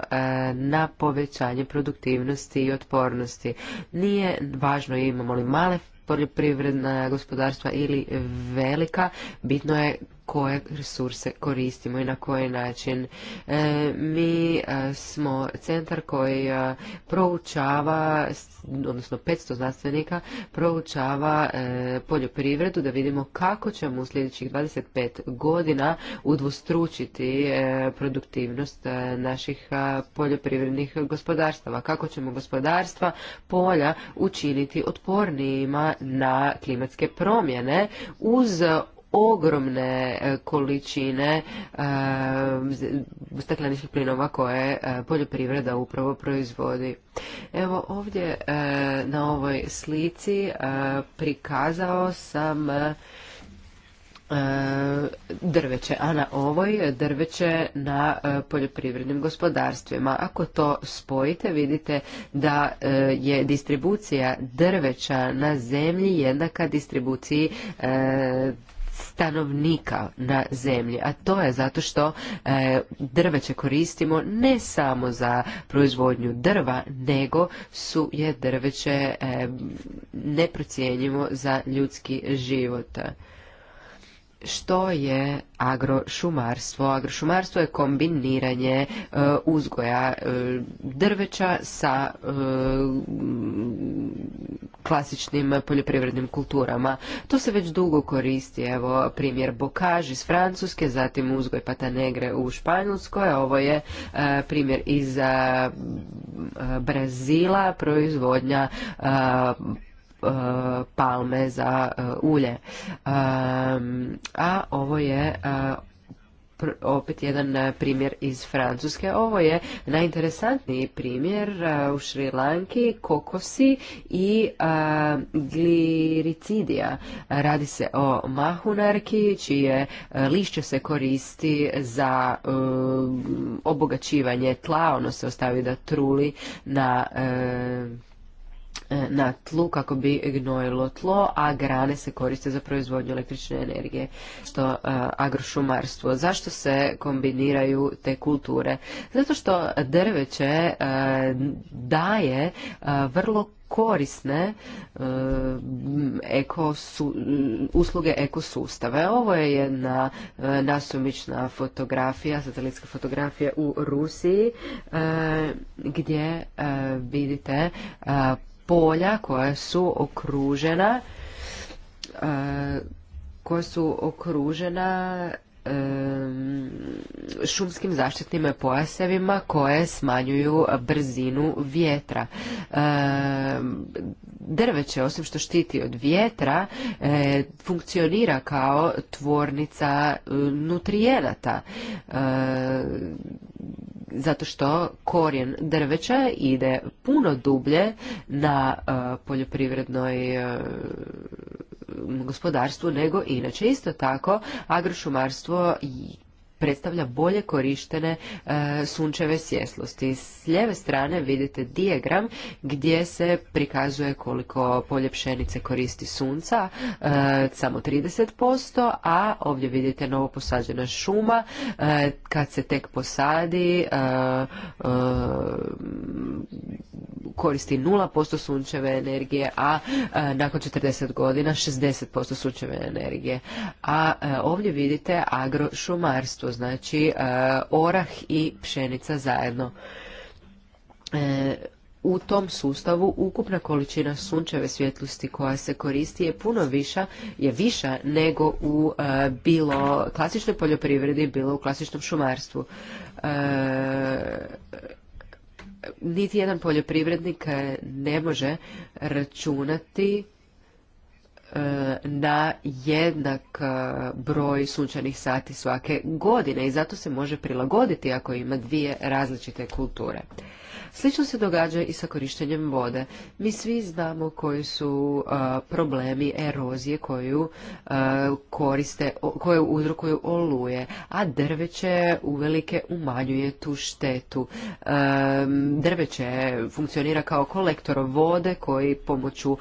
na povećanje produktivnosti i otpornosti. Nije važno imamo li male poljoprivredna gospodarstva ili velika, bitno je koje resurse koristimo i na koji način. E, mi e, smo centar koji e, proučava, odnosno 500 znanstvenika proučava poljoprivredu da vidimo kako ćemo u sljedećih 25 godina udvostručiti produktivnost naših poljoprivrednih gospodarstava. Kako ćemo gospodarstva polja učiniti otpornijima na klimatske promjene uz ogromne e, količine e, stakleničkih plinova koje e, poljoprivreda upravo proizvodi. Evo ovdje na ovoj slici prikazao sam drveće, a na ovoj drveće na poljoprivrednim gospodarstvima. Ako to spojite, vidite da je distribucija drveća na zemlji jednaka distribuciji stanovnika na zemlji, a to je zato što e, drveće koristimo ne samo za proizvodnju drva, nego su je drveće e, neprocijenjivo za ljudski život što je agrošumarstvo. Agrošumarstvo je kombiniranje e, uzgoja e, drveća sa e, klasičnim poljoprivrednim kulturama. To se već dugo koristi, evo primjer bokaž iz Francuske, zatim uzgoj patanegre u Španjolskoj, ovo je primjer iz Brazila, proizvodnja Eh, palme za eh, ulje. A ovo je eh, opet jedan primjer iz Francuske. Ovo je najinteresantniji primjer u Šri Lanki, kokosi i gliricidija. Radi se o mahunarki, čije lišće se koristi za obogaćivanje tla, ono se ostavi da truli na E, na tlu kako bi gnojilo tlo, a grane se koriste za proizvodnju električne energije, što e, agrošumarstvo. Zašto se kombiniraju te kulture? Zato što drveće e, daje vrlo korisne eko usluge ekosustave. Ovo je jedna nasumična fotografija, satelitska fotografija u Rusiji gdje vidite polja koja su okružena e, koja su okružena šumskim zaštitnim pojasevima koje smanjuju brzinu vjetra. Drveće, osim što štiti od vjetra, e, funkcionira kao tvornica e, nutrijenata zato što korijen drveća ide puno dublje na e, poljoprivrednoj gospodarstvu nego inače. Isto tako agrošumarstvo predstavlja bolje korištene e, sunčeve svjeslosti. S lijeve strane vidite dijagram gdje se prikazuje koliko polje pšenice koristi sunca, e, samo 30%, a ovdje vidite novo posađena šuma, e, kad se tek posadi koristi 0% sunčeve energije, a nakon 40 godina 60% sunčeve energije. A ovdje vidite agrošumarstvo znači e, orah i pšenica zajedno. E, u tom sustavu ukupna količina sunčeve svjetlosti koja se koristi je puno viša, je viša nego u e, bilo klasičnoj poljoprivredi, bilo u klasičnom šumarstvu. niti jedan poljoprivrednik ne može računati E, na jednak e, broj sunčanih sati svake godine i zato se može prilagoditi ako ima dvije različite kulture. Slično se događa i sa korištenjem vode. Mi svi znamo koji su e, problemi erozije koju koriste, o, koje uzrokuju oluje, a drveće uvelike umanjuje tu štetu. drveće funkcionira kao kolektor vode koji pomoću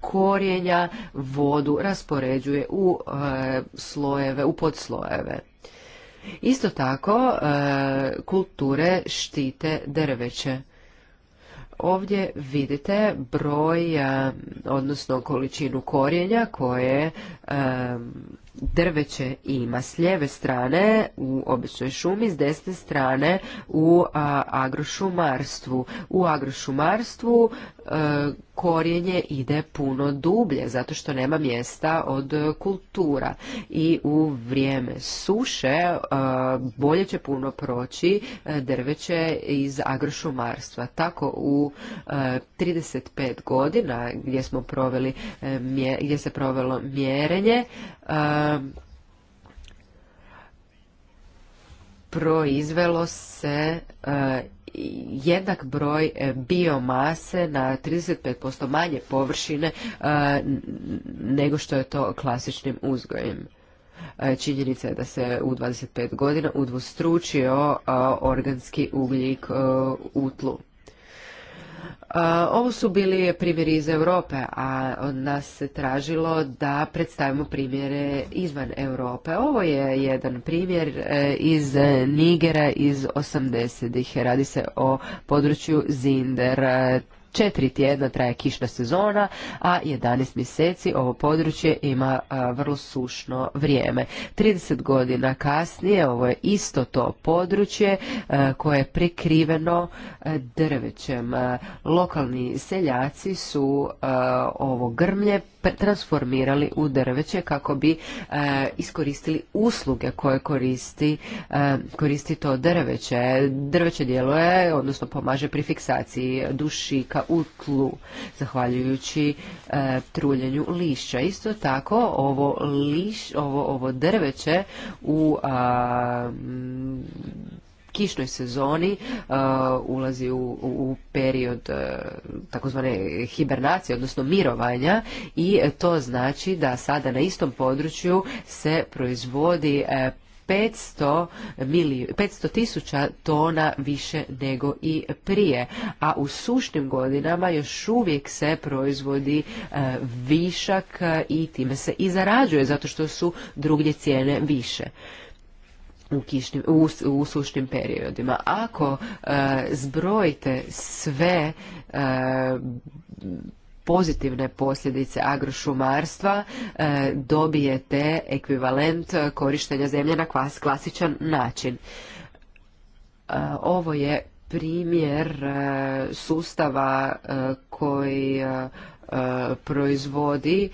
korijenja vodu raspoređuje u e, slojeve, u podslojeve. Isto tako, e, kulture štite drveće. Ovdje vidite broj, e, odnosno količinu korijenja koje drveće ima s lijeve strane u običnoj šumi, s desne strane u agrošumarstvu. U agrošumarstvu E, korijenje ide puno dublje zato što nema mjesta od kultura i u vrijeme suše e, bolje će puno proći e, drveće iz agrošumarstva. Tako u 35 godina gdje smo proveli gdje se provelo mjerenje proizvelo se jednak broj e, biomase na 35% manje površine e, nego što je to klasičnim uzgojem. E, činjenica je da se u 25 godina udvostručio organski ugljik u tlu. Ovo su bili primjeri iz Europe, a od nas se tražilo da predstavimo primjere izvan Europe. Ovo je jedan primjer e, iz Nigera iz 80-ih. Radi se o području Zinder četiri tjedna traje kišna sezona, a 11 mjeseci ovo područje ima vrlo sušno vrijeme. 30 godina kasnije ovo je isto to područje koje je prikriveno drvećem. Lokalni seljaci su ovo grmlje transformirali u drveće kako bi e, iskoristili usluge koje e, koristi, to drveće. Drveće djeluje, odnosno pomaže pri fiksaciji dušika u tlu, zahvaljujući e, truljenju lišća. Isto tako, ovo, ovo, drveće u kišnoj sezoni uh, ulazi u, period uh, takozvane hibernacije, odnosno mirovanja i to znači da sada na istom području se proizvodi 500, uh, tisuća tona više nego i prije, a u sušnim godinama još uvijek se proizvodi uh, višak i time se i zarađuje zato što su drugdje cijene više u, u, sušnim periodima. Ako e, zbrojite sve e, pozitivne posljedice agrošumarstva e, dobijete ekvivalent korištenja zemlje na klas, klasičan način. Ovo je primjer sustava koji proizvodi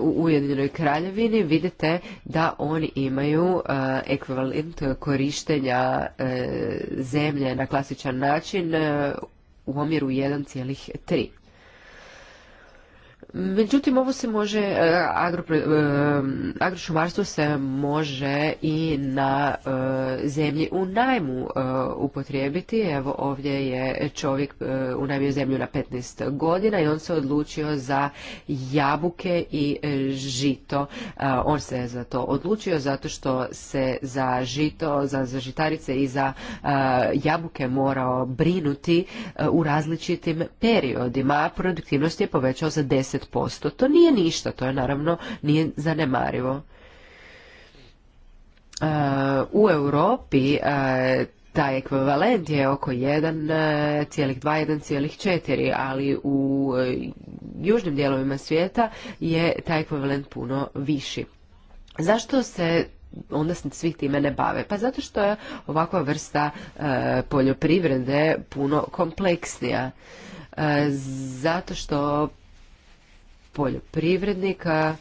u Ujedinjenoj kraljevini vidite da oni imaju e, ekvivalent korištenja e, zemlje na klasičan način e, u omjeru 1,3. Međutim, ovo se može, e, agro, e, agrošumarstvo se može i na e, zemlji u najmu upotrijebiti. Evo ovdje je čovjek unajmio zemlju na 15 godina i on se odlučio za jabuke i žito. On se za to odlučio zato što se za žito, za, za žitarice i za jabuke morao brinuti u različitim periodima. Produktivnost je povećao za 10 posto. To nije ništa, to je naravno nije zanemarivo. E, u Europi e, taj ekvivalent je oko 1,2-1,4, e, ali u južnim dijelovima svijeta je taj ekvivalent puno viši. Zašto se onda svi time ne bave? Pa zato što je ovakva vrsta poljoprivrede puno kompleksnija zato što poljoprivrednika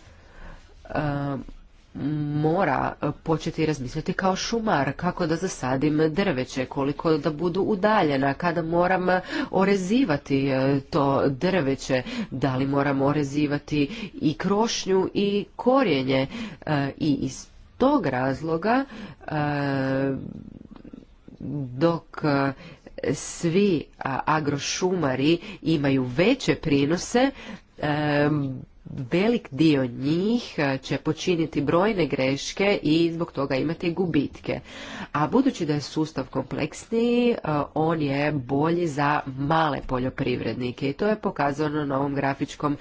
eh, mora početi razmišljati kao šumar, kako da zasadim drveće, koliko da budu udaljena, kada moram orezivati eh, to drveće, da li moram orezivati i krošnju i korjenje. Eh, I iz tog razloga dok svi agrošumari imaju veće prinose, um, velik dio njih e, će počiniti brojne greške i zbog toga imati gubitke. A budući da je sustav kompleksniji, e, on je bolji za male poljoprivrednike i to je pokazano na ovom grafičkom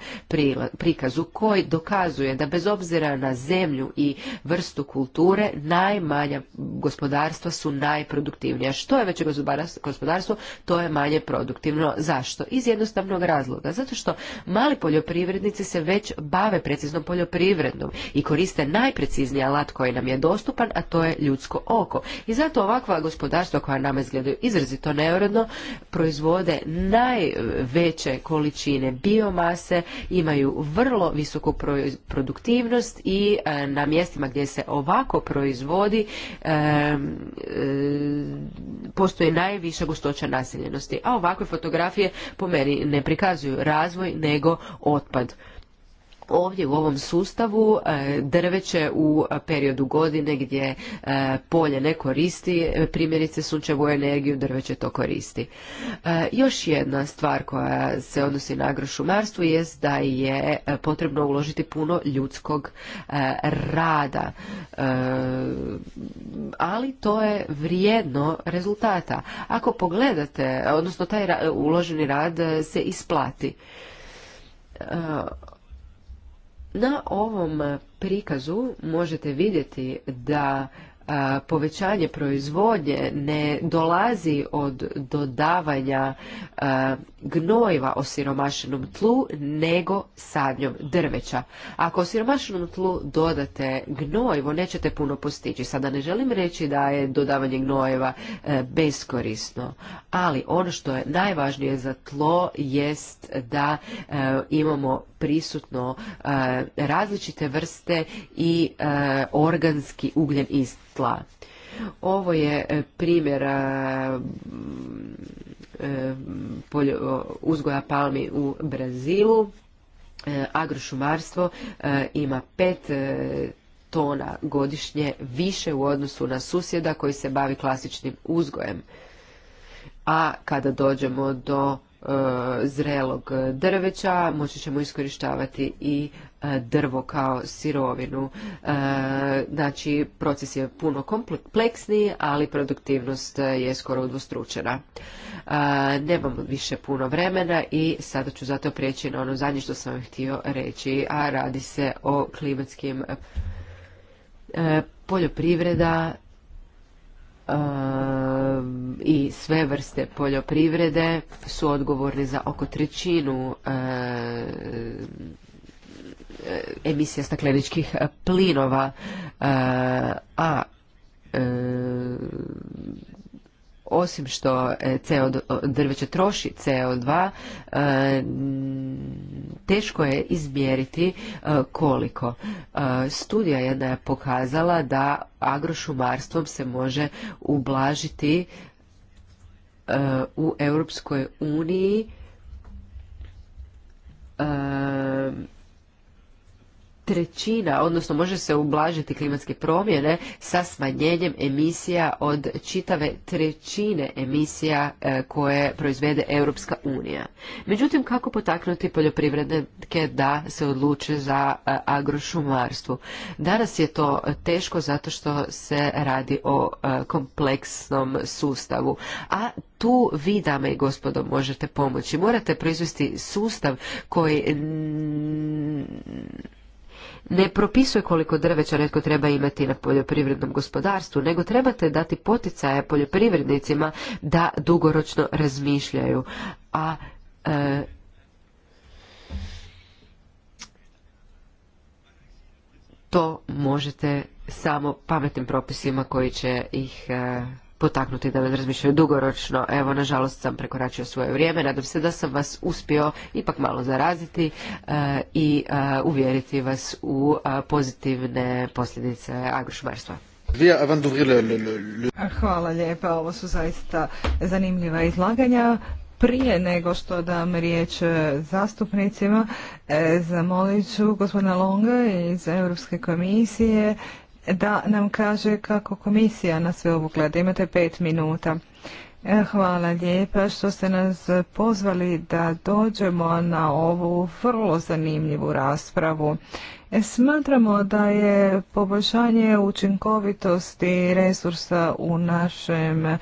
prikazu koji dokazuje da bez obzira na zemlju i vrstu kulture, najmanja gospodarstva su najproduktivnija. Što je veće gospodarstvo, to je manje produktivno. Zašto? Iz jednostavnog razloga. Zato što mali poljoprivrednici se već već bave preciznom poljoprivrednom i koriste najprecizniji alat koji nam je dostupan, a to je ljudsko oko. I zato ovakva gospodarstva koja nam izgledaju izrazito neuredno, proizvode najveće količine biomase, imaju vrlo visoku produktivnost i e, na mjestima gdje se ovako proizvodi postoje najviše postoji najviša gustoća naseljenosti. A ovakve fotografije po meni ne prikazuju razvoj nego otpad. Ovdje u ovom sustavu e, drveće u periodu godine gdje e, polje ne koristi, e, primjerice sunčevu energiju, drveće to koristi. Još jedna stvar koja se odnosi na agrošumarstvo jest da je potrebno uložiti puno ljudskog rada. Ali to je vrijedno rezultata. Ako pogledate, odnosno taj uloženi rad se isplati na ovom prikazu možete vidjeti da povećanje proizvodnje ne dolazi od dodavanja gnojiva siromašenom tlu, nego sadnjom drveća. Ako osiromašenom tlu dodate gnojivo, nećete puno postići. Sada ne želim reći da je dodavanje gnojeva e, beskorisno, ali ono što je najvažnije za tlo jest da e, imamo prisutno e, različite vrste i organski ugljen iz tla. Ovo je e, primjer e, e, uzgoja palmi u Brazilu. Agrošumarstvo ima pet tona godišnje više u odnosu na susjeda koji se bavi klasičnim uzgojem. A kada dođemo do zrelog drveća moći ćemo iskorištavati i E, drvo kao sirovinu. E, znači, proces je puno kompleksniji, ali produktivnost je skoro udvostručena. E, Nemamo više puno vremena i sada ću zato prijeći na ono zadnje što sam vam htio reći, a radi se o klimatskim poljoprivreda i sve vrste poljoprivrede su odgovorni za oko trećinu Eh, emisija stakleničkih eh, plinova, eh, a osim što CO, drveće troši CO2, teško je izmjeriti koliko. Studija jedna je pokazala da agrošumarstvom se može ublažiti u Europskoj uniji trećina, odnosno može se ublažiti klimatske promjene sa smanjenjem emisija od čitave trećine emisija e, koje proizvede Europska unija. Međutim, kako potaknuti poljoprivrednike da se odluče za e, agrošumarstvo? Danas je to teško zato što se radi o e, kompleksnom sustavu, a tu vi, dame i gospodo, možete pomoći. Morate proizvesti sustav koji ne propisuje koliko drveća netko treba imati na poljoprivrednom gospodarstvu, nego trebate dati poticaje poljoprivrednicima da dugoročno razmišljaju. A e, to možete samo pametnim propisima koji će ih e, potaknuti da razmišljaju dugoročno. Evo, nažalost sam prekoračio svoje vrijeme. Nadam se da sam vas uspio ipak malo zaraziti e, i e, uvjeriti vas u e, pozitivne posljedice agrošumarstva. Hvala lijepa, ovo su zaista zanimljiva izlaganja. Prije nego što dam riječ zastupnicima, zamolit ću gospodina Longa iz Europske komisije da nam kaže kako komisija na sve ovo gleda. Imate pet minuta. E, hvala lijepa što ste nas pozvali da dođemo na ovu vrlo zanimljivu raspravu. E, smatramo da je poboljšanje učinkovitosti resursa u našem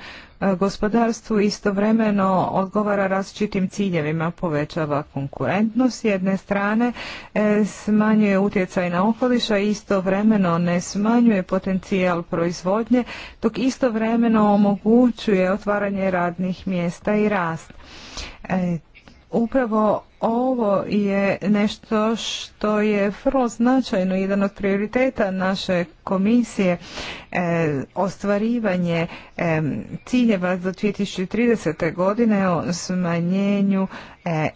gospodarstvu istovremeno odgovara različitim ciljevima, povećava konkurentnost s jedne strane, e, smanjuje utjecaj na okoliša i istovremeno ne smanjuje potencijal proizvodnje, dok istovremeno omogućuje otvaranje radnih mjesta i rast. E, Upravo ovo je nešto što je vrlo značajno, jedan od prioriteta naše komisije, e, ostvarivanje e, ciljeva za 2030. godine o smanjenju e,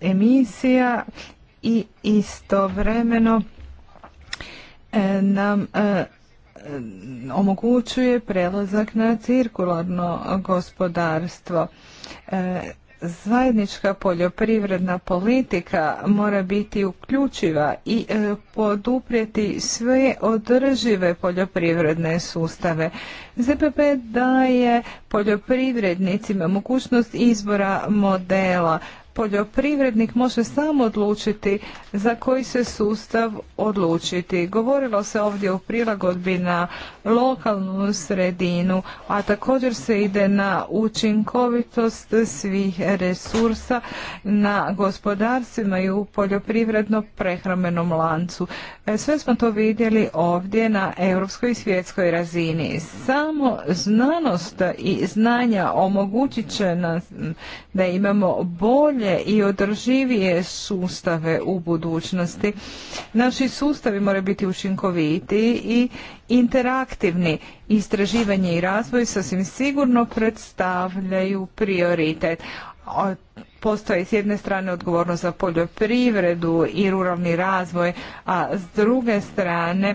emisija i istovremeno e, nam e, omogućuje prelazak na cirkularno gospodarstvo zajednička poljoprivredna politika mora biti uključiva i e, poduprijeti sve održive poljoprivredne sustave. ZPP daje poljoprivrednicima mogućnost izbora modela poljoprivrednik može sam odlučiti za koji se sustav odlučiti. Govorilo se ovdje o prilagodbi na lokalnu sredinu, a također se ide na učinkovitost svih resursa na gospodarstvima i u poljoprivredno prehramenom lancu. E, sve smo to vidjeli ovdje na europskoj i svjetskoj razini. Samo znanost i znanja omogućit će nas da imamo bolje bolje i održivije sustave u budućnosti. Naši sustavi moraju biti učinkoviti i interaktivni. Istraživanje i razvoj sasvim sigurno predstavljaju prioritet. Postoji s jedne strane odgovornost za poljoprivredu i ruralni razvoj, a s druge strane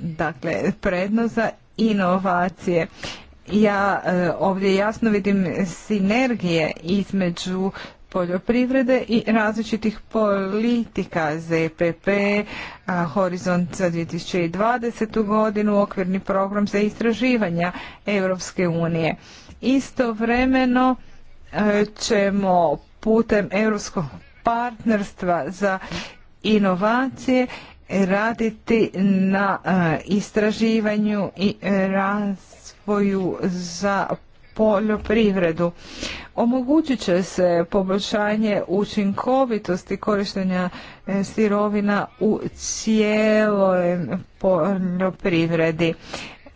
dakle prednost za inovacije ja e, ovdje jasno vidim sinergije između poljoprivrede i različitih politika ZPP, Horizont za 2020. godinu, okvirni program za istraživanja Europske unije. Istovremeno e, ćemo putem Europskog partnerstva za inovacije raditi na e, istraživanju i raz razvoju za poljoprivredu. Omogućit će se poboljšanje učinkovitosti korištenja e, sirovina u cijeloj poljoprivredi.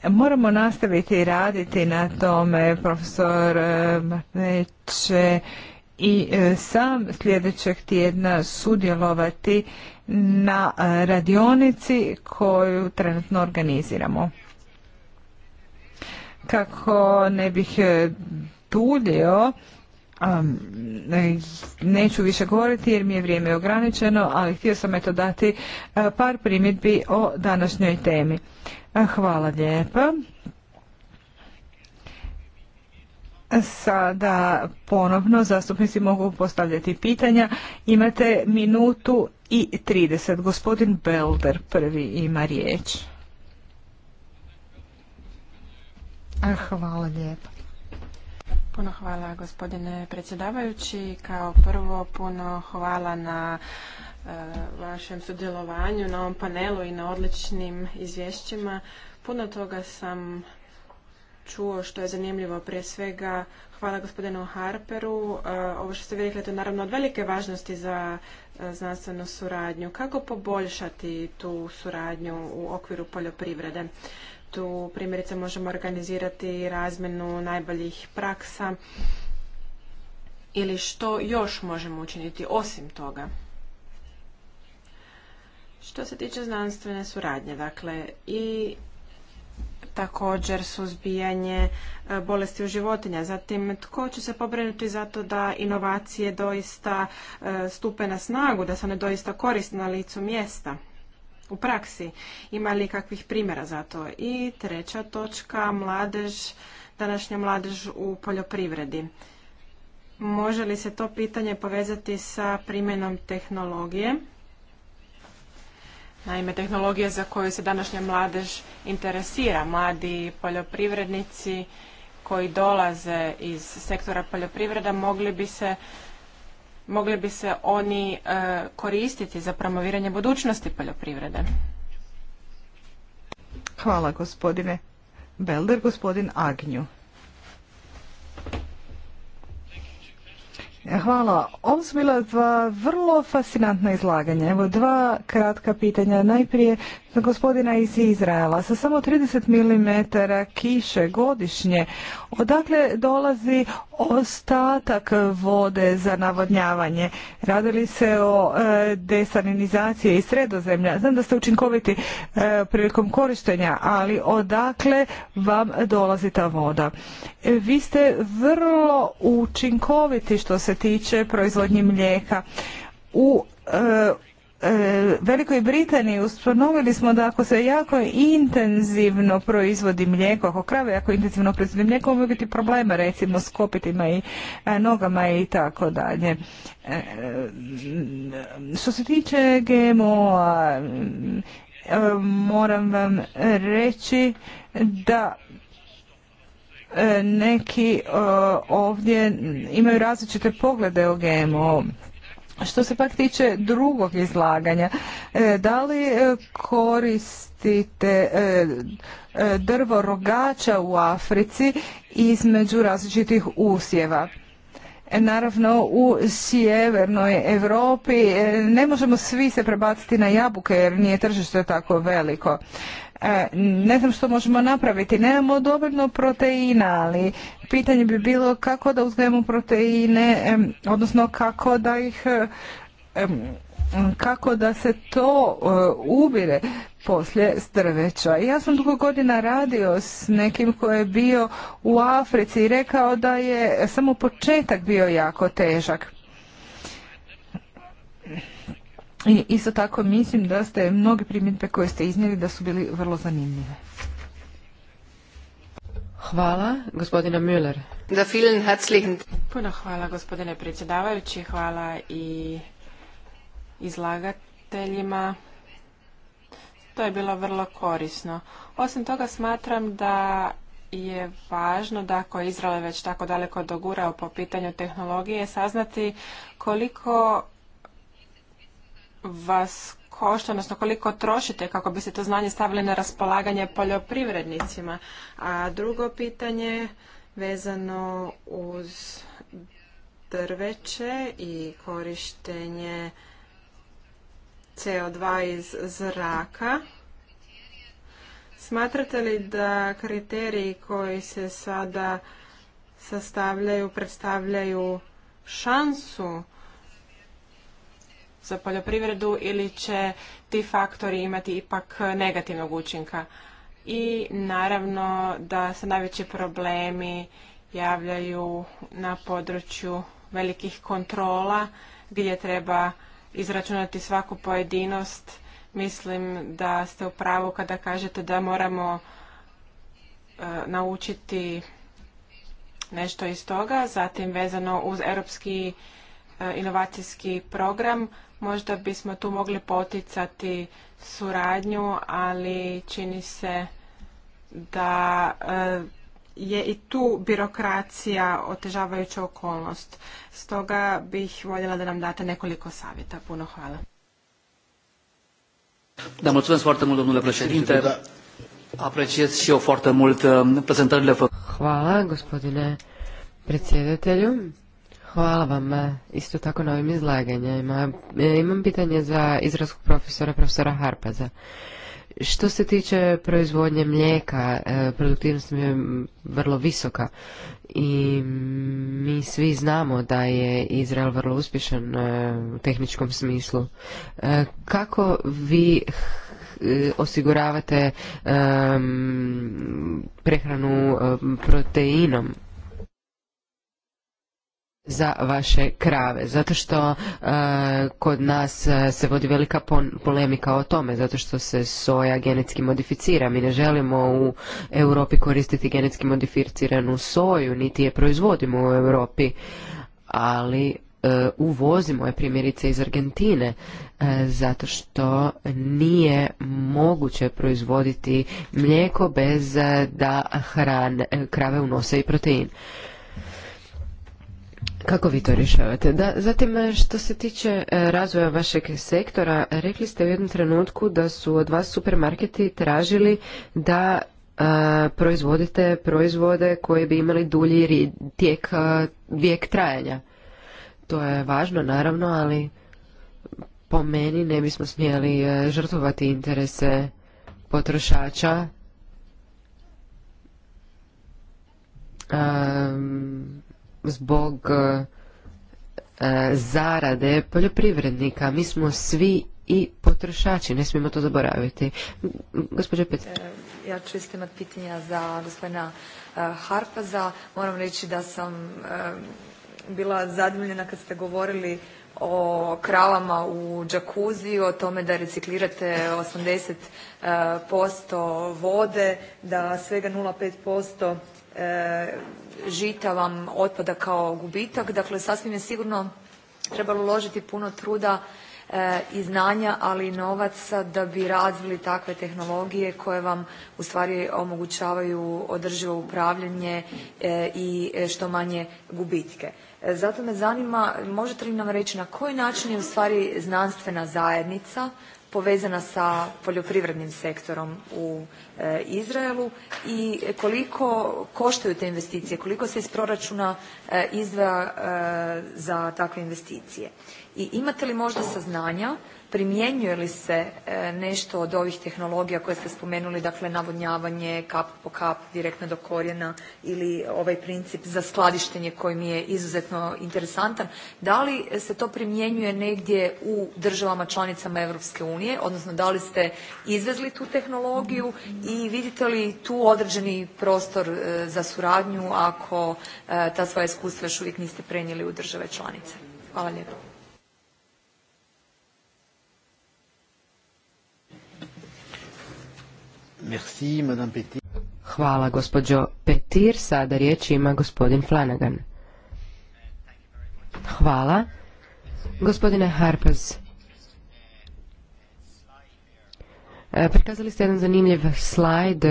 Moramo nastaviti raditi na tome, profesor e, će i e, sam sljedećeg tjedna sudjelovati na radionici koju trenutno organiziramo. Kako ne bih duljio, e, e, neću više govoriti jer mi je vrijeme ograničeno, ali htio sam eto dati e, par primjedbi o današnjoj temi. Hvala lijepa. Sada ponovno zastupnici mogu postavljati pitanja. Imate minutu i 30. Gospodin Belder prvi ima riječ. Hvala lijepo. Puno hvala gospodine predsjedavajući. Kao prvo puno hvala na e, vašem sudjelovanju na ovom panelu i na odličnim izvješćima. Puno toga sam čuo što je zanimljivo. Prije svega hvala gospodinu Harperu. E, ovo što ste vi rekli to je naravno od velike važnosti za e, znanstvenu suradnju. Kako poboljšati tu suradnju u okviru poljoprivrede? Tu primjerice možemo organizirati razmjenu najboljih praksa ili što još možemo učiniti osim toga. Što se tiče znanstvene suradnje, dakle, i također suzbijanje e, bolesti u životinja. Zatim, tko će se pobrinuti za to da inovacije doista e, stupe na snagu, da se one doista koriste na licu mjesta? u praksi? Ima li kakvih primjera za to? I treća točka, mladež, današnja mladež u poljoprivredi. Može li se to pitanje povezati sa primjenom tehnologije? Naime, tehnologije za koju se današnja mladež interesira, mladi poljoprivrednici koji dolaze iz sektora poljoprivreda mogli bi se mogli bi se oni e, koristiti za promoviranje budućnosti poljoprivrede? Hvala gospodine Belder, gospodin Agnju. Hvala. Ovo su bila dva vrlo fascinantna izlaganja. Evo dva kratka pitanja. Najprije gospodina iz Izraela sa samo 30 mm kiše godišnje. Odakle dolazi ostatak vode za navodnjavanje? Radili se o e, i sredozemlja. Znam da ste učinkoviti e, prilikom korištenja, ali odakle vam dolazi ta voda? E, vi ste vrlo učinkoviti što se tiče proizvodnje mlijeka. U e, E, Velikoj Britaniji ustanovili smo da ako se jako intenzivno proizvodi mlijeko, ako krave jako intenzivno proizvodi mlijeko, mogu biti problema recimo s kopitima i e, nogama i tako dalje. E, što se tiče gmo moram vam reći da neki ovdje imaju različite poglede o gmo -u. Što se pak tiče drugog izlaganja, e, da li e, koristite e, drvo rogača u Africi između različitih usjeva? Naravno u sjevernoj Europi ne možemo svi se prebaciti na jabuke jer nije tržište tako veliko. E, ne znam što možemo napraviti. Nemamo dovoljno proteina, ali pitanje bi bilo kako da uzmemo proteine, odnosno kako da ih kako da se to e, ubire poslije strveća Ja sam dugo godina radio s nekim koji je bio u Africi i rekao da je samo početak bio jako težak. I isto tako mislim da ste mnogi primjedbe koje ste iznijeli da su bili vrlo zanimljive. Hvala, gospodina Müller. Da vielen herzlichen. Puno hvala, gospodine predsjedavajući, hvala i izlagateljima. To je bilo vrlo korisno. Osim toga smatram da je važno da ako je već tako daleko dogurao po pitanju tehnologije, saznati koliko vas košta, odnosno koliko trošite kako biste to znanje stavili na raspolaganje poljoprivrednicima? A drugo pitanje vezano uz drveće i korištenje CO2 iz zraka. Smatrate li da kriteriji koji se sada sastavljaju predstavljaju šansu za poljoprivredu ili će ti faktori imati ipak negativnog učinka. I naravno da se najveći problemi javljaju na području velikih kontrola gdje treba izračunati svaku pojedinost. Mislim da ste u pravu kada kažete da moramo e, naučiti nešto iz toga. Zatim vezano uz europski e, inovacijski program Možda bismo tu mogli poticati suradnju, ali čini se da e, je i tu birokracija otežavajuća okolnost. Stoga bih voljela da nam date nekoliko savjeta. Puno hvala. Da, mulțumesc foarte mult, domnule președinte. Apreciez și eu foarte mult um, prezentările Hvala, gospodine predsjedatelju. Hvala vam e, isto tako na ovim izlaganjima. E, imam pitanje za izraelskog profesora, profesora Harpaza. Što se tiče proizvodnje mlijeka, e, produktivnost je vrlo visoka i mi svi znamo da je Izrael vrlo uspješan u tehničkom smislu. Kako vi osiguravate prehranu proteinom za vaše krave zato što e, kod nas e, se vodi velika polemika o tome zato što se soja genetski modificira mi ne želimo u Europi koristiti genetski modificiranu soju niti je proizvodimo u Europi ali e, uvozimo je primjerice iz Argentine zato što nije moguće proizvoditi mlijeko bez da hran krave unose i protein kako vi to rješavate? Da, zatim e, što se tiče e, razvoja vašeg sektora, rekli ste u jednom trenutku da su od vas supermarketi tražili da e, proizvodite proizvode koji bi imali dulji tijek, vijek trajanja. To je važno naravno, ali po meni ne bismo smjeli žrtvovati interese potrošača. Um, zbog e, e, zarade poljoprivrednika. Mi smo svi i potrošači, ne smijemo to zaboraviti. Gospođa Petra. E, ja ću isto imati pitanja za gospodina Harpaza. Moram reći da sam bila zadivljena kad ste govorili o kravama u džakuzi, o tome da reciklirate 80% vode, da svega 0,5% žita vam otpada kao gubitak. Dakle, sasvim je sigurno trebalo uložiti puno truda eh, i znanja, ali i novaca da bi razvili takve tehnologije koje vam ustvari omogućavaju održivo upravljanje eh, i što manje gubitke. Eh, zato me zanima, možete li nam reći na koji način je ustvari znanstvena zajednica povezana sa poljoprivrednim sektorom u e, Izraelu i koliko koštaju te investicije, koliko se iz proračuna e, izdvaja e, za takve investicije? I imate li možda saznanja primjenjuje li se e, nešto od ovih tehnologija koje ste spomenuli, dakle navodnjavanje kap po kap, direktno do korijena ili ovaj princip za skladištenje koji mi je izuzetno interesantan, da li se to primjenjuje negdje u državama članicama Europske unije, odnosno da li ste izvezli tu tehnologiju i vidite li tu određeni prostor e, za suradnju ako e, ta svoja iskustva još uvijek niste prenijeli u države članice? Hvala lijepo. Merci, Madame Hvala, gospođo Petir. Sada riječ ima gospodin Flanagan. Hvala. Gospodine Harpaz, e, prikazali ste jedan zanimljiv slajd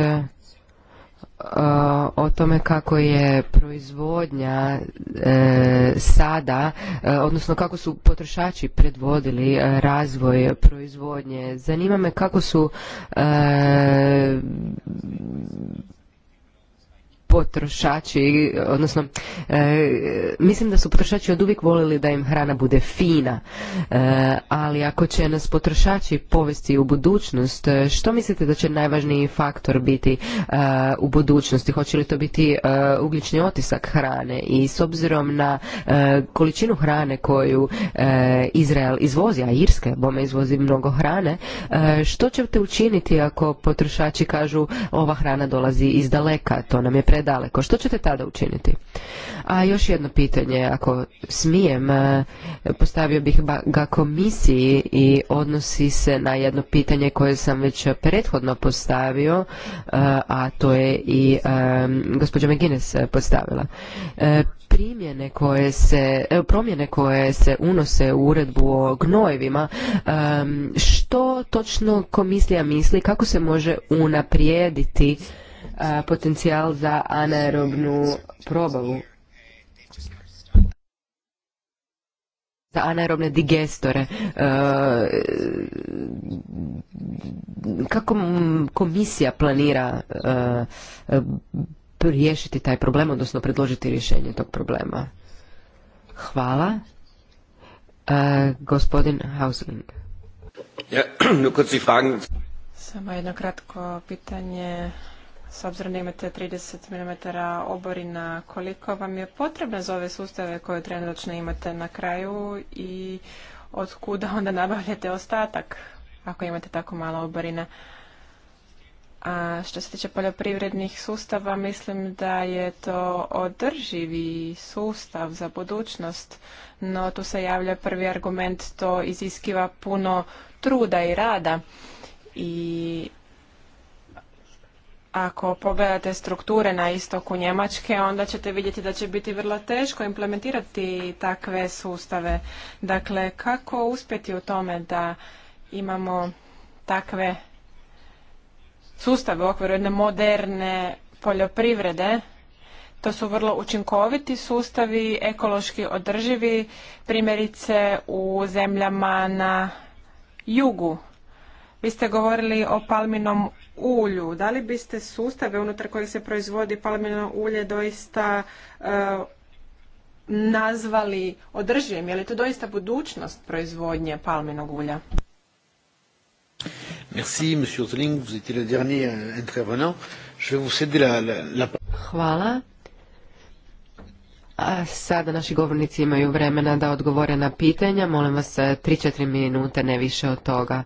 o tome kako je proizvodnja e, sada, e, odnosno kako su potrošači predvodili e, razvoj proizvodnje. Zanima me kako su potrošači, odnosno e, mislim da su potrošači od uvijek volili da im hrana bude fina, e, ali ako će nas potrošači povesti u budućnost, e, što mislite da će najvažniji faktor biti u budućnosti? Hoće li to biti ugljični otisak hrane i s obzirom na količinu hrane koju Izrael izvozi, a Irske, bome izvozi mnogo hrane, što ćete učiniti ako potrošači kažu ova hrana dolazi iz daleka, to nam je pre predaleko. Što ćete tada učiniti? A još jedno pitanje, ako smijem, e, postavio bih ga komisiji i odnosi se na jedno pitanje koje sam već prethodno postavio, e, a to je i e, gospođa McGuinness postavila. Primjene koje se, promjene koje se unose u uredbu o gnojevima, što točno komisija misli, kako se može unaprijediti potencijal za anaerobnu probavu. za anaerobne digestore. Kako komisija planira riješiti taj problem, odnosno predložiti rješenje tog problema? Hvala. Gospodin Hausling. Samo jedno kratko pitanje s obzirom da imate 30 mm oborina, koliko vam je potrebno za ove sustave koje trenutno imate na kraju i od kuda onda nabavljate ostatak ako imate tako malo oborina? A što se tiče poljoprivrednih sustava, mislim da je to održivi sustav za budućnost, no tu se javlja prvi argument, to iziskiva puno truda i rada i ako pogledate strukture na istoku Njemačke, onda ćete vidjeti da će biti vrlo teško implementirati takve sustave. Dakle, kako uspjeti u tome da imamo takve sustave u okviru jedne moderne poljoprivrede, to su vrlo učinkoviti sustavi, ekološki održivi, primjerice u zemljama na jugu vi ste govorili o palminom ulju. Da li biste sustave unutar kojih se proizvodi palmino ulje doista e, nazvali održivim? Je li to doista budućnost proizvodnje palminog ulja? Hvala. sada naši govornici imaju vremena da odgovore na pitanja. Molim vas 3-4 e, minute, ne više od toga.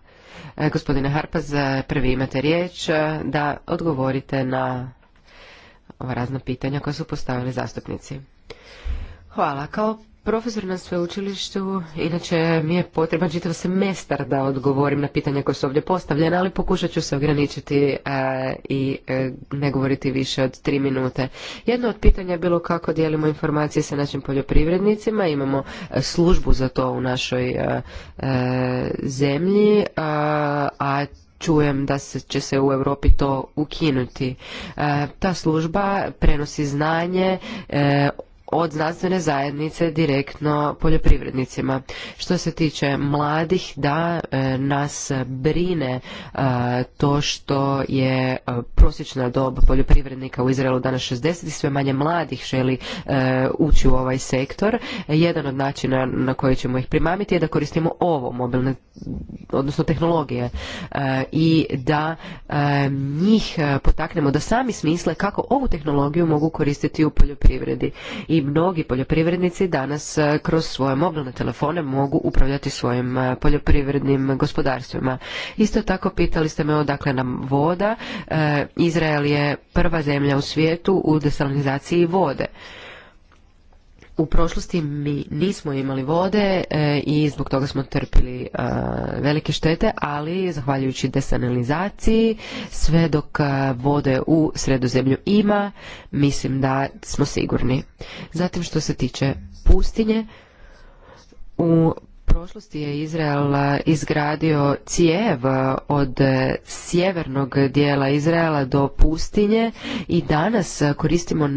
E, gospodine Harpaz, e, prvi imate riječ e, da odgovorite na ova razna pitanja koja su postavili zastupnici. Hvala. Kao Profesor na sveučilištu, inače mi je potreban čitav semestar da odgovorim na pitanja koje su ovdje postavljena, ali pokušat ću se ograničiti e, i e, ne govoriti više od tri minute. Jedno od pitanja je bilo kako dijelimo informacije sa našim poljoprivrednicima, imamo e, službu za to u našoj zemlji, a čujem da se, će se u Europi to ukinuti. ta služba prenosi znanje e, od znanstvene zajednice direktno poljoprivrednicima. Što se tiče mladih, da e, nas brine e, to što je e, prosječna dob poljoprivrednika u Izraelu danas 60 i sve manje mladih želi ući u ovaj sektor. Jedan od načina na koji ćemo ih primamiti je da koristimo ovo mobilne, odnosno tehnologije i da njih potaknemo da sami smisle kako ovu tehnologiju mogu koristiti u poljoprivredi. I mnogi poljoprivrednici danas e, kroz svoje mobilne telefone mogu upravljati svojim e, poljoprivrednim gospodarstvima. Isto tako pitali ste me odakle nam voda. E, Izrael je prva zemlja u svijetu u desalinizaciji vode u prošlosti mi nismo imali vode e, i zbog toga smo trpili e, velike štete, ali zahvaljujući desanalizaciji sve dok e, vode u sredozemlju ima, mislim da smo sigurni. Zatim što se tiče pustinje, u prošlosti je Izrael izgradio cijev od e, sjevernog dijela Izraela do pustinje i danas koristimo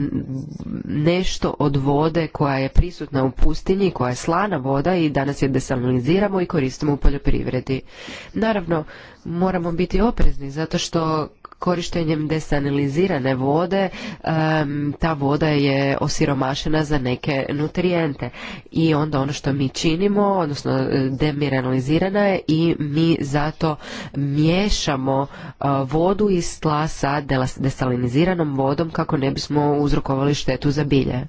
nešto od vode koja je prisutna u pustinji, koja je slana voda i danas je desaliniziramo i koristimo u poljoprivredi. Naravno, moramo biti oprezni zato što korištenjem desanilizirane vode ta voda je osiromašena za neke nutrijente i onda ono što mi činimo odnosno e, demiralizirana je i mi zato miješamo e, vodu iz tla sa desaliniziranom vodom kako ne bismo uzrokovali štetu za bilje.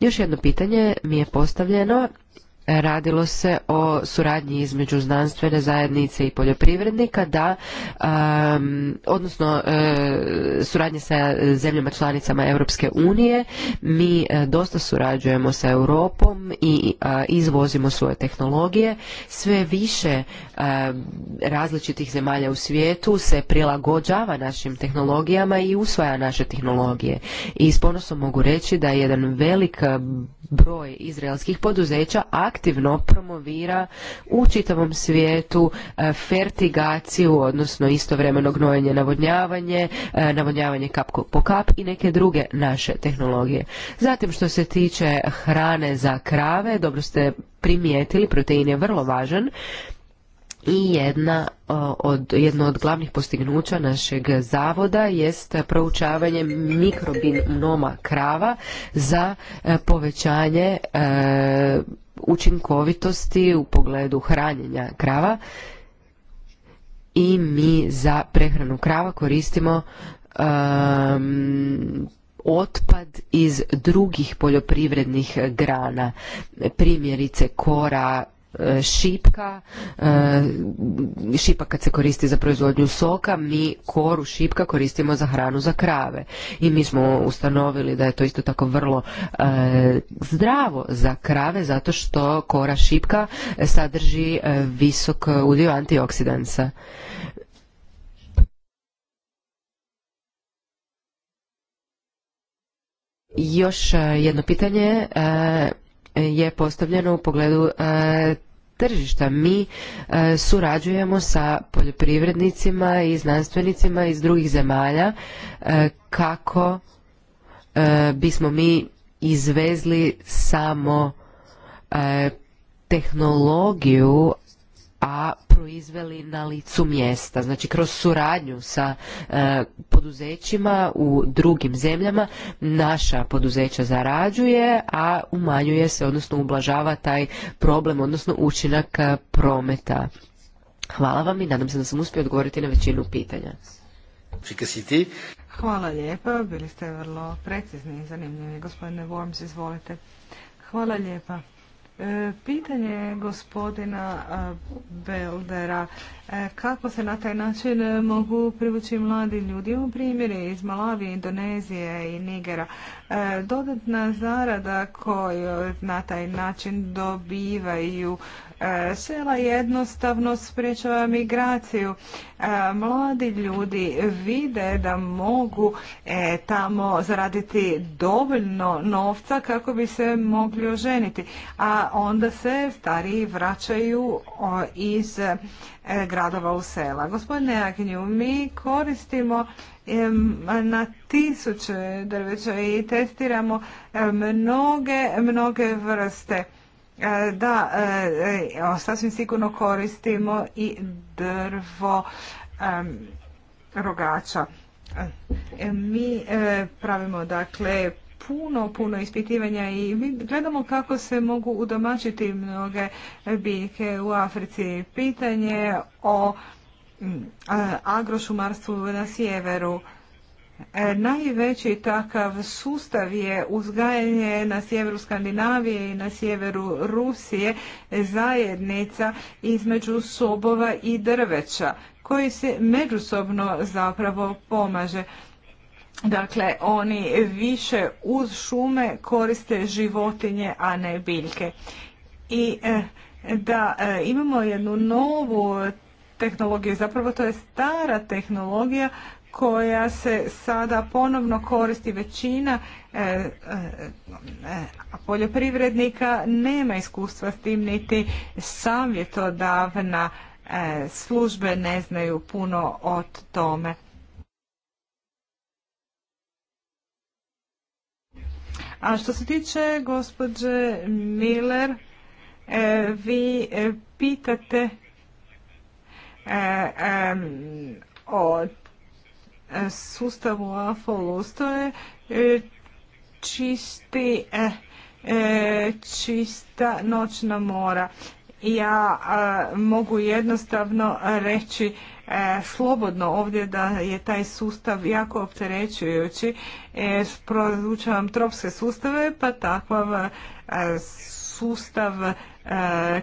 Još jedno pitanje mi je postavljeno radilo se o suradnji između znanstvene zajednice i poljoprivrednika da um, odnosno e, suradnje sa zemljama članicama Europske unije mi e, dosta surađujemo sa Europom i izvozimo svoje tehnologije sve više e, različitih zemalja u svijetu se prilagođava našim tehnologijama i usvaja naše tehnologije i s ponosom mogu reći da je jedan velik broj izraelskih poduzeća ak aktivno promovira u čitavom svijetu e, fertigaciju, odnosno istovremeno gnojenje navodnjavanje, e, navodnjavanje kap po kap i neke druge naše tehnologije. Zatim što se tiče hrane za krave, dobro ste primijetili, protein je vrlo važan i jedna od, jedno od glavnih postignuća našeg zavoda jest proučavanje mikrobinoma krava za e, povećanje učinkovitosti u pogledu hranjenja krava i mi za prehranu krava koristimo um, otpad iz drugih poljoprivrednih grana primjerice kora E, šipka, e, šipa kad se koristi za proizvodnju soka, mi koru šipka koristimo za hranu za krave. I mi smo ustanovili da je to isto tako vrlo e, zdravo za krave zato što kora šipka sadrži visok udio antioksidansa. Još jedno pitanje je postavljeno u pogledu tržišta. Mi e, surađujemo sa poljoprivrednicima i znanstvenicima iz drugih zemalja e, kako e, bismo mi izvezli samo tehnologiju, a proizveli na licu mjesta. Znači kroz suradnju sa e, poduzećima u drugim zemljama naša poduzeća zarađuje, a umanjuje se, odnosno ublažava taj problem, odnosno učinak e, prometa. Hvala vam i nadam se da sam uspio odgovoriti na većinu pitanja. Hvala lijepa, bili ste vrlo precizni i zanimljivi. Gospodine Worms, izvolite. Hvala lijepa. E, pitanje gospodina Beldera, e, kako se na taj način e, mogu privući mladi ljudi? Imamo primjere iz Malavije, Indonezije i Nigera. Dodatna zarada koju na taj način dobivaju E, sela jednostavno sprječava migraciju. E, mladi ljudi vide da mogu e, tamo zaraditi dovoljno novca kako bi se mogli oženiti, a onda se stariji vraćaju iz gradova u sela. Gospodine Agnju, mi koristimo na tisuće drveća i testiramo mnoge, mnoge vrste E, da, e, e, sasvim sigurno koristimo i drvo rogača. Mi pravimo dakle puno, puno ispitivanja i mi gledamo kako se mogu udomačiti mnoge biljke u Africi. Pitanje o agrošumarstvu na sjeveru E, najveći takav sustav je uzgajanje na sjeveru Skandinavije i na sjeveru Rusije zajednica između sobova i drveća koji se međusobno zapravo pomaže. Dakle, oni više uz šume koriste životinje, a ne biljke. I e, da e, imamo jednu novu tehnologiju, zapravo to je stara tehnologija koja se sada ponovno koristi većina e, e, poljoprivrednika nema iskustva s tim niti savjetodavna e, službe ne znaju puno o tome. A što se tiče gospođe Miller, vi pitate o E, sustavu to je e, čisti, e, čista noćna mora. Ja mogu jednostavno reći slobodno ovdje da je taj sustav jako opterećujući. Prozvučavam tropske sustave pa takav sustav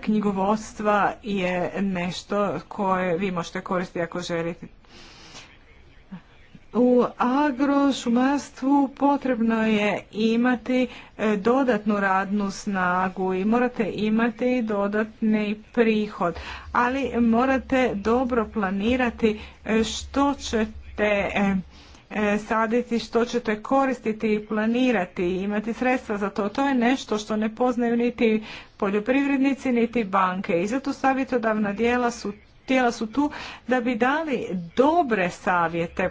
knjigovodstva je nešto koje vi možete koristiti ako želite u agrošumarstvu potrebno je imati e, dodatnu radnu snagu i morate imati dodatni prihod, ali morate dobro planirati e, što ćete e, saditi, što ćete koristiti i planirati i imati sredstva za to. To je nešto što ne poznaju niti poljoprivrednici, niti banke. I zato savjetodavna dijela su tijela su tu da bi dali dobre savjete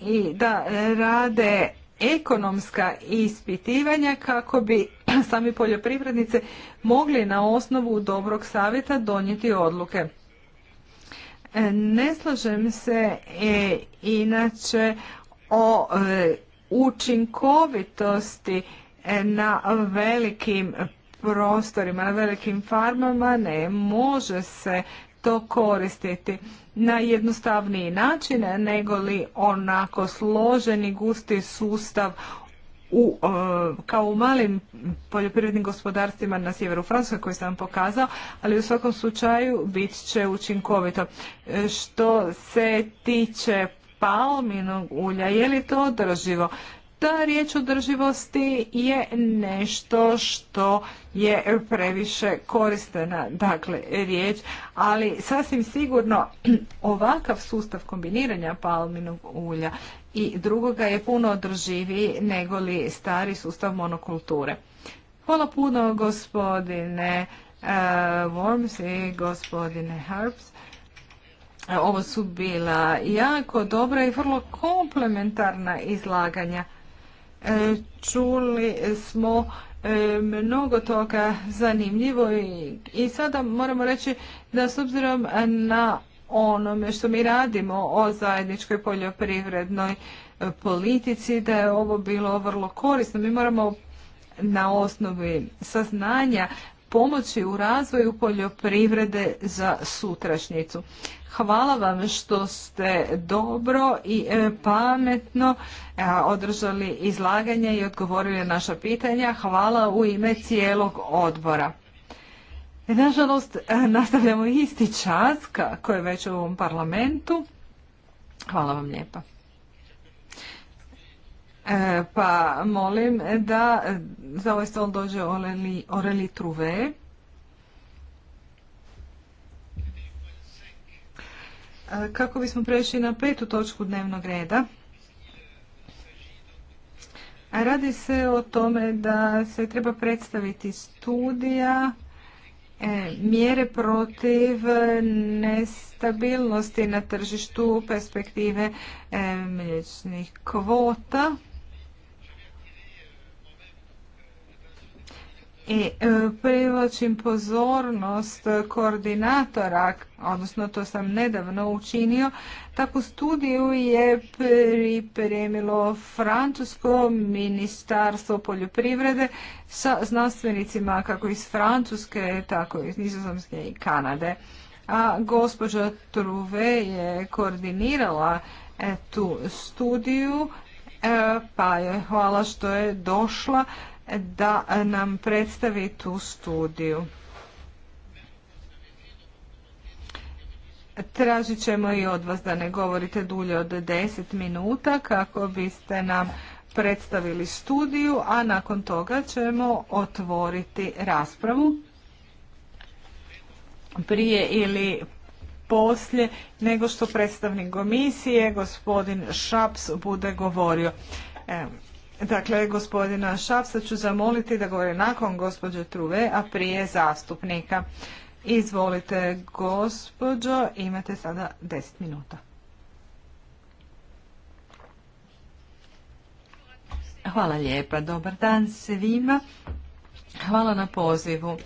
i da rade ekonomska ispitivanja kako bi sami poljoprivrednice mogli na osnovu dobrog savjeta donijeti odluke. E, ne slažem se e, inače o e, učinkovitosti e, na velikim prostorima, na velikim farmama ne može se to koristiti na jednostavniji način nego li onako složeni gusti sustav u, e, kao u malim poljoprivrednim gospodarstvima na sjeveru Francuske koji sam vam pokazao, ali u svakom slučaju bit će učinkovito. E, što se tiče palminog ulja, je li to održivo? ta riječ održivosti je nešto što je previše koristena, dakle, riječ, ali sasvim sigurno ovakav sustav kombiniranja palminog ulja i drugoga je puno održiviji nego li stari sustav monokulture. Hvala puno gospodine uh, Worms i gospodine Harps. Ovo su bila jako dobra i vrlo komplementarna izlaganja. E, čuli smo e, mnogo toga zanimljivo i, sada moramo reći da s obzirom na onome što mi radimo o zajedničkoj poljoprivrednoj e, politici, da je ovo bilo vrlo korisno. Mi moramo na osnovi saznanja pomoći u razvoju poljoprivrede za sutrašnjicu. Hvala vam što ste dobro i e, pametno e, održali izlaganje i odgovorili na naša pitanja. Hvala u ime cijelog odbora. E, nažalost, nastavljamo isti čas kako je već u ovom parlamentu. Hvala vam lijepa. E, pa molim da za ovaj stol dođe Oreli, Oreli Truve. E, kako bismo prešli na petu točku dnevnog reda, radi se o tome da se treba predstaviti studija e, mjere protiv nestabilnosti na tržištu perspektive e, mliječnih kvota. i e, privlačim pozornost koordinatora, odnosno to sam nedavno učinio, takvu studiju je pripremilo Francusko ministarstvo poljoprivrede sa znanstvenicima kako iz Francuske, tako iz Nizozemske i Kanade. A gospođa Truve je koordinirala e, tu studiju, e, pa je hvala što je došla da nam predstavi tu studiju. Tražit ćemo i od vas da ne govorite dulje od 10 minuta kako biste nam predstavili studiju, a nakon toga ćemo otvoriti raspravu prije ili poslije nego što predstavnik komisije gospodin Šaps bude govorio. Dakle, gospodina Šapsa ću zamoliti da govori nakon gospođe Truve, a prije zastupnika. Izvolite, gospođo, imate sada 10 minuta. Hvala lijepa, dobar dan svima. Hvala na pozivu.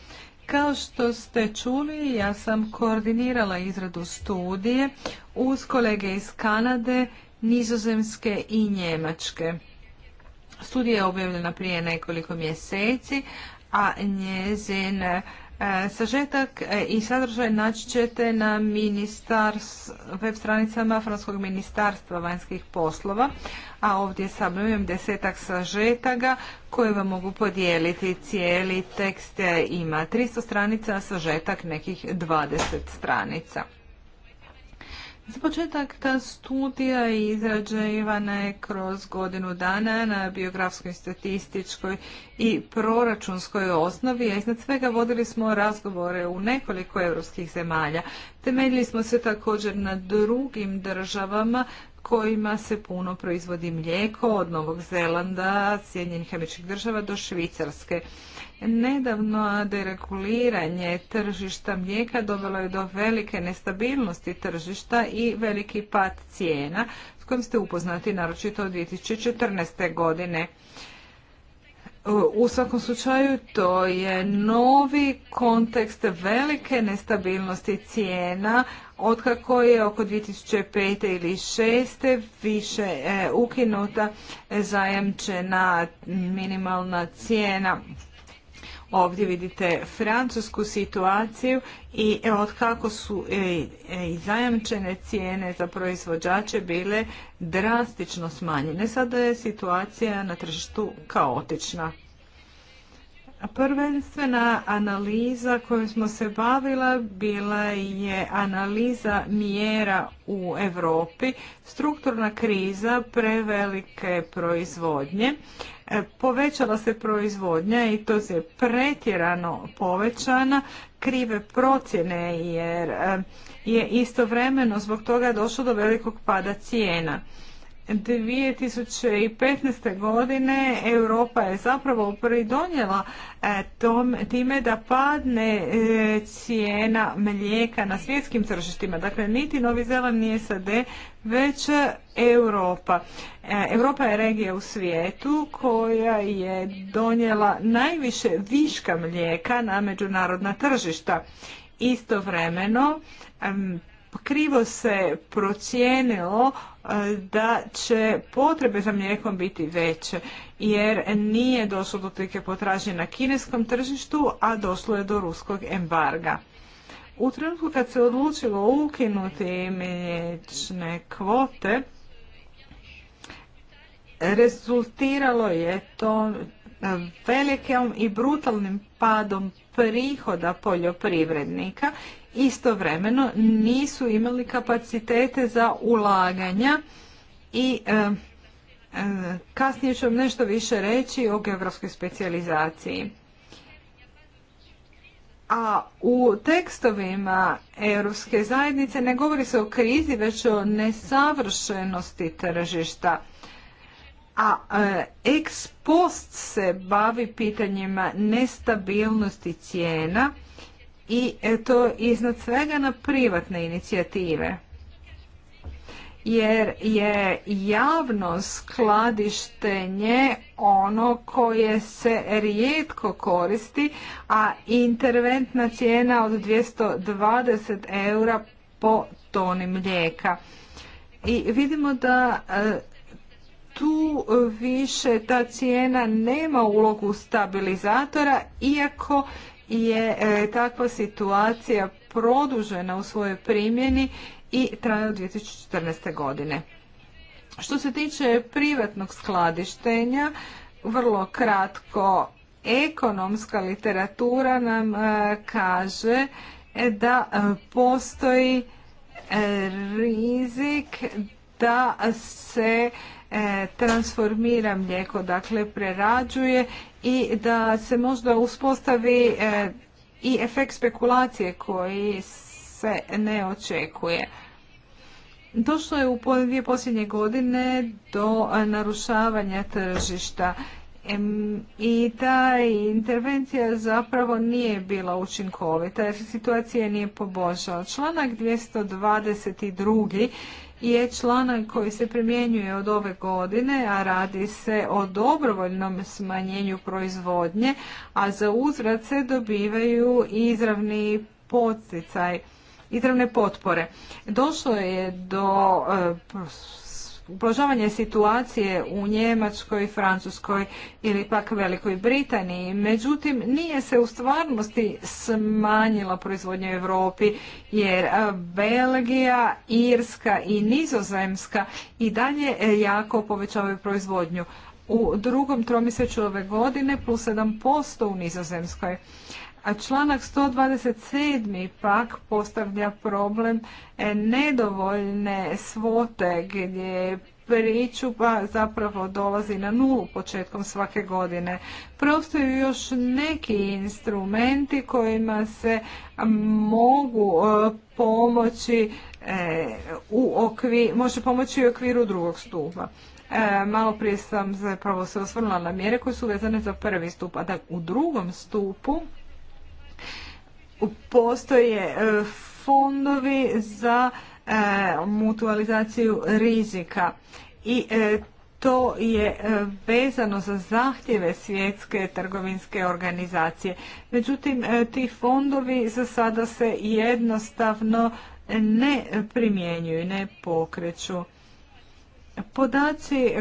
Kao što ste čuli, ja sam koordinirala izradu studije uz kolege iz Kanade, Nizozemske i Njemačke. Studija je objavljena prije nekoliko mjeseci, a njezin e, sažetak e, i sadržaj naći ćete na web stranicama Franskog ministarstva vanjskih poslova, a ovdje sam desetak sažetaka koje vam mogu podijeliti. Cijeli tekst e, ima 300 stranica, a sažetak nekih 20 stranica. Za početak ta studija izrađivana je kroz godinu dana na biografskoj, statističkoj i proračunskoj osnovi, a iznad svega vodili smo razgovore u nekoliko europskih zemalja. Temeljili smo se također na drugim državama kojima se puno proizvodi mlijeko od Novog Zelanda, Sjedinjenih američkih država do Švicarske. Nedavno dereguliranje tržišta mlijeka dovelo je do velike nestabilnosti tržišta i veliki pad cijena s kojim ste upoznati naročito od 2014. godine. U svakom slučaju to je novi kontekst velike nestabilnosti cijena od kako je oko 2005. ili 2006. više e, ukinuta zajamčena minimalna cijena Ovdje vidite francusku situaciju i e, od kako su i e, e, zajamčene cijene za proizvođače bile drastično smanjene. Sada je situacija na tržištu kaotična. Prvenstvena analiza kojom smo se bavila bila je analiza mjera u Europi, strukturna kriza prevelike proizvodnje, Povećala se proizvodnja i to se pretjerano povećana, krive procjene jer eh, je istovremeno zbog toga došlo do velikog pada cijena. 2015. godine Europa je zapravo pridonjela e, tom, time da padne e, cijena mlijeka na svjetskim tržištima. Dakle, niti Novi Zeland nije SAD, već Europa. E, Europa je regija u svijetu koja je donijela najviše viška mlijeka na međunarodna tržišta. Istovremeno, krivo se procijenilo e, da će potrebe za mlijekom biti veće jer nije došlo do tolike potražnje na kineskom tržištu, a došlo je do ruskog embarga. U trenutku kad se odlučilo ukinuti mliječne kvote, rezultiralo je to e, velikim i brutalnim padom prihoda poljoprivrednika istovremeno nisu imali kapacitete za ulaganja i e, e, kasnije ću vam nešto više reći o geografskoj specijalizaciji. A u tekstovima Europske zajednice ne govori se o krizi, već o nesavršenosti tržišta. A e, ex post se bavi pitanjima nestabilnosti cijena, i to iznad svega na privatne inicijative. Jer je javno skladištenje ono koje se rijetko koristi, a interventna cijena od 220 eura po toni mlijeka. I vidimo da e, tu više ta cijena nema ulogu stabilizatora, iako je e, takva situacija produžena u svojoj primjeni i traje od 2014. godine. Što se tiče privatnog skladištenja, vrlo kratko, ekonomska literatura nam e, kaže da e, postoji rizik da se E, transformira mlijeko, dakle prerađuje i da se možda uspostavi e, i efekt spekulacije koji se ne očekuje. Došlo je u dvije posljednje godine do e, narušavanja tržišta i ta intervencija zapravo nije bila učinkovita jer situacija nije poboljšala. Članak 222 je članak koji se primjenjuje od ove godine, a radi se o dobrovoljnom smanjenju proizvodnje, a za uzrat se dobivaju izravni poticaj, izravne potpore. Došlo je do e, ublažavanje situacije u Njemačkoj, Francuskoj ili pak Velikoj Britaniji. Međutim, nije se u stvarnosti smanjila proizvodnja u Europi jer Belgija, Irska i Nizozemska i dalje e, jako povećavaju proizvodnju. U drugom tromjesečju ove godine plus 7% u Nizozemskoj. A članak 127. pak postavlja problem e, nedovoljne svote gdje pričupa zapravo dolazi na nulu početkom svake godine. Prostaju još neki instrumenti kojima se mogu e, pomoći e, u okviru može pomoći u okviru drugog stupa. malo prije sam zapravo se osvrnula na mjere koje su vezane za prvi stup, a da u drugom stupu postoje e, fondovi za e, mutualizaciju rizika i e, to je vezano za zahtjeve svjetske trgovinske organizacije. Međutim, ti fondovi za sada se jednostavno ne primjenjuju, ne pokreću. Podaci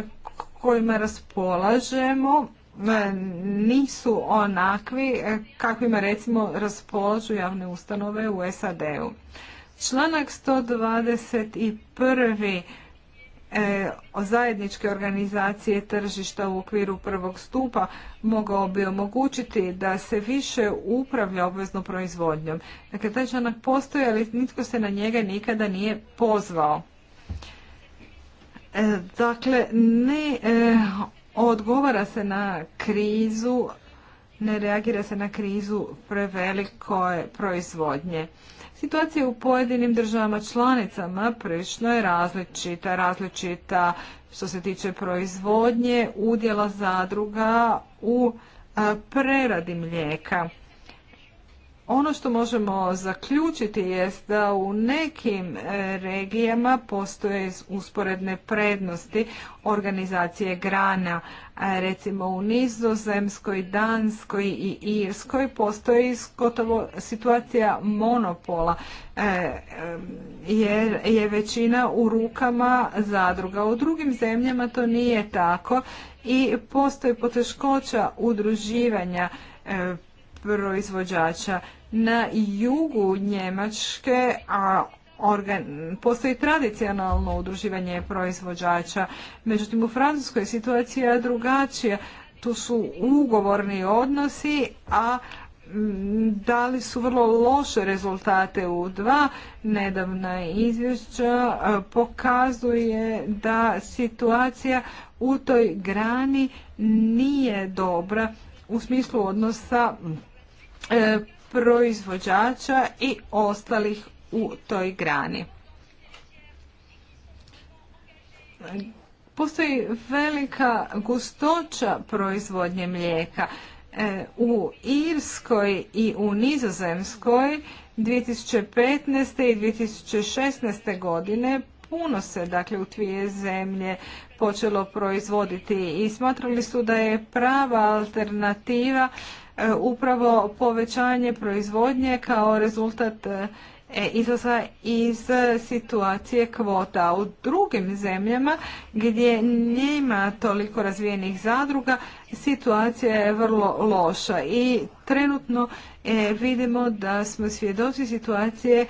kojima raspolažemo E, nisu onakvi e, kakvima recimo raspolažu javne ustanove u SAD-u. Članak 121. E, zajedničke organizacije tržišta u okviru prvog stupa mogao bi omogućiti da se više upravlja obveznom proizvodnjom. Dakle, taj članak postoji, ali nitko se na njega nikada nije pozvao. E, dakle, ne odgovara se na krizu, ne reagira se na krizu preveliko proizvodnje. Situacija u pojedinim državama članicama prilično je različita, različita što se tiče proizvodnje, udjela zadruga u preradi mlijeka. Ono što možemo zaključiti jest da u nekim e, regijama postoje usporedne prednosti organizacije grana. E, recimo u Nizozemskoj, Danskoj i Irskoj postoji gotovo situacija monopola e, jer je većina u rukama zadruga. U drugim zemljama to nije tako i postoji poteškoća udruživanja proizvođača na jugu Njemačke, a postoji tradicionalno udruživanje proizvođača. Međutim, u Francuskoj je situacija drugačija. Tu su ugovorni odnosi, a dali su vrlo loše rezultate u dva. Nedavna izvješća pokazuje da situacija u toj grani nije dobra u smislu odnosa e, proizvođača i ostalih u toj grani. Postoji velika gustoća proizvodnje mlijeka. E, u Irskoj i u Nizozemskoj 2015. i 2016. godine puno se dakle u dvije zemlje počelo proizvoditi i smatrali su da je prava alternativa upravo povećanje proizvodnje kao rezultat e, izlaza iz situacije kvota. U drugim zemljama gdje nema toliko razvijenih zadruga situacija je vrlo loša i trenutno e, vidimo da smo svjedoci situacije e,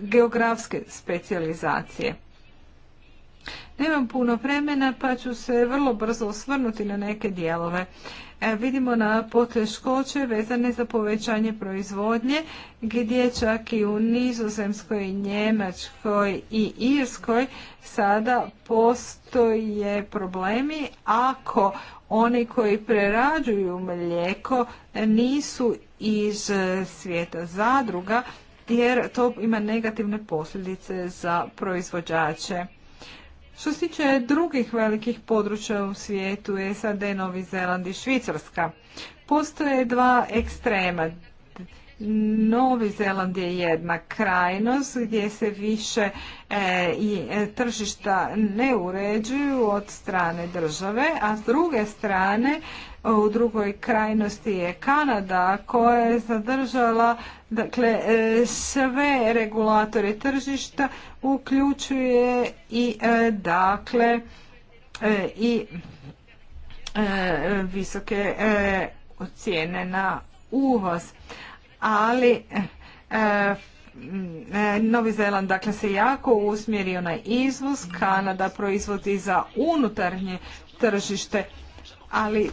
geografske specijalizacije. Nemam puno vremena pa ću se vrlo brzo osvrnuti na neke dijelove. E, vidimo na poteškoće vezane za povećanje proizvodnje gdje čak i u Nizozemskoj, Njemačkoj i Irskoj sada postoje problemi ako oni koji prerađuju mlijeko nisu iz svijeta zadruga jer to ima negativne posljedice za proizvođače. Što se tiče drugih velikih područja u svijetu, SAD, Novi Zeland i Švicarska, postoje dva ekstrema. Novi Zeland je jedna krajnost gdje se više e, i e, tržišta ne uređuju od strane države, a s druge strane u drugoj krajnosti je Kanada koja je zadržala dakle, e, sve regulatore tržišta, uključuje i e, dakle e, i visoke cijene na uvoz. Ali Novi Zeland dakle se jako usmjerio na izvoz, Kanada proizvodi za unutarnje tržište ali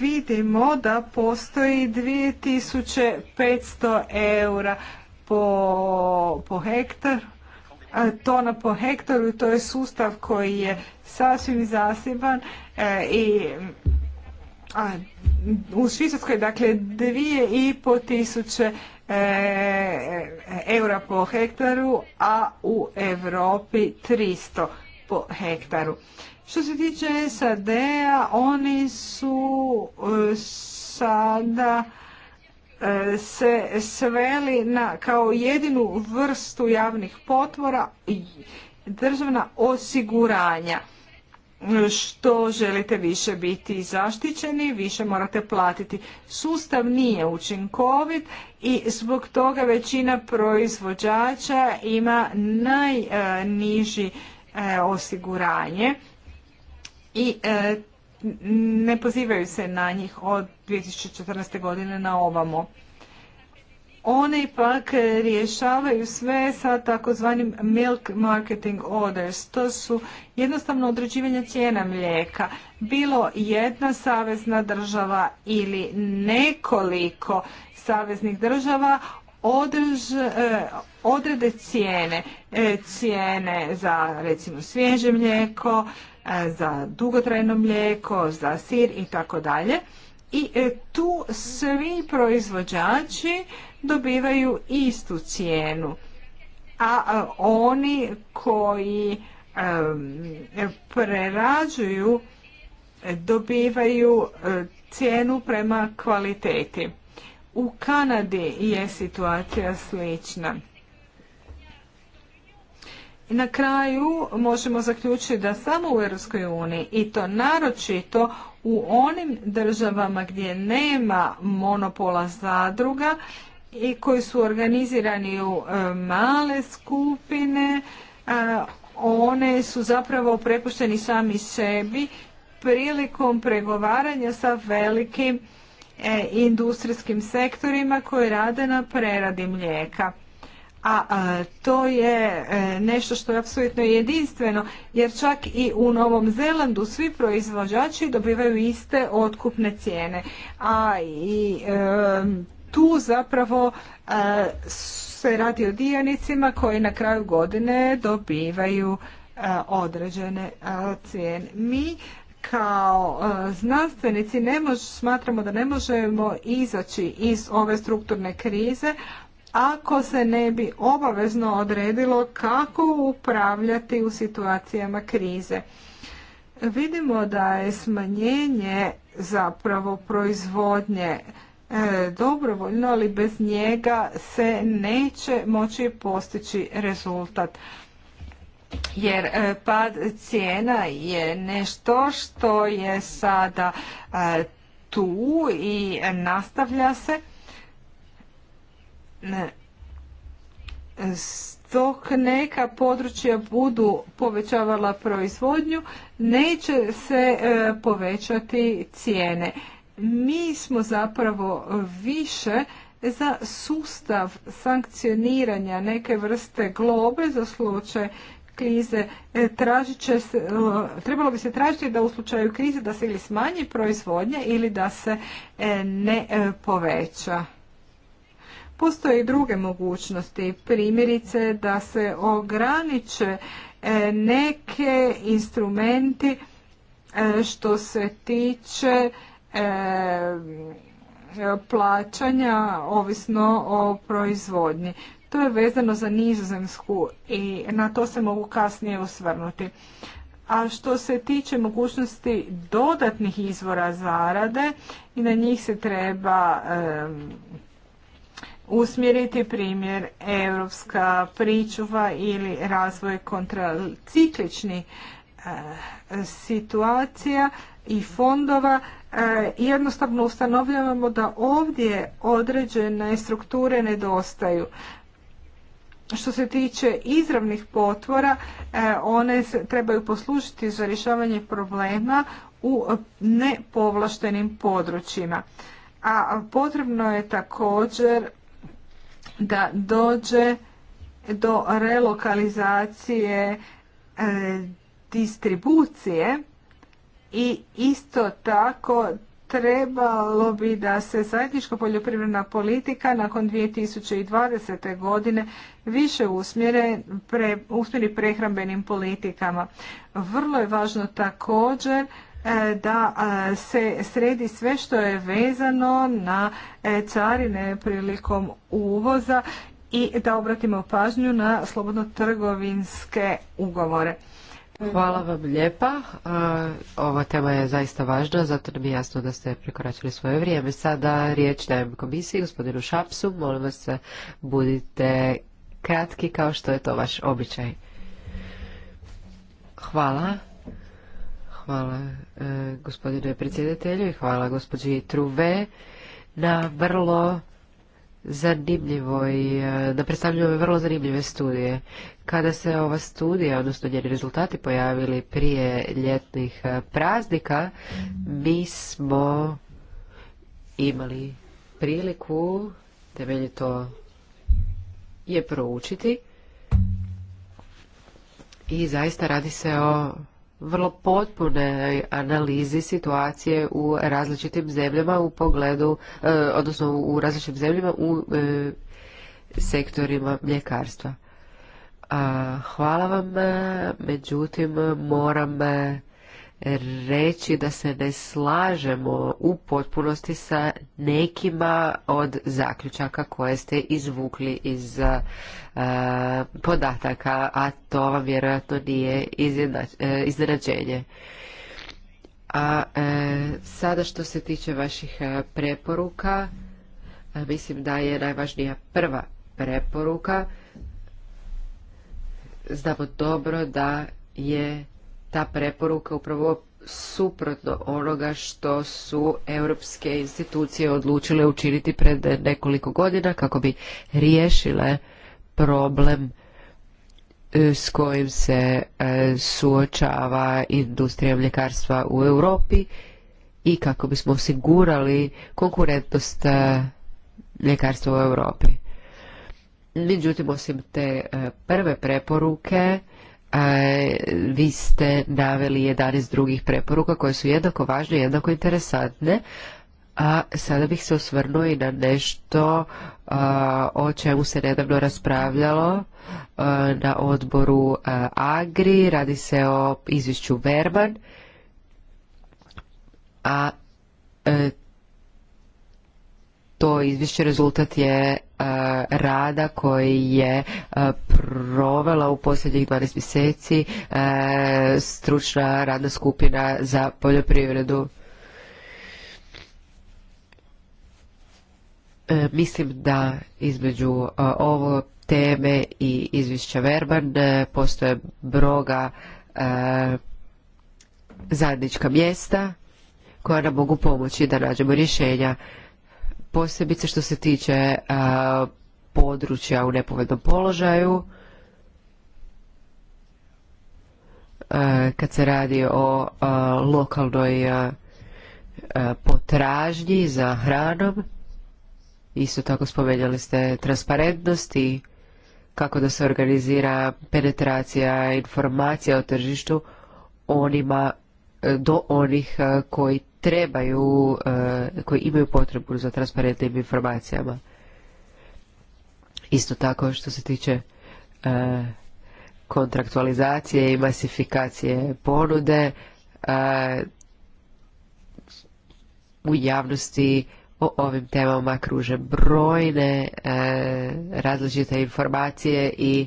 vidimo da postoji 2500 eura po, po hektar, tona po hektaru i to je sustav koji je sasvim zasiban e, i a, u Švicarskoj dakle dvije i po tisuće e, eura po hektaru, a u Europi 300 po hektaru. Što se tiče SAD-a, oni su e, sada e, se sveli na kao jedinu vrstu javnih potvora državna osiguranja. Što želite više biti zaštićeni, više morate platiti. Sustav nije učinkovit i zbog toga većina proizvođača ima najniži E, osiguranje i e, ne pozivaju se na njih od 2014. godine na ovamo. One ipak rješavaju sve sa takozvanim milk marketing orders. To su jednostavno određivanje cijena mlijeka. Bilo jedna savezna država ili nekoliko saveznih država održ, e, odrede cijene. E, cijene za recimo svježe mlijeko, e, za dugotrajno mlijeko, za sir i tako dalje. I e, tu svi proizvođači dobivaju istu cijenu. A oni koji prerađuju dobivaju cijenu prema kvaliteti. U Kanadi je situacija slična. Na kraju možemo zaključiti da samo u Europskoj uniji i to naročito u onim državama gdje nema monopola zadruga i koji su organizirani u e, male skupine, e, one su zapravo prepušteni sami sebi prilikom pregovaranja sa velikim e, industrijskim sektorima koji rade na preradi mlijeka a, to je e, nešto što je apsolutno jedinstveno jer čak i u Novom Zelandu svi proizvođači dobivaju iste otkupne cijene a i e, tu zapravo e, se radi o dijanicima koji na kraju godine dobivaju određene cijene mi kao znanstvenici ne smatramo da ne možemo izaći iz ove strukturne krize ako se ne bi obavezno odredilo kako upravljati u situacijama krize. Vidimo da je smanjenje zapravo proizvodnje e, dobrovoljno, ali bez njega se neće moći postići rezultat. Jer e, pad cijena je nešto što je sada e, tu i nastavlja se dok neka područja budu povećavala proizvodnju, neće se e, povećati cijene. Mi smo zapravo više za sustav sankcioniranja neke vrste globe za slučaj krize e, tražit se, e, trebalo bi se tražiti da u slučaju krize da se ili smanji proizvodnja ili da se ne poveća. Postoje i druge mogućnosti, primjerice da se ograniče e, neke instrumenti e, što se tiče e, plaćanja ovisno o proizvodnji. To je vezano za nizozemsku i na to se mogu kasnije osvrnuti. A što se tiče mogućnosti dodatnih izvora zarade i na njih se treba usmjeriti primjer europska pričuva ili razvoj kontraciklični e, situacija i fondova e, jednostavno ustanovljavamo da ovdje određene strukture nedostaju. Što se tiče izravnih potvora, e, one trebaju poslužiti za rješavanje problema u nepovlaštenim područjima. A potrebno je također da dođe do relokalizacije e, distribucije i isto tako trebalo bi da se zajednička poljoprivredna politika nakon 2020. godine više usmjere, pre, usmjeri prehrambenim politikama. Vrlo je važno također E, da se sredi sve što je vezano na e, carine prilikom uvoza i da obratimo pažnju na slobodno trgovinske ugovore. Hvala vam lijepa. E, ova tema je zaista važna, zato nam je jasno da ste prekoračili svoje vrijeme. Sada riječ dajem komisiji, gospodinu Šapsu. Molim vas, budite kratki kao što je to vaš običaj. Hvala. Hvala e, gospodine predsjedatelju i hvala gospođi Truve na vrlo zanimljivoj, da e, predstavljaju vrlo zanimljive studije. Kada se ova studija, odnosno njeni rezultati pojavili prije ljetnih e, praznika, mi smo imali priliku to je proučiti i zaista radi se o vrlo potpune analizi situacije u različitim zemljama u pogledu, e, odnosno u različitim zemljama u e, sektorima mljekarstva. Hvala vam, e, međutim moram reći da se ne slažemo u potpunosti sa nekima od zaključaka koje ste izvukli iz e, podataka, a to vam vjerojatno nije e, iznenađenje. A e, sada što se tiče vaših preporuka, mislim da je najvažnija prva preporuka. Znamo dobro da je ta preporuka upravo suprotno onoga što su europske institucije odlučile učiniti pred nekoliko godina kako bi riješile problem e, s kojim se e, suočava industrija mljekarstva u Europi i kako bismo osigurali konkurentnost e, mljekarstva u Europi. Međutim, osim te prve preporuke, vi ste naveli 11 drugih preporuka koje su jednako važne, jednako interesantne, a sada bih se osvrnuo i na nešto o čemu se nedavno raspravljalo na odboru Agri, radi se o izvješću Verban, a e, to izvješće rezultat je rada koji je provela u posljednjih 12 mjeseci stručna radna skupina za poljoprivredu. E, mislim da između ovo teme i izvješća Verban e, postoje broga zajednička mjesta koja nam mogu pomoći da nađemo rješenja posebice što se tiče e, područja u nepovednom položaju, e, kad se radi o e, lokalnoj potražnji za hranom. Isto tako spomenjali ste transparentnost i kako da se organizira penetracija informacija o tržištu onima E, do onih e, koji trebaju, e, koji imaju potrebu za transparentnim informacijama. Isto tako što se tiče kontraktualizacije i masifikacije ponude, u javnosti o ovim temama kruže brojne različite informacije i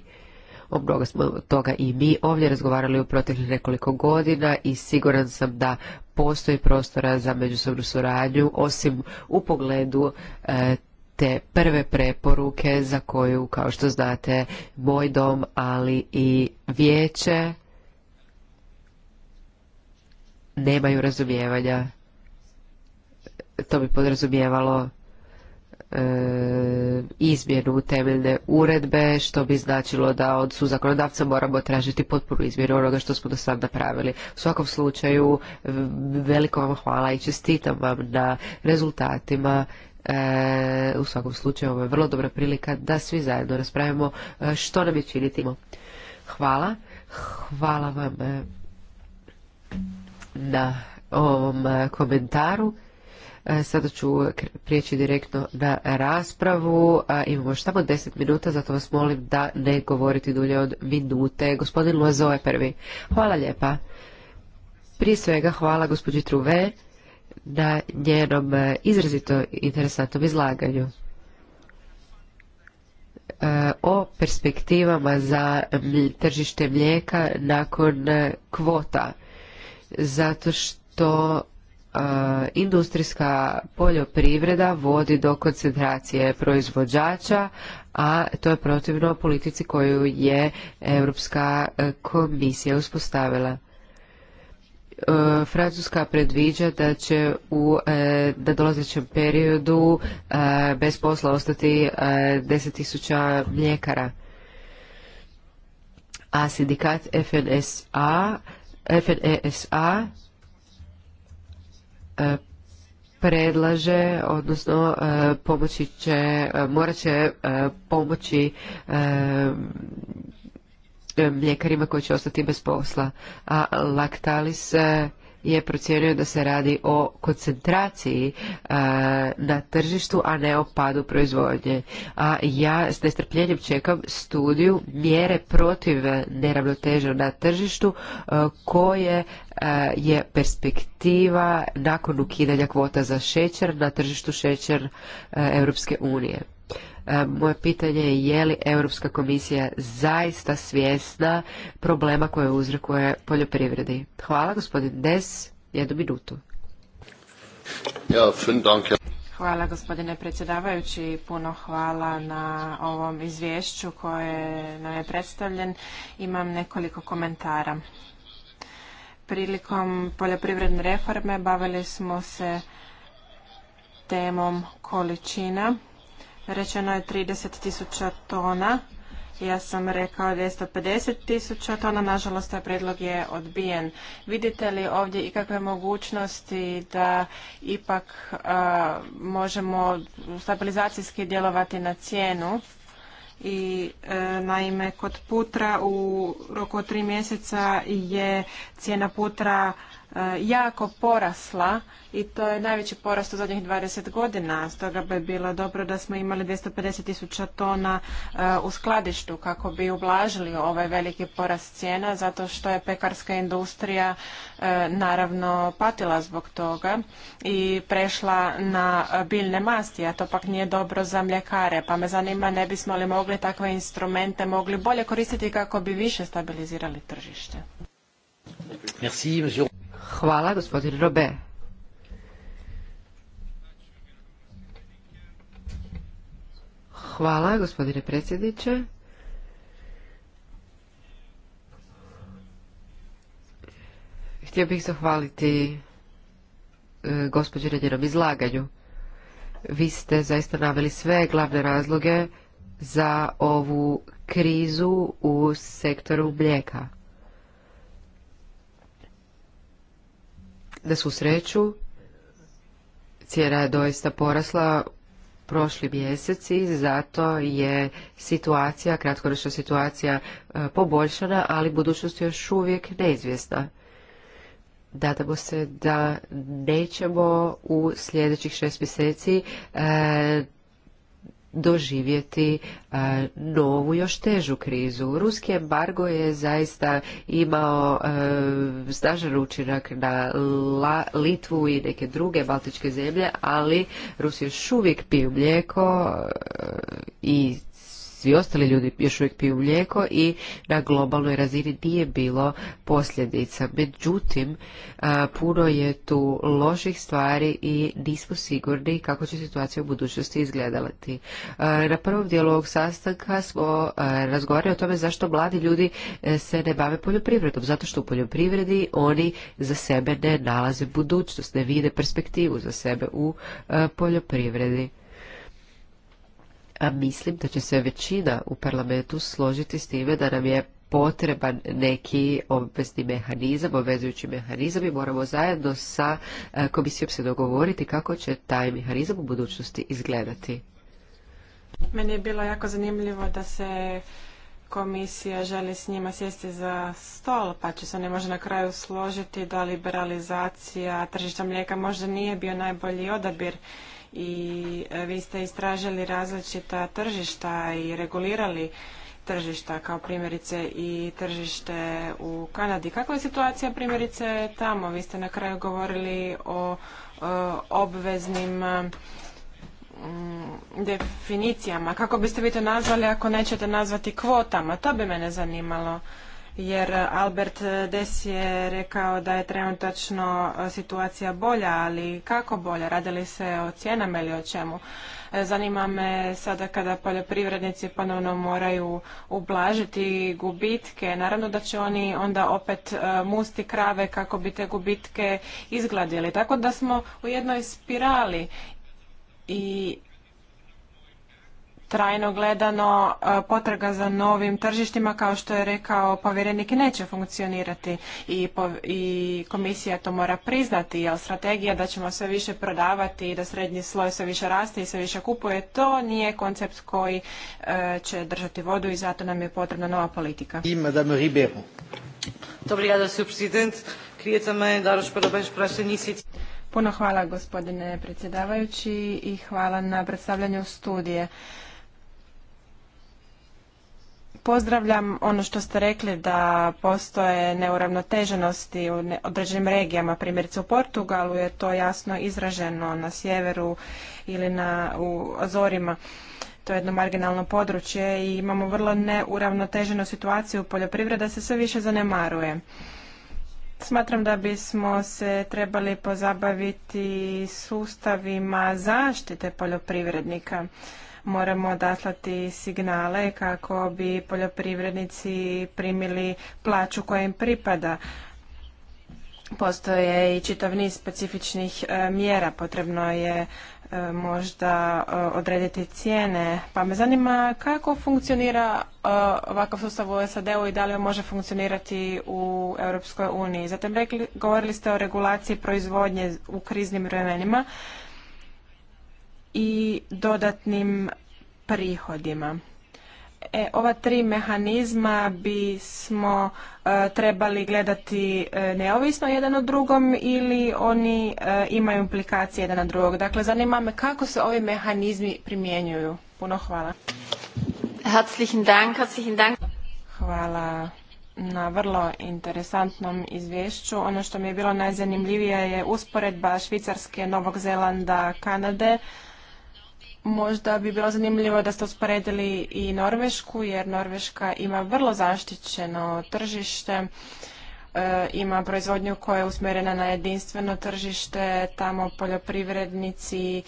mnogo smo toga i mi ovdje razgovarali u proteklih nekoliko godina i siguran sam da postoji prostora za međusobnu suradnju, osim u pogledu e, te prve preporuke za koju, kao što znate, moj dom, ali i vijeće nemaju razumijevanja. To bi podrazumijevalo E, izmjenu temeljne uredbe, što bi značilo da od zakonodavca moramo tražiti potpunu izmjenu onoga što smo do sad napravili. U svakom slučaju, veliko vam hvala i čestitam vam na rezultatima. E, u svakom slučaju, ovo je vrlo dobra prilika da svi zajedno raspravimo e, što nam je činiti. Hvala. Hvala vam na ovom komentaru. E, sada ću prijeći direktno na raspravu. Imamo još samo deset minuta, zato vas molim da ne govoriti dulje od minute. Gospodin Lozo je prvi. Hvala lijepa. Prije svega hvala gospođi Truve na njenom e, izrazito interesantnom izlaganju e, o perspektivama za tržište mlijeka nakon kvota zato što industrijska poljoprivreda vodi do koncentracije proizvođača, a to je protivno politici koju je Europska e, komisija uspostavila. E, Francuska predviđa da će u e, da dolazećem periodu bez posla ostati 10.000 mljekara. A sindikat FNSA FNESA E, predlaže, odnosno e, pomoći će, e, morat će pomoći mljekarima koji će ostati bez posla. A Lactalis je procijenio da se radi o koncentraciji e, na tržištu, a ne o padu proizvodnje. A ja s nestrpljenjem čekam studiju mjere protiv neravnoteža na tržištu e, koje e, je perspektiva nakon ukidanja kvota za šećer na tržištu šećer Europske unije. E, moje pitanje je je li Europska komisija zaista svjesna problema koje uzrokuje poljoprivredi. Hvala gospodin Des, jednu minutu. Hvala gospodine predsjedavajući, puno hvala na ovom izvješću koje nam je predstavljen. Imam nekoliko komentara. Prilikom poljoprivredne reforme bavili smo se temom količina Rečeno je 30 tisuća tona. Ja sam rekao 250 tisuća tona, nažalost taj predlog je odbijen. Vidite li ovdje ikakve mogućnosti da ipak možemo stabilizacijski djelovati na cijenu? i e, naime kod putra u roku od tri mjeseca je cijena putra Eh, jako porasla i to je najveći porast u zadnjih 20 godina. Stoga bi bilo dobro da smo imali 250 tisuća tona eh, u skladištu kako bi ublažili ovaj veliki porast cijena zato što je pekarska industrija eh, naravno patila zbog toga i prešla na biljne masti, a to pak nije dobro za mljekare. Pa me zanima ne bismo li mogli takve instrumente mogli bolje koristiti kako bi više stabilizirali tržište. Merci, monsieur. Hvala, gospodine Robe. Hvala, gospodine predsjedniče. Htio bih zahvaliti e, gospođi na njenom izlaganju. Vi ste zaista naveli sve glavne razloge za ovu krizu u sektoru mlijeka. da su sreću, cijena je doista porasla prošli mjesec i zato je situacija, kratkoročna situacija e, poboljšana, ali budućnost je još uvijek neizvjesna. Dadamo se da nećemo u sljedećih šest mjeseci e, doživjeti e, novu još težu krizu. Ruski embargo je zaista imao e, snažan učinak na Litvu i neke druge baltičke zemlje, ali Rusi još uvijek piju mlijeko e, i svi ostali ljudi još uvijek piju mlijeko i na globalnoj razini nije bilo posljedica. Međutim, puno je tu loših stvari i nismo sigurni kako će situacija u budućnosti izgledati. Na prvom dijelu ovog sastanka smo razgovarali o tome zašto mladi ljudi e, se ne bave poljoprivredom, zato što u poljoprivredi oni za sebe ne nalaze budućnost, ne vide perspektivu za sebe u poljoprivredi mislim da će se većina u parlamentu složiti s time da nam je potreban neki obvezni mehanizam, obvezujući mehanizam i moramo zajedno sa e, komisijom se dogovoriti kako će taj mehanizam u budućnosti izgledati. Meni je bilo jako zanimljivo da se komisija želi s njima sjesti za stol, pa će se ne može na kraju složiti da liberalizacija tržišta mlijeka možda nije bio najbolji odabir i e, vi ste istražili različita tržišta i regulirali tržišta kao primjerice i tržište u Kanadi. Kakva je situacija primjerice tamo? Vi ste na kraju govorili o, e, obveznim e, definicijama. Kako biste vi to nazvali ako nećete nazvati kvotama? To bi mene zanimalo jer Albert Des je rekao da je trenutačno situacija bolja, ali kako bolja? li se o cijenama ili o čemu? E, zanima me sada kada poljoprivrednici ponovno moraju ublažiti gubitke, naravno da će oni onda opet e, musti krave kako bi te gubitke izgladili. Tako da smo u jednoj spirali i trajno gledano e, potraga za novim tržištima kao što je rekao povjerenik neće funkcionirati I, i komisija to mora priznati jer strategija da ćemo sve više prodavati i da srednji sloj sve više raste i sve više kupuje to nije koncept koji e, će držati vodu i zato nam je potrebna nova politika. I madame Ribeiro. Puno hvala gospodine predsjedavajući i hvala na predstavljanju studije. Pozdravljam ono što ste rekli da postoje neuravnoteženosti u određenim regijama, primjerice u Portugalu je to jasno izraženo na sjeveru ili na, u Azorima. To je jedno marginalno područje i imamo vrlo neuravnoteženu situaciju. Poljoprivreda se sve više zanemaruje. Smatram da bismo se trebali pozabaviti sustavima zaštite poljoprivrednika moramo odaslati signale kako bi poljoprivrednici primili plaću koja im pripada. Postoje i čitav niz specifičnih e, mjera, potrebno je e, možda e, odrediti cijene. Pa me zanima kako funkcionira ovakav sustav u SAD-u i da li on može funkcionirati u Europskoj uniji. Zatim govorili ste o regulaciji proizvodnje u kriznim vremenima i dodatnim prihodima. E, ova tri mehanizma bi smo e, trebali gledati e, neovisno jedan od drugom ili oni e, imaju implikacije jedan od drugog. Dakle, zanima me kako se ovi mehanizmi primjenjuju. Puno hvala. Herzlichen Dank, herzlichen Dank. Hvala na vrlo interesantnom izvješću. Ono što mi je bilo najzanimljivije je usporedba Švicarske, Novog Zelanda, Kanade. Možda bi bilo zanimljivo da ste usporedili i Norvešku, jer Norveška ima vrlo zaštićeno tržište, e, ima proizvodnju koja je usmjerena na jedinstveno tržište, tamo poljoprivrednici e,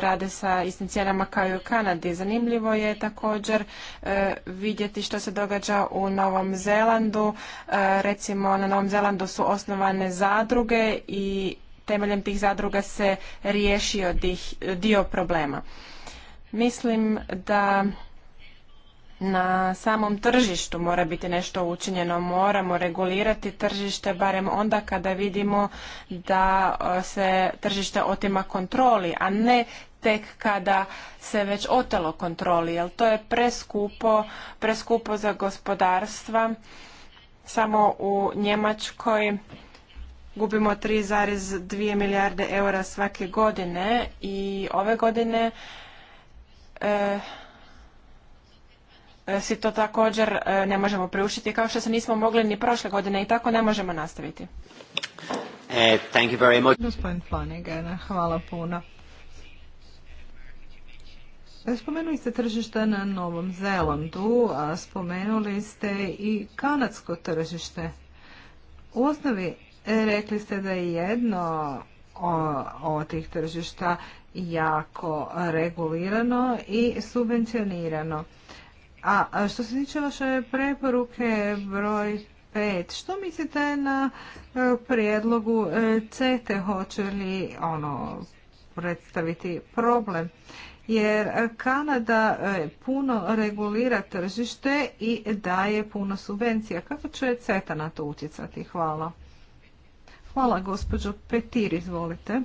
rade sa istim kao i u Kanadi. Zanimljivo je također e, vidjeti što se događa u Novom Zelandu. Recimo na Novom Zelandu su osnovane zadruge i temeljem tih zadruga se riješio dio problema. Mislim da na samom tržištu mora biti nešto učinjeno, moramo regulirati tržište, barem onda kada vidimo da e, se tržište otima kontroli, a ne tek kada se već otelo kontroli, jer to je preskupo, preskupo za gospodarstva. Samo u Njemačkoj gubimo 3,2 milijarde eura svake godine i ove godine eh, si to također eh, ne možemo priuštiti kao što se nismo mogli ni prošle godine i tako ne možemo nastaviti. Eh, Gospodin Flanagan, hvala puno. Spomenuli ste tržište na Novom Zelandu, a spomenuli ste i kanadsko tržište. U osnovi E, rekli ste da je jedno od tih tržišta jako regulirano i subvencionirano. A što se tiče vaše preporuke broj 5, što mislite na e, prijedlogu CETE? Hoće li ono predstaviti problem? Jer Kanada e, puno regulira tržište i daje puno subvencija. Kako će CETA na to utjecati? Hvala. Hvala gospođo Petir, izvolite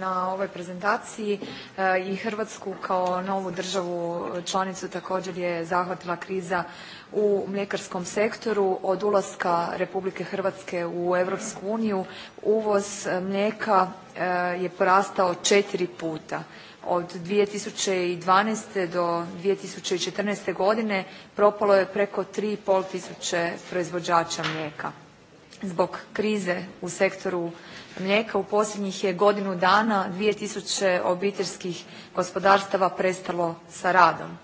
na ovoj prezentaciji e, i Hrvatsku kao novu državu članicu također je zahvatila kriza u mljekarskom sektoru od ulaska Republike Hrvatske u Europsku uniju uvoz mlijeka e, je porastao četiri puta. Od 2012. do 2014. godine propalo je preko 3,5 tisuće proizvođača mlijeka zbog krize u sektoru mlijeka u posljednjih je godinu dana tisuće obiteljskih gospodarstava prestalo sa radom.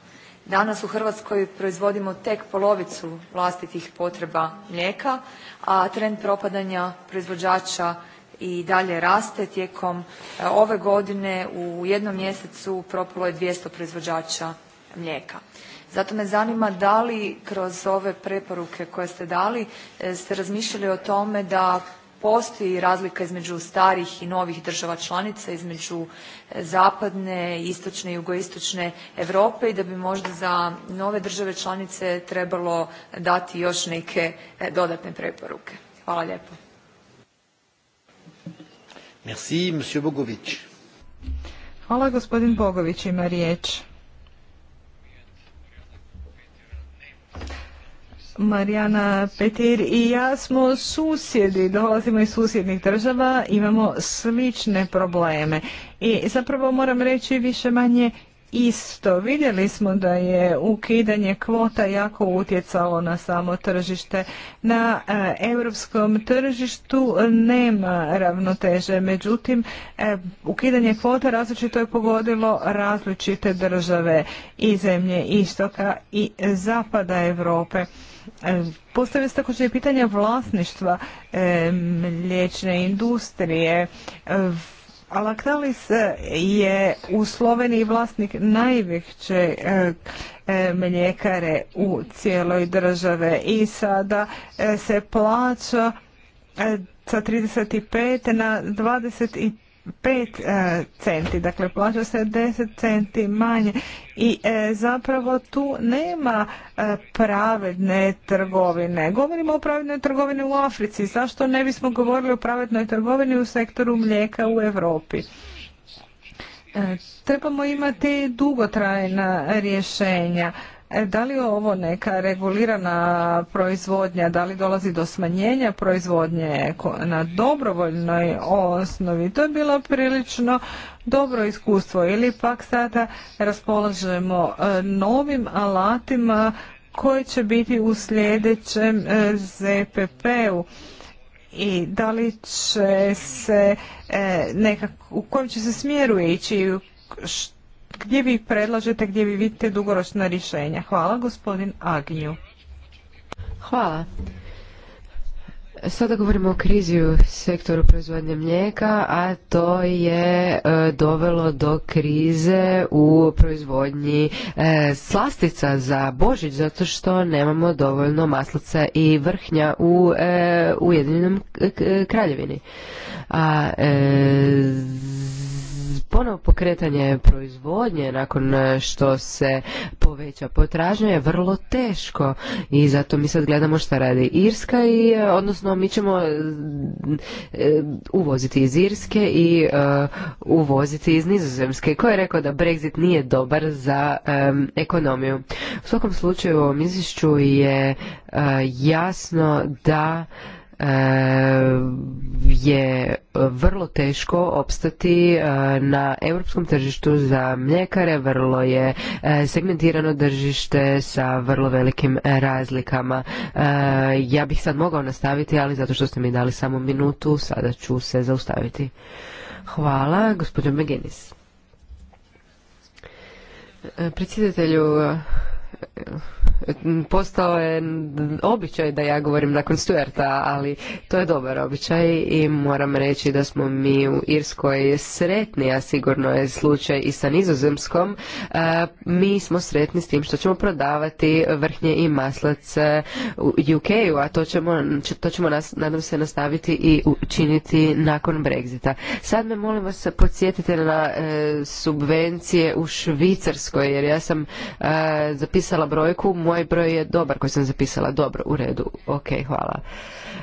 Danas u Hrvatskoj proizvodimo tek polovicu vlastitih potreba mlijeka, a trend propadanja proizvođača i dalje raste. Tijekom e, ove godine u jednom mjesecu propalo je 200 proizvođača mlijeka. Zato me zanima da li kroz ove preporuke koje ste dali e, ste razmišljali o tome da postoji razlika između starih i novih država članica, između e, zapadne, istočne i jugoistočne Europe i da bi možda za nove države članice trebalo dati još neke e, dodatne preporuke. Hvala lijepo. Merci, Hvala gospodin Bogović ima riječ. Marijana Petir i ja smo susjedi, dolazimo iz susjednih država, imamo slične probleme. I zapravo moram reći više manje isto. Vidjeli smo da je ukidanje kvota jako utjecalo na samo tržište. Na e, europskom tržištu nema ravnoteže, međutim e, ukidanje kvota različito je pogodilo različite države i zemlje istoka i zapada Europe. E, Postavlja se također pitanja vlasništva e, mliječne industrije. E, Alaktalis je u Sloveniji vlasnik najveće mljekare u cijeloj države i sada se plaća sa 35 na 25 pet e, centi, dakle plaća se 10 centi manje i e, zapravo tu nema e, pravedne trgovine. Govorimo o pravednoj trgovini u Africi, zašto ne bismo govorili o pravednoj trgovini u sektoru mlijeka u Europi? Trebamo imati dugotrajna rješenja E, da li ovo neka regulirana proizvodnja, da li dolazi do smanjenja proizvodnje na dobrovoljnoj osnovi? To je bilo prilično dobro iskustvo ili pak sada raspolažemo e, novim alatima koji će biti u sljedećem e, ZPP-u i da li će se nekako, u kojem će se smjeru ići, što gdje vi predlažete, gdje vi vidite dugoročna rješenja. Hvala gospodin Agnju. Hvala. Sada govorimo o krizi u sektoru proizvodnje mlijeka, a to je e, dovelo do krize u proizvodnji e, slastica za Božić, zato što nemamo dovoljno maslaca i vrhnja u e, Ujedinjenom kraljevini. A e, ponovo pokretanje proizvodnje nakon e, što se poveća potražnja je vrlo teško i zato mi sad gledamo šta radi Irska i e, odnosno mi ćemo e, uvoziti iz Irske i uvoziti iz Nizozemske koji je rekao da Brexit nije dobar za ekonomiju. U svakom slučaju u ovom izvješću je jasno da Eh, je vrlo teško opstati eh, na europskom tržištu za mljekare, vrlo je eh, segmentirano tržište sa vrlo velikim razlikama. Ja bih sad mogao nastaviti, ali zato što ste mi dali samo minutu, sada ću se zaustaviti. Hvala, gospodin Meginis. Predsjedatelju, postao je običaj da ja govorim nakon Stuarta, ali to je dobar običaj i moram reći da smo mi u Irskoj sretni, a sigurno je slučaj i sa nizozemskom. E, mi smo sretni s tim što ćemo prodavati vrhnje i maslac e, u UK-u, a to ćemo, to ćemo nas, nadam se nastaviti i učiniti nakon Brexita. Sad me molim vas podsjetite na e, subvencije u Švicarskoj, jer ja sam zapisala zapisala brojku, moj broj je dobar koji sam zapisala, dobro, u redu, ok, hvala.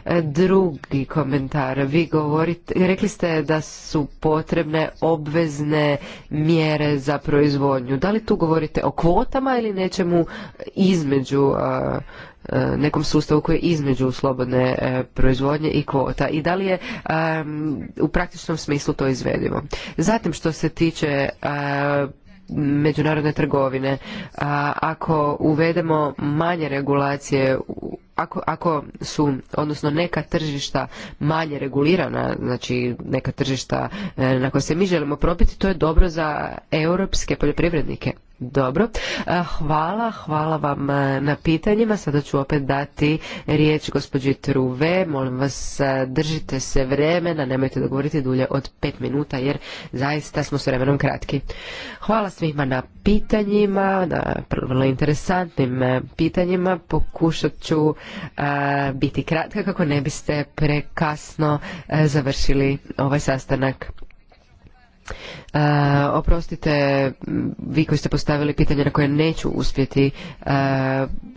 E, drugi komentar, vi govorite, rekli ste da su potrebne obvezne mjere za proizvodnju. Da li tu govorite o kvotama ili nečemu između e, nekom sustavu koji je između slobodne e, proizvodnje i kvota i da li je u praktičnom smislu to izvedivo. Zatim što se tiče međunarodne trgovine. ako uvedemo manje regulacije, ako, ako su, odnosno neka tržišta manje regulirana, znači neka tržišta e, na koje se mi želimo probiti, to je dobro za europske poljoprivrednike. Dobro, e, hvala, hvala vam e, na pitanjima. Sada ću opet dati riječ gospođi Truve. Molim vas, e, držite se vremena, nemojte da govorite dulje od pet minuta jer zaista smo s vremenom kratki. Hvala svima na pitanjima, na vrlo interesantnim pitanjima. Pokušat ću biti kratka kako ne biste prekasno završili ovaj sastanak. E, oprostite, vi koji ste postavili pitanje na koje neću uspjeti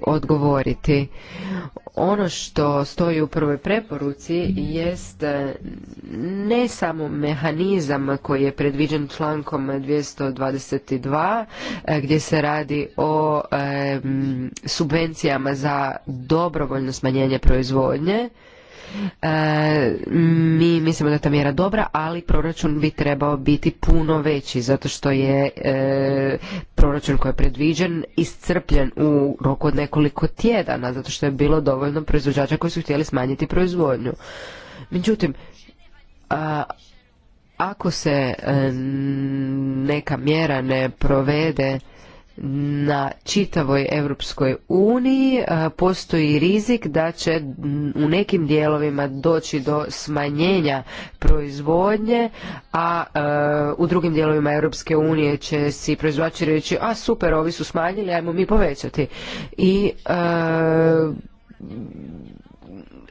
odgovoriti. Ono što stoji u prvoj preporuci jest e, ne samo mehanizam koji je predviđen člankom 222 e, gdje se radi o e, subvencijama za dobrovoljno smanjenje proizvodnje, E, mi mislimo da je ta mjera dobra, ali proračun bi trebao biti puno veći zato što je e, proračun koji je predviđen iscrpljen u roku od nekoliko tjedana zato što je bilo dovoljno proizvođača koji su htjeli smanjiti proizvodnju. Međutim, ako se e, neka mjera ne provede na čitavoj Europskoj uniji e, postoji rizik da će u nekim dijelovima doći do smanjenja proizvodnje, a e, u drugim dijelovima Europske unije će si proizvođači reći a super, ovi su smanjili, ajmo mi povećati. I e,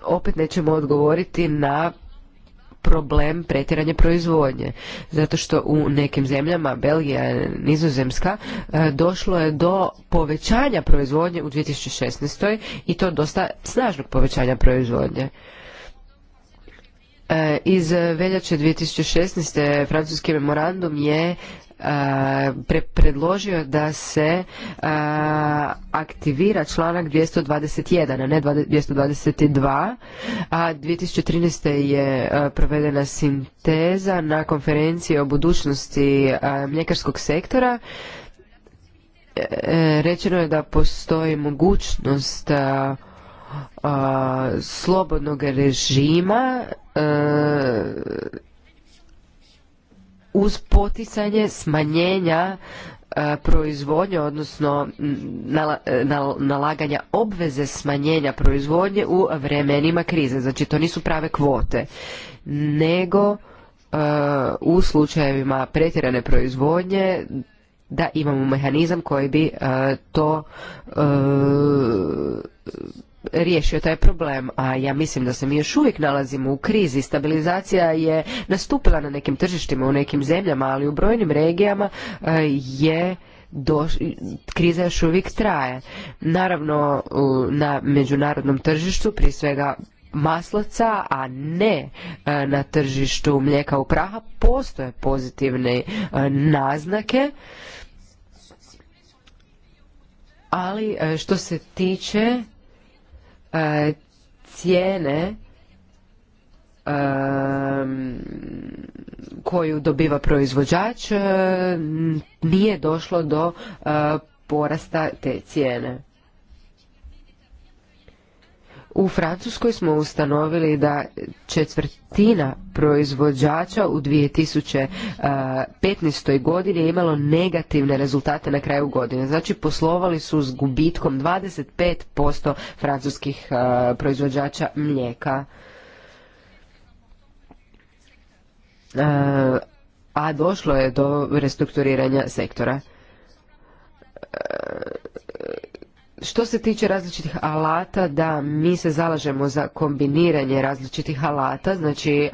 opet nećemo odgovoriti na problem pretjeranje proizvodnje. Zato što u nekim zemljama, Belgija, Nizozemska, e, došlo je do povećanja proizvodnje u 2016. i to dosta snažnog povećanja proizvodnje. E, iz veljače 2016. francuski memorandum je E, pre predložio da se e, aktivira članak 221, a ne 222, a 2013. je e, provedena sinteza na konferenciji o budućnosti mljekarskog sektora rečeno je da postoji mogućnost slobodnog režima uz poticanje smanjenja e, proizvodnje, odnosno e, nalaganja obveze smanjenja proizvodnje u vremenima krize. Znači to nisu prave kvote, nego e, u slučajevima pretjerane proizvodnje da imamo mehanizam koji bi to riješio taj problem, a ja mislim da se mi još uvijek nalazimo u krizi. Stabilizacija je nastupila na nekim tržištima, u nekim zemljama, ali u brojnim regijama e, je kriza još uvijek traje. Naravno, na međunarodnom tržištu, prije svega maslaca, a ne e, na tržištu mlijeka u praha, postoje pozitivne e, naznake. Ali što se tiče cijene koju dobiva proizvođač nije došlo do eh, porasta te cijene. U Francuskoj smo ustanovili da četvrtina proizvođača u 2015. godini je imalo negativne rezultate na kraju godine. Znači poslovali su s gubitkom 25% francuskih proizvođača mlijeka. A došlo je do restrukturiranja sektora što se tiče različitih alata, da mi se zalažemo za kombiniranje različitih alata, znači e,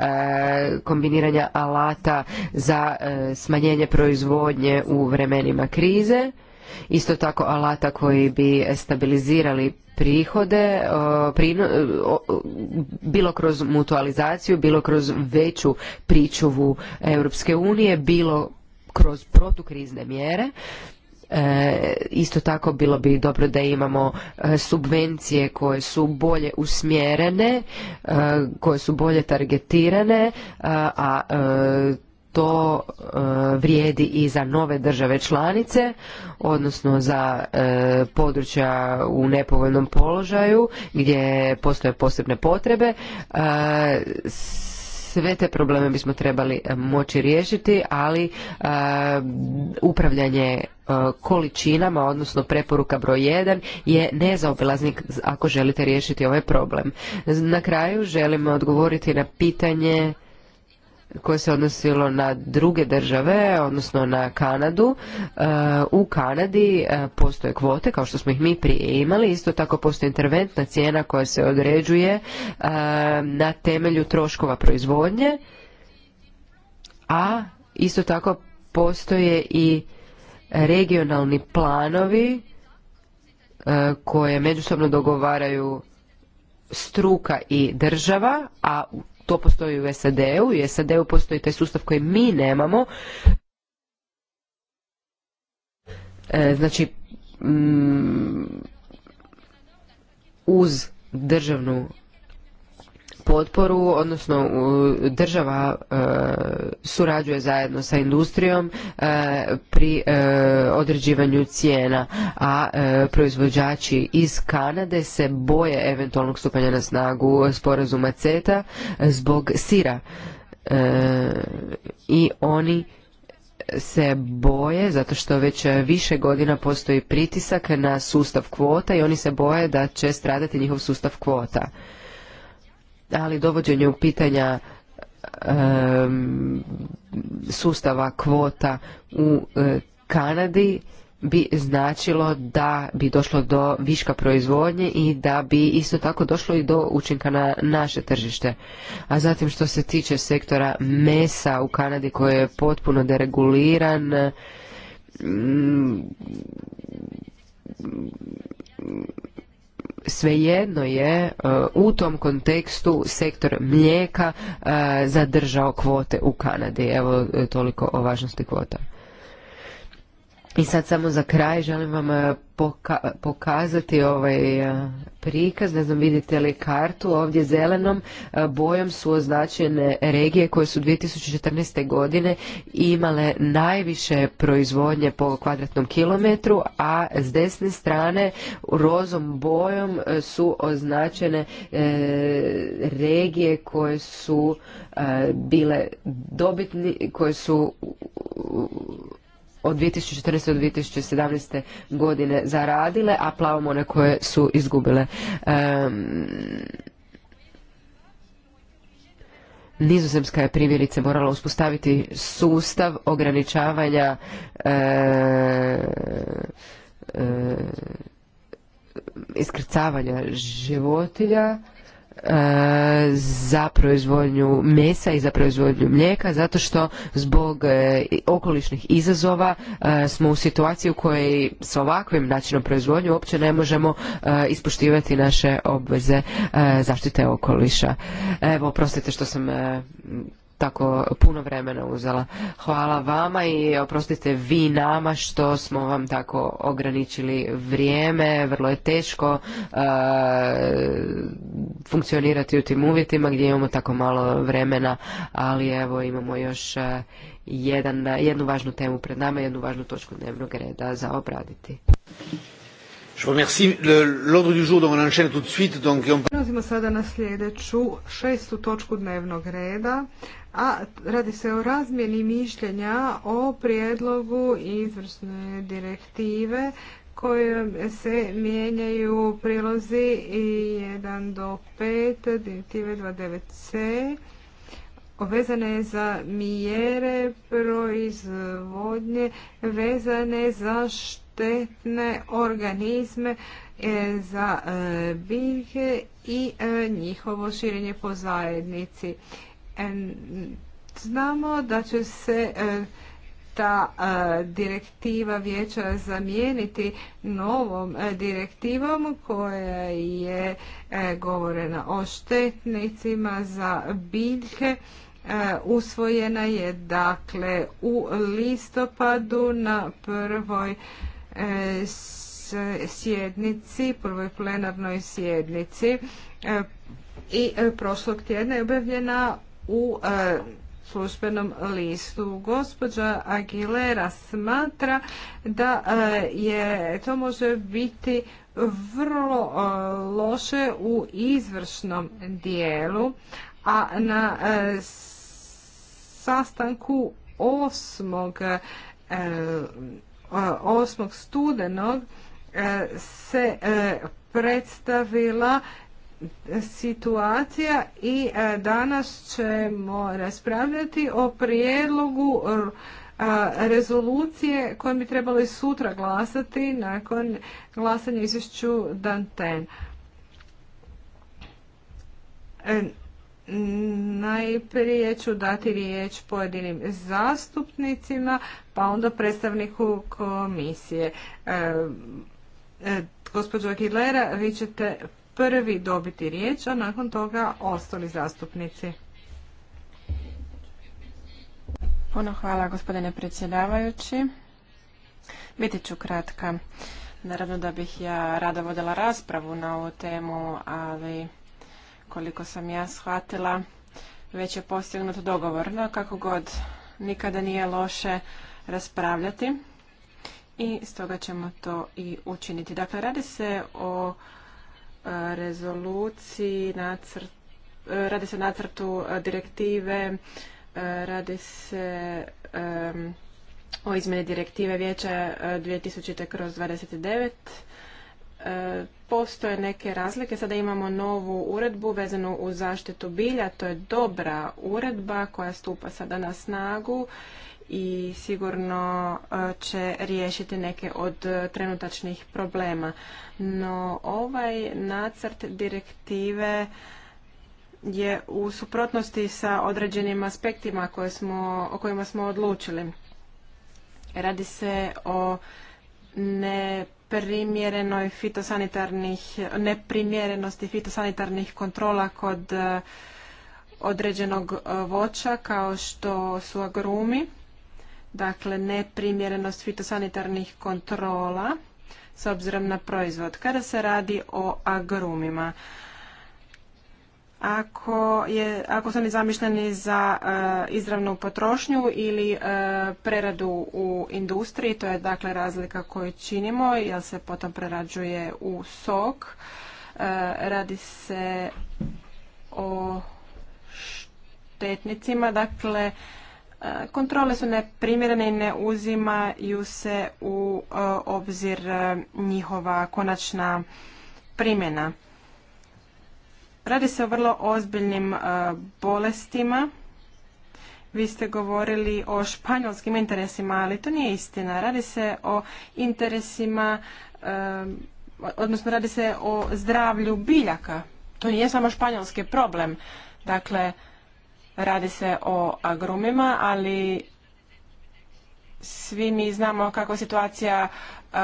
kombiniranje alata za e, smanjenje proizvodnje u vremenima krize, isto tako alata koji bi stabilizirali prihode e, bilo kroz mutualizaciju, bilo kroz veću pričuvu Europske unije, bilo kroz protukrizne mjere. E, isto tako bilo bi dobro da imamo e, subvencije koje su bolje usmjerene, e, koje su bolje targetirane, a to vrijedi i za nove države članice, odnosno za područja u nepovoljnom položaju gdje postoje posebne potrebe. Sve te probleme bismo trebali e, moći riješiti, ali e, upravljanje e, količinama, odnosno preporuka broj 1 je nezaobilaznik ako želite riješiti ovaj problem. Na kraju želimo odgovoriti na pitanje koje se odnosilo na druge države, odnosno na Kanadu. E, u Kanadi e, postoje kvote, kao što smo ih mi prije imali, isto tako postoji interventna cijena koja se određuje e, na temelju troškova proizvodnje, a isto tako postoje i regionalni planovi koje međusobno dogovaraju struka i država, a to postoji u SAD-u i u SAD-u postoji taj sustav koji mi nemamo. E, znači, mm, uz državnu potporu, odnosno država e, surađuje zajedno sa industrijom e, pri e, određivanju cijena, a proizvođači iz Kanade se boje eventualnog stupanja na snagu sporazuma CETA zbog sira i oni se boje zato što već više godina postoji pritisak na sustav kvota i oni se boje da će stradati njihov sustav kvota ali dovođenje u pitanja sustava kvota u e, Kanadi bi značilo da bi došlo do viška proizvodnje i da bi isto tako došlo i do učinka na naše tržište. A zatim što se tiče sektora mesa u Kanadi koji je potpuno dereguliran mm, svejedno je e, u tom kontekstu sektor mlijeka e, zadržao kvote u Kanadi. Evo e, toliko o važnosti kvota. I sad samo za kraj želim vam e, pokazati ovaj e, prikaz, ne znam vidite li kartu, ovdje zelenom e, bojom su označene regije koje su 2014. godine imale najviše proizvodnje po kvadratnom kilometru, a s desne strane rozom bojom su označene regije koje su bile dobitni, koje su od 2014. do 2017. godine zaradile, a one koje su izgubile. Nizozemska je primjerice morala uspostaviti sustav ograničavanja e, e, iskrcavanja životinja E, za proizvodnju mesa i za proizvodnju mlijeka zato što zbog e, okolišnih izazova e, smo u situaciji u kojoj s ovakvim načinom proizvodnje uopće ne možemo ispoštivati naše obveze zaštite okoliša. Evo, prostite što sam tako puno vremena uzela. Hvala vama i oprostite vi nama što smo vam tako ograničili vrijeme. Vrlo je teško uh, funkcionirati u tim uvjetima gdje imamo tako malo vremena, ali evo imamo još uh, jednu važnu temu pred nama, jednu važnu točku dnevnog reda za obraditi. Prelazimo sada na sljedeću šestu točku dnevnog reda, a radi se o razmjeni mišljenja o prijedlogu izvršne direktive kojom se mijenjaju prilozi 1 do 5 direktive 29c vezane za mjere proizvodnje, vezane za što štetne organizme e, za e, biljke i e, njihovo širenje po zajednici. Znamo da će se ta direktiva vijeća zamijeniti novom direktivom koja je govorena o štetnicima za biljke usvojena je dakle u listopadu na prvoj sjednici, prvoj plenarnoj sjednici e, i e, prošlog tjedna je objavljena u e, službenom listu. Gospođa Aguilera smatra da je to može biti vrlo loše u izvršnom dijelu, a na sastanku osmog 8. studenog e, se e, predstavila situacija i e, danas ćemo raspravljati o prijedlogu rezolucije koje bi trebali sutra glasati nakon glasanja izvješću Danten. Najprije ću dati riječ pojedinim zastupnicima, pa onda predstavniku komisije. E, e, gospođo Aguilera, vi ćete prvi dobiti riječ, a nakon toga ostali zastupnici. Puno hvala gospodine predsjedavajući. Biti ću kratka. Naravno da bih ja rada vodila raspravu na ovu temu, ali koliko sam ja shvatila, već je postignut dogovor. kako god, nikada nije loše raspravljati i stoga ćemo to i učiniti. Dakle, radi se o e, rezoluciji, e, radi se o nacrtu e, direktive, radi se o izmjeni direktive vijeća 2000. kroz 29 E, postoje neke razlike. Sada imamo novu uredbu vezanu u zaštitu bilja. To je dobra uredba koja stupa sada na snagu i sigurno e, će riješiti neke od e, trenutačnih problema. No ovaj nacrt direktive je u suprotnosti sa određenim aspektima koje smo, o kojima smo odlučili. Radi se o ne primjerenoj fitosanitarnih, neprimjerenosti fitosanitarnih kontrola kod e, određenog e, voća kao što su agrumi, dakle neprimjerenost fitosanitarnih kontrola s obzirom na proizvod. Kada se radi o agrumima, ako, su oni zamišljeni za e, izravnu potrošnju ili e, preradu u industriji, to je dakle razlika koju činimo, jer se potom prerađuje u sok. E, radi se o štetnicima, dakle kontrole su neprimjerene i ne uzimaju se u obzir njihova konačna primjena. Radi se o vrlo ozbiljnim e, bolestima. Vi ste govorili o španjolskim interesima, ali to nije istina. Radi se o interesima, e, odnosno radi se o zdravlju biljaka. To nije samo španjolski problem. Dakle, radi se o agrumima, ali svi mi znamo kako je situacija e,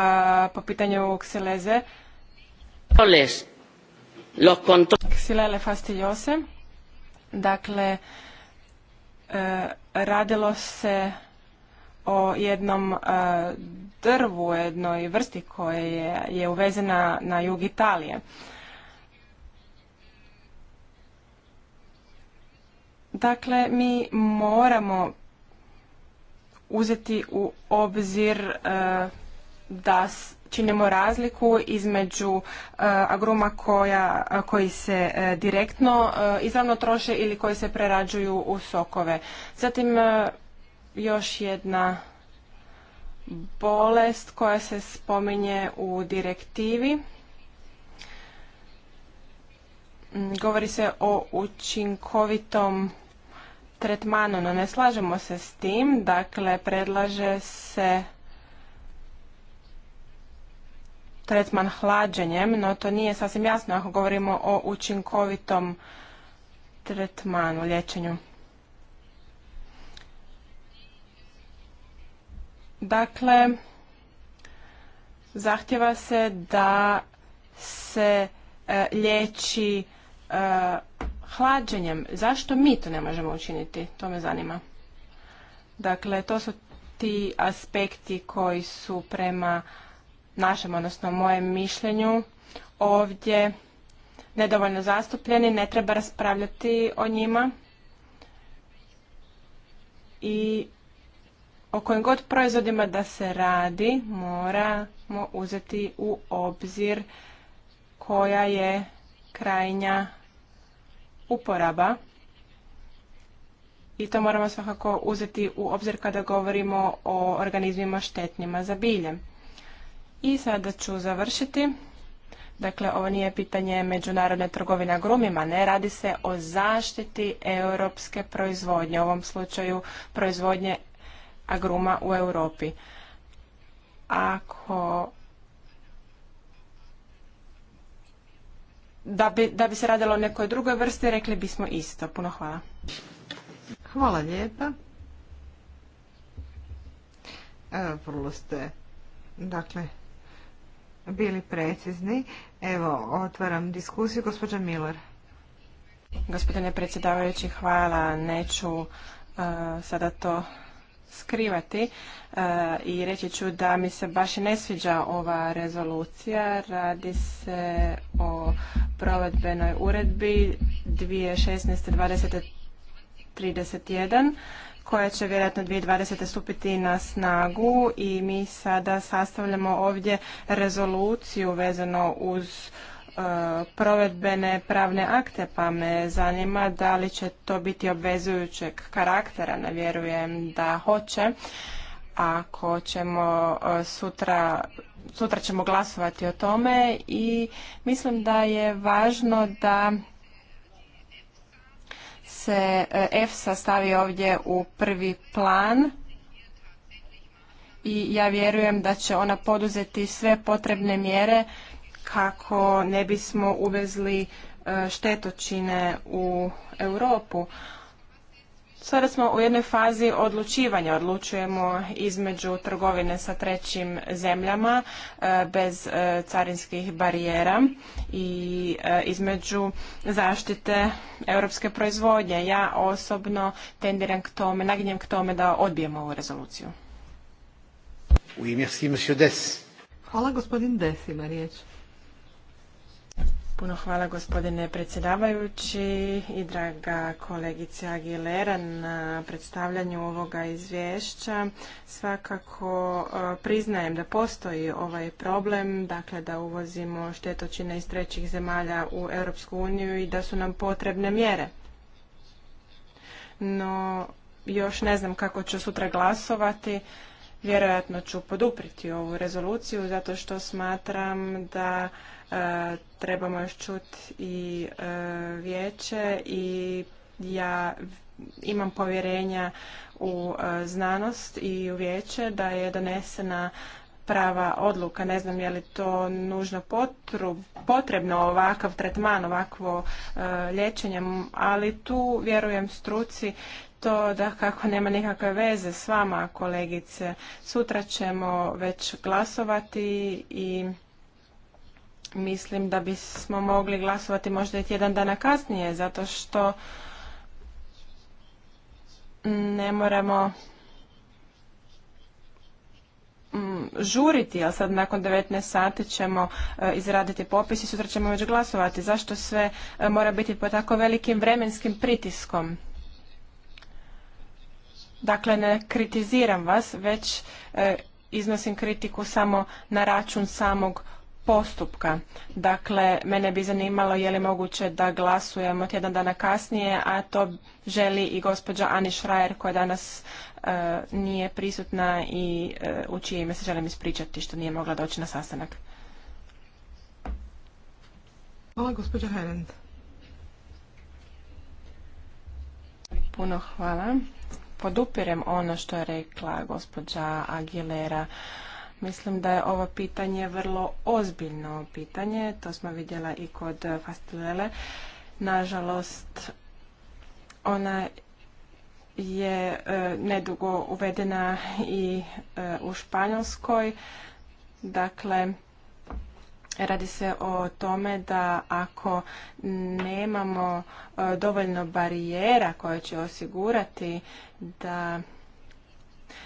po pitanju kseleze. Los Xylella fastidiosa. Dakle, e, radilo se o jednom e, drvu, jednoj vrsti koja je, uvezena na jug Italije. Dakle, mi moramo uzeti u obzir e, da činimo razliku između e, agruma koja, e, koji se e, direktno izravno troše ili koji se prerađuju u sokove. Zatim još jedna bolest koja se spominje u direktivi. Govori se o učinkovitom tretmanu, no ne slažemo se s tim. Dakle, predlaže se tretman hlađenjem, no to nije sasvim jasno ako govorimo o učinkovitom tretmanu, liječenju. Dakle, zahtjeva se da se e, liječi e, hlađenjem. Zašto mi to ne možemo učiniti? To me zanima. Dakle, to su ti aspekti koji su prema našem, odnosno mojem mišljenju, ovdje nedovoljno zastupljeni, ne treba raspravljati o njima i o kojim god proizvodima da se radi, moramo uzeti u obzir koja je krajnja uporaba. I to moramo svakako uzeti u obzir kada govorimo o organizmima štetnjima za bilje. I sada ću završiti. Dakle, ovo nije pitanje međunarodne trgovine grumima, ne radi se o zaštiti europske proizvodnje, u ovom slučaju proizvodnje agruma u Europi. Ako da bi, da bi se radilo o nekoj drugoj vrsti, rekli bismo isto. Puno hvala. Hvala lijepa. E, ste, dakle, bili precizni. Evo, otvaram diskusiju. Gospođa Miller. Gospodine predsjedavajući, hvala. Neću e, sada to skrivati e, i reći ću da mi se baš ne sviđa ova rezolucija. Radi se o provedbenoj uredbi 2016. 20. 31 koja će vjerojatno 2020. stupiti na snagu i mi sada sastavljamo ovdje rezoluciju vezano uz e, provedbene pravne akte, pa me zanima da li će to biti obvezujućeg karaktera, ne vjerujem da hoće. Ako ćemo e, sutra sutra ćemo glasovati o tome i mislim da je važno da se e, EFSA stavi ovdje u prvi plan i ja vjerujem da će ona poduzeti sve potrebne mjere kako ne bismo uvezli e, štetočine u Europu Sada smo u jednoj fazi odlučivanja, odlučujemo između trgovine sa trećim zemljama e, bez e, carinskih barijera i e, između zaštite europske proizvodnje. Ja osobno tendiram k tome, naginjem k tome da odbijemo ovu rezoluciju. Hvala, gospodin Des ima riječ. Puno hvala gospodine predsjedavajući i draga kolegice Aguilera na predstavljanju ovoga izvješća. Svakako e, priznajem da postoji ovaj problem, dakle da uvozimo štetočine iz trećih zemalja u Europsku uniju i da su nam potrebne mjere. No još ne znam kako ću sutra glasovati. Vjerojatno ću podupriti ovu rezoluciju zato što smatram da E, trebamo još čuti i e, vijeće i ja imam povjerenja u e, znanost i u vijeće da je donesena prava odluka. Ne znam je li to nužno potrebno ovakav tretman, ovakvo liječenje, ali tu vjerujem struci to da kako nema nikakve veze s vama kolegice. Sutra ćemo već glasovati i mislim da bismo mogli glasovati možda i tjedan dana kasnije, zato što ne moramo mm, žuriti, ali sad nakon 19 sati ćemo e, izraditi popis i sutra ćemo već glasovati. Zašto sve e, mora biti po tako velikim vremenskim pritiskom? Dakle, ne kritiziram vas, već e, iznosim kritiku samo na račun samog postupka. Dakle, mene bi zanimalo je li moguće da glasujemo tjedan dana kasnije, a to želi i gospođa Ani Šrajer koja danas e, nije prisutna i e, u čije ime se želim ispričati što nije mogla doći na sastanak. Hvala gospođa Herend. Puno hvala. Podupirem ono što je rekla gospođa Aguilera. Mislim da je ovo pitanje vrlo ozbiljno pitanje, to smo vidjela i kod Fastilele. Nažalost, ona je e, nedugo uvedena i e, u Španjolskoj. Dakle, radi se o tome da ako nemamo e, dovoljno barijera koje će osigurati da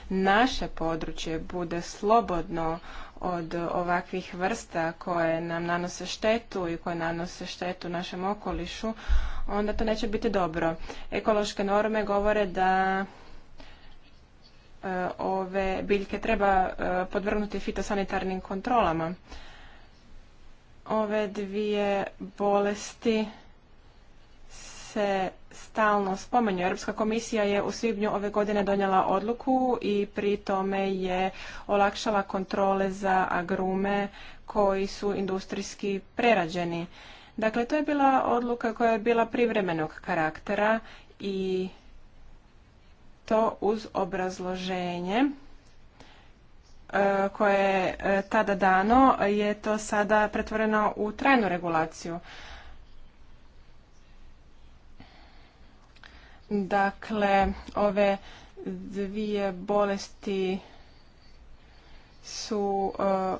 naše područje bude slobodno od ovakvih vrsta koje nam nanose štetu i koje nanose štetu našem okolišu, onda to neće biti dobro. Ekološke norme govore da e, ove biljke treba e, podvrnuti fitosanitarnim kontrolama. Ove dvije bolesti se stalno spomenju. Europska komisija je u svibnju ove godine donijela odluku i pri tome je olakšala kontrole za agrume koji su industrijski prerađeni. Dakle, to je bila odluka koja je bila privremenog karaktera i to uz obrazloženje e, koje je tada dano je to sada pretvoreno u trajnu regulaciju. Dakle, ove dvije bolesti su e,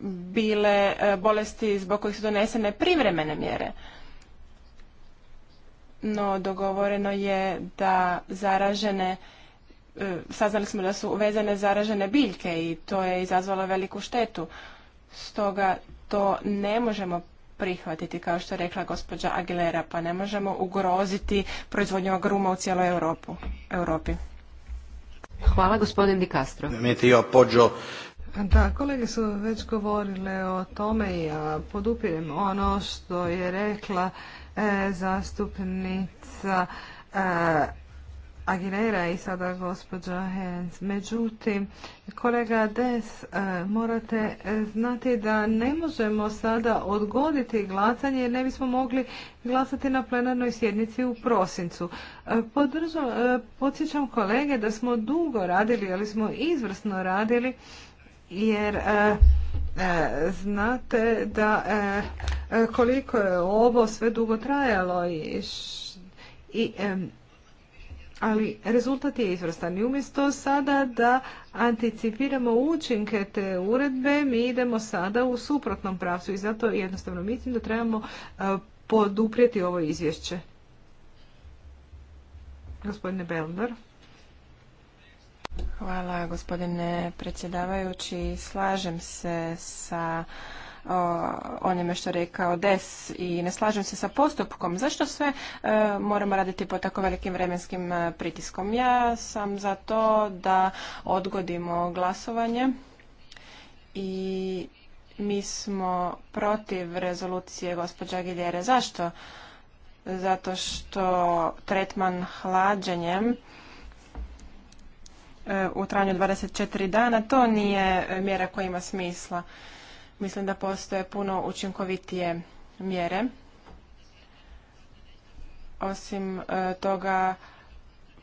bile e, bolesti zbog kojih su donesene privremene mjere. No, dogovoreno je da zaražene e, saznali smo da su uvezene zaražene biljke i to je izazvalo veliku štetu. Stoga to ne možemo prihvatiti, kao što je rekla gospođa Aguilera, pa ne možemo ugroziti proizvodnju agruma u cijeloj Europu, Europi. Hvala gospodin Di Castro. Da, kolege su već govorile o tome i ja podupirem ono što je rekla e, zastupnica e, Aguilera i sada gospođa Hens. Međutim, kolega Des, e, morate znati da ne možemo sada odgoditi glasanje jer ne bismo mogli glasati na plenarnoj sjednici u prosincu. E, e, podsjećam kolege da smo dugo radili, ali smo izvrsno radili jer znate da koliko je ovo sve dugo trajalo i, i ali rezultat je izvrstan i umjesto sada da anticipiramo učinke te uredbe, mi idemo sada u suprotnom pravcu i zato jednostavno mislim da trebamo e, poduprijeti ovo izvješće. Gospodine Belmar. Hvala gospodine predsjedavajući. Slažem se sa onime što rekao Des i ne slažem se sa postupkom. Zašto sve e, moramo raditi pod tako velikim vremenskim e, pritiskom? Ja sam za to da odgodimo glasovanje i mi smo protiv rezolucije gospođa Giljere. Zašto? Zato što tretman hlađenjem e, u trajanju 24 dana, to nije mjera koja ima smisla. Mislim da postoje puno učinkovitije mjere. Osim e, toga,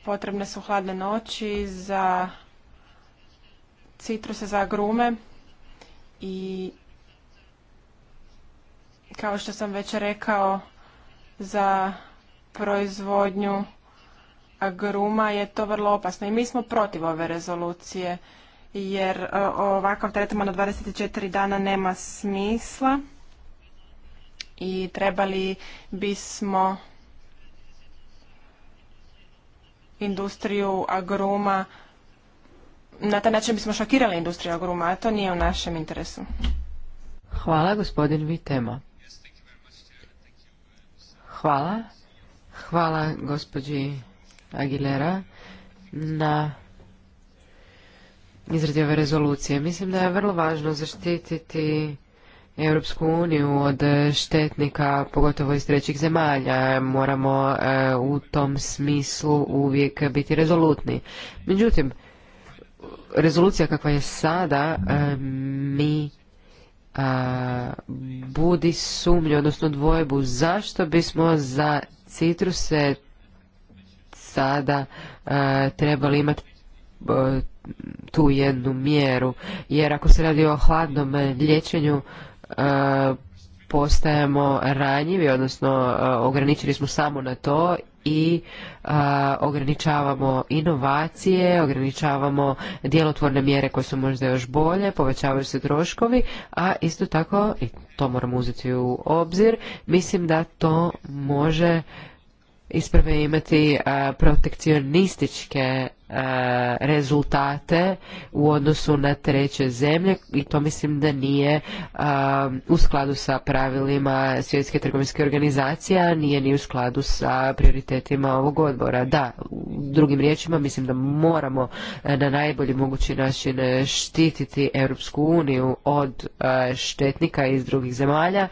potrebne su hladne noći za citruse, za agrume i kao što sam već rekao, za proizvodnju agruma je to vrlo opasno i mi smo protiv ove rezolucije jer ovakav tretman od 24 dana nema smisla i trebali bismo industriju agruma na taj način bismo šokirali industriju agruma, a to nije u našem interesu. Hvala gospodin Vitema. Hvala. Hvala gospođi Aguilera na izradi ove rezolucije. Mislim da je vrlo važno zaštititi Europsku uniju od štetnika, pogotovo iz trećih zemalja. Moramo e, u tom smislu uvijek biti rezolutni. Međutim, rezolucija kakva je sada, e, mi e, budi sumnju, odnosno dvojbu, zašto bismo za citruse sada trebali imati tu jednu mjeru, jer ako se radi o hladnom liječenju e, postajemo ranjivi, odnosno e, ograničili smo samo na to i e, ograničavamo inovacije, ograničavamo djelotvorne mjere koje su možda još bolje, povećavaju se troškovi, a isto tako, i to moramo uzeti u obzir, mislim da to može isprve imati protekcionističke E, rezultate u odnosu na treće zemlje i to mislim da nije e, u skladu sa pravilima svjetske trgovinske organizacije, nije ni u skladu sa prioritetima ovog odbora. Da, drugim riječima mislim da moramo e, na najbolji mogući način štititi Europsku uniju od štetnika iz drugih zemalja,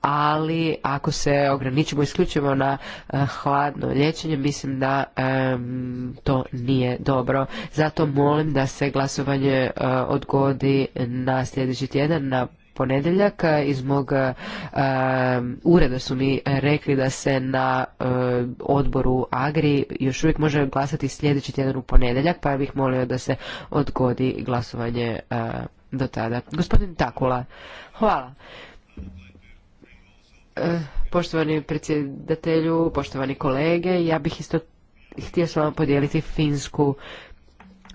ali ako se ograničimo isključivo na hladno liječenje, mislim da to nije dobro. Zato molim da se glasovanje e, odgodi na sljedeći tjedan, na ponedjeljak iz mog e, ureda su mi rekli da se na e, odboru Agri još uvijek može glasati sljedeći tjedan u ponedjeljak pa bih molio da se odgodi glasovanje do tada. Gospodin Takula, hvala. Poštovani predsjedatelju, poštovani kolege, ja bih isto htio sam vam podijeliti finsku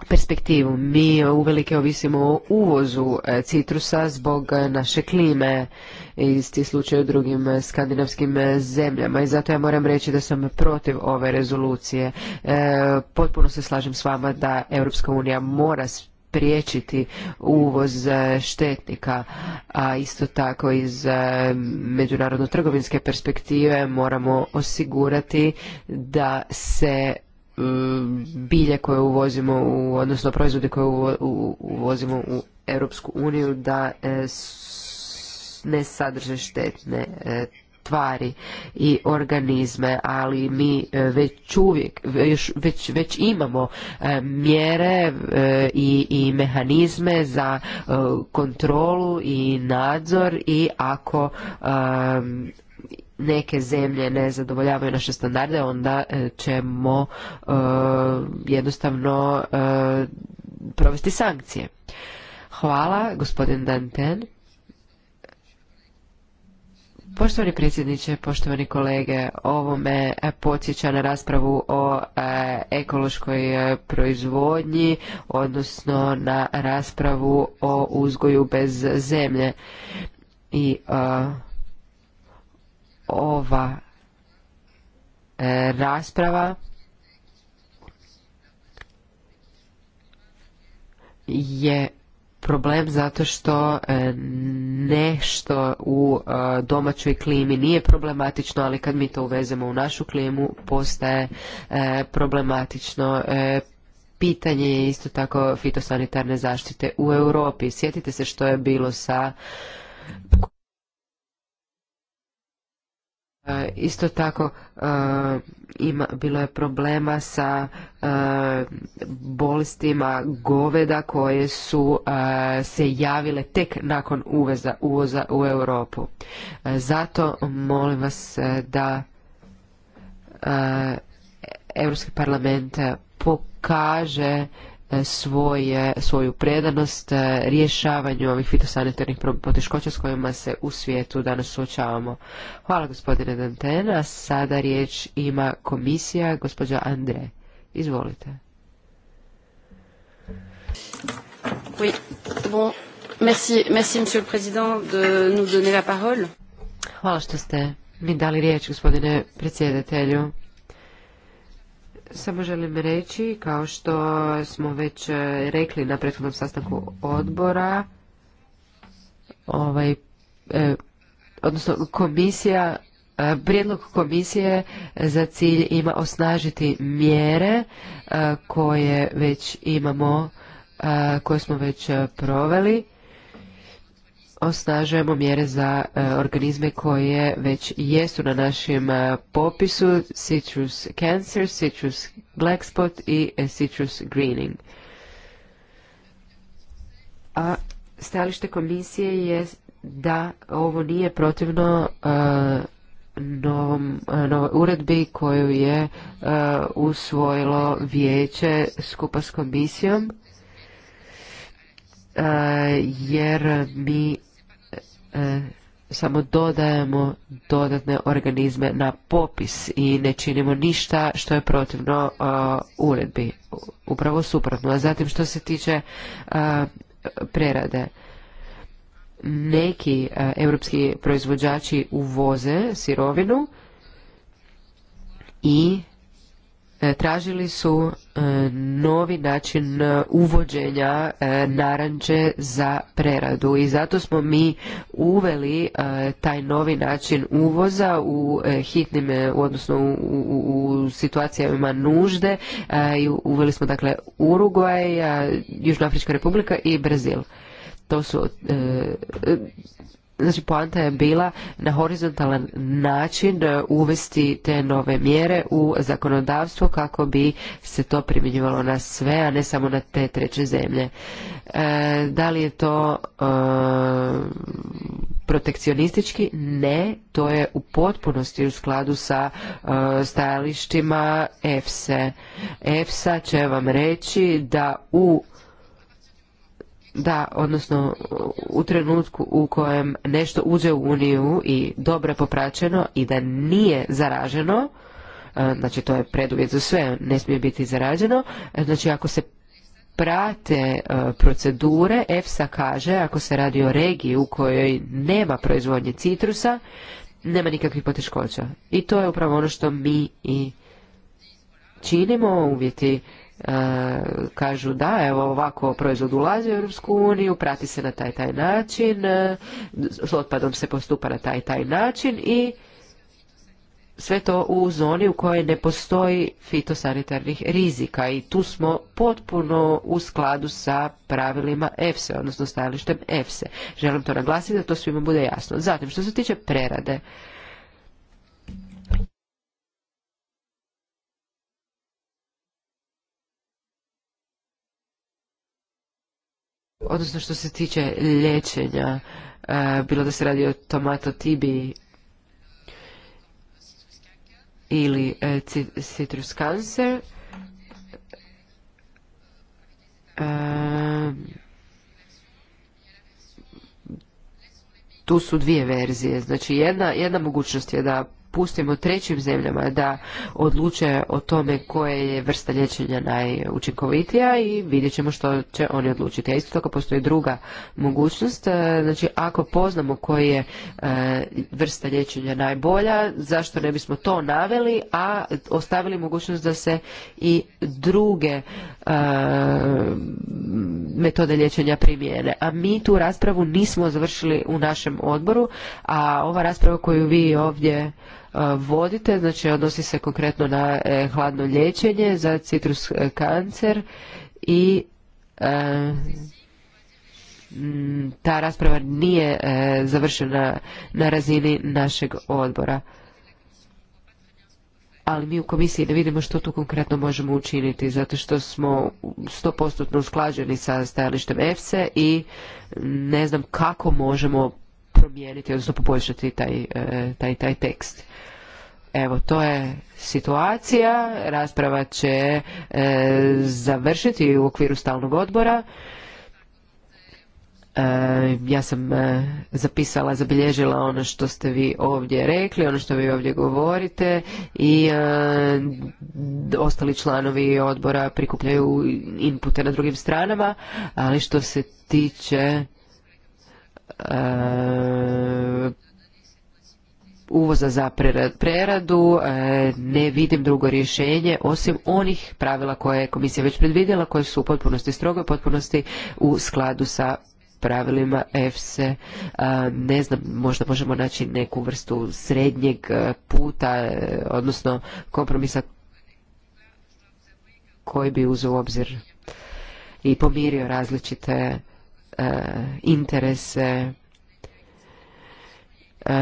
perspektivu. Mi uvelike ovisimo o uvozu e, citrusa zbog e, naše klime. Isti slučaj u drugim e, skandinavskim zemljama i zato ja moram reći da sam protiv ove rezolucije. potpuno se slažem s vama da Europska unija mora Priječiti uvoz e, štetnika, a isto tako iz e, međunarodno trgovinske perspektive moramo osigurati da se e, bilje koje uvozimo u, odnosno proizvode koje uvozimo u Europsku uniju da ne sadrže štetne tvari i organizme, ali mi e, već uvijek, već, već, imamo e, mjere e, i, i mehanizme za kontrolu i nadzor i ako neke zemlje ne zadovoljavaju naše standarde, onda ćemo jednostavno provesti sankcije. Hvala, gospodin Danten. Poštovani predsjedniče, poštovani kolege, ovo me e, podsjeća na raspravu o e, ekološkoj e, proizvodnji, odnosno na raspravu o uzgoju bez zemlje. I ova rasprava je problem zato što e, nešto u e, domaćoj klimi nije problematično, ali kad mi to uvezemo u našu klimu postaje e, problematično pitanje je isto tako fitosanitarne zaštite u Europi. Sjetite se što je bilo sa E, isto tako e, ima, bilo je problema sa e, bolestima goveda koje su se javile tek nakon uveza, uvoza u Europu. Zato molim vas da Europski parlament pokaže svoje, svoju predanost e, rješavanju ovih fitosanitarnih poteškoća s kojima se u svijetu danas suočavamo. Hvala gospodine Dantena. Sada riječ ima komisija gospođa Andre. Izvolite. Oui. Bon. Merci, merci monsieur le président de nous donner la parole. Hvala što ste mi dali riječ gospodine predsjedatelju. Samo želim reći, kao što smo već e, rekli na prethodnom sastanku odbora, ovaj, e, odnosno komisija, e, prijedlog komisije za cilj ima osnažiti mjere koje već imamo, koje smo već proveli osnažujemo mjere za e, organizme koje već jesu na našem e, popisu, citrus cancer, citrus black spot i e, citrus greening. A stajalište komisije je da ovo nije protivno novoj uredbi koju je usvojilo vijeće skupa s komisijom jer mi E, samo dodajemo dodatne organizme na popis i ne činimo ništa što je protivno e, uredbi. Upravo suprotno. A zatim što se tiče e, prerade. Neki europski proizvođači uvoze sirovinu i E, tražili su e, novi način e, uvođenja naranče za preradu i zato smo mi uveli taj novi način uvoza u hitnim odnosno u, situacijama nužde i uveli smo dakle Uruguay, Južnoafrička republika i Brazil. To su Znači, poanta je bila na horizontalan način e, uvesti te nove mjere u zakonodavstvo kako bi se to primjenjivalo na sve, a ne samo na te treće zemlje. E, da li je to e, protekcionistički? Ne, to je u potpunosti u skladu sa e, stajalištima EFSE. EFSA će vam reći da u da, odnosno u trenutku u kojem nešto uđe u Uniju i dobro je popraćeno i da nije zaraženo, e, znači to je preduvjet za sve, ne smije biti zaraženo, e, znači ako se prate e, procedure, EFSA kaže, ako se radi o regiji u kojoj nema proizvodnje citrusa, nema nikakvih poteškoća. I to je upravo ono što mi i činimo, uvjeti E, kažu da, evo ovako proizvod ulazi u Europsku uniju, prati se na taj taj način, e, s otpadom se postupa na taj taj način i sve to u zoni u kojoj ne postoji fitosanitarnih rizika i tu smo potpuno u skladu sa pravilima EFSE, odnosno stajalištem EFSE. Želim to naglasiti da to svima bude jasno. Zatim, što se tiče prerade, odnosno što se tiče liječenja, e, bilo da se radi o tomato tibi ili e, citrus cancer, e, tu su dvije verzije. Znači jedna, jedna mogućnost je da pustimo trećim zemljama da odluče o tome koja je vrsta liječenja najučinkovitija i vidjet ćemo što će oni odlučiti. A isto tako postoji druga mogućnost, e, znači ako poznamo koja je e, vrsta liječenja najbolja, zašto ne bismo to naveli, a ostavili mogućnost da se i druge e, metode liječenja primijene. A mi tu raspravu nismo završili u našem odboru, a ova rasprava koju vi ovdje E, vodite, znači odnosi se konkretno na e, hladno liječenje za citrus e, kancer i ta rasprava nije završena na razini našeg odbora. Ali mi u komisiji ne vidimo što tu konkretno možemo učiniti, zato što smo 100% usklađeni sa stajalištem EFSE i ne znam kako možemo promijeniti, odnosno poboljšati taj, taj, taj tekst. Evo, to je situacija. Rasprava će e, završiti u okviru stalnog odbora. E, ja sam e, zapisala, zabilježila ono što ste vi ovdje rekli, ono što vi ovdje govorite i ostali članovi odbora prikupljaju inpute na drugim stranama, ali što se tiče uvoza za preradu, e, ne vidim drugo rješenje osim onih pravila koje je komisija već predvidjela, koje su u potpunosti strogo, u potpunosti u skladu sa pravilima EFSE. Ne znam, možda možemo naći neku vrstu srednjeg e, puta, e, odnosno kompromisa koji bi uzeo u obzir i pomirio različite interese E,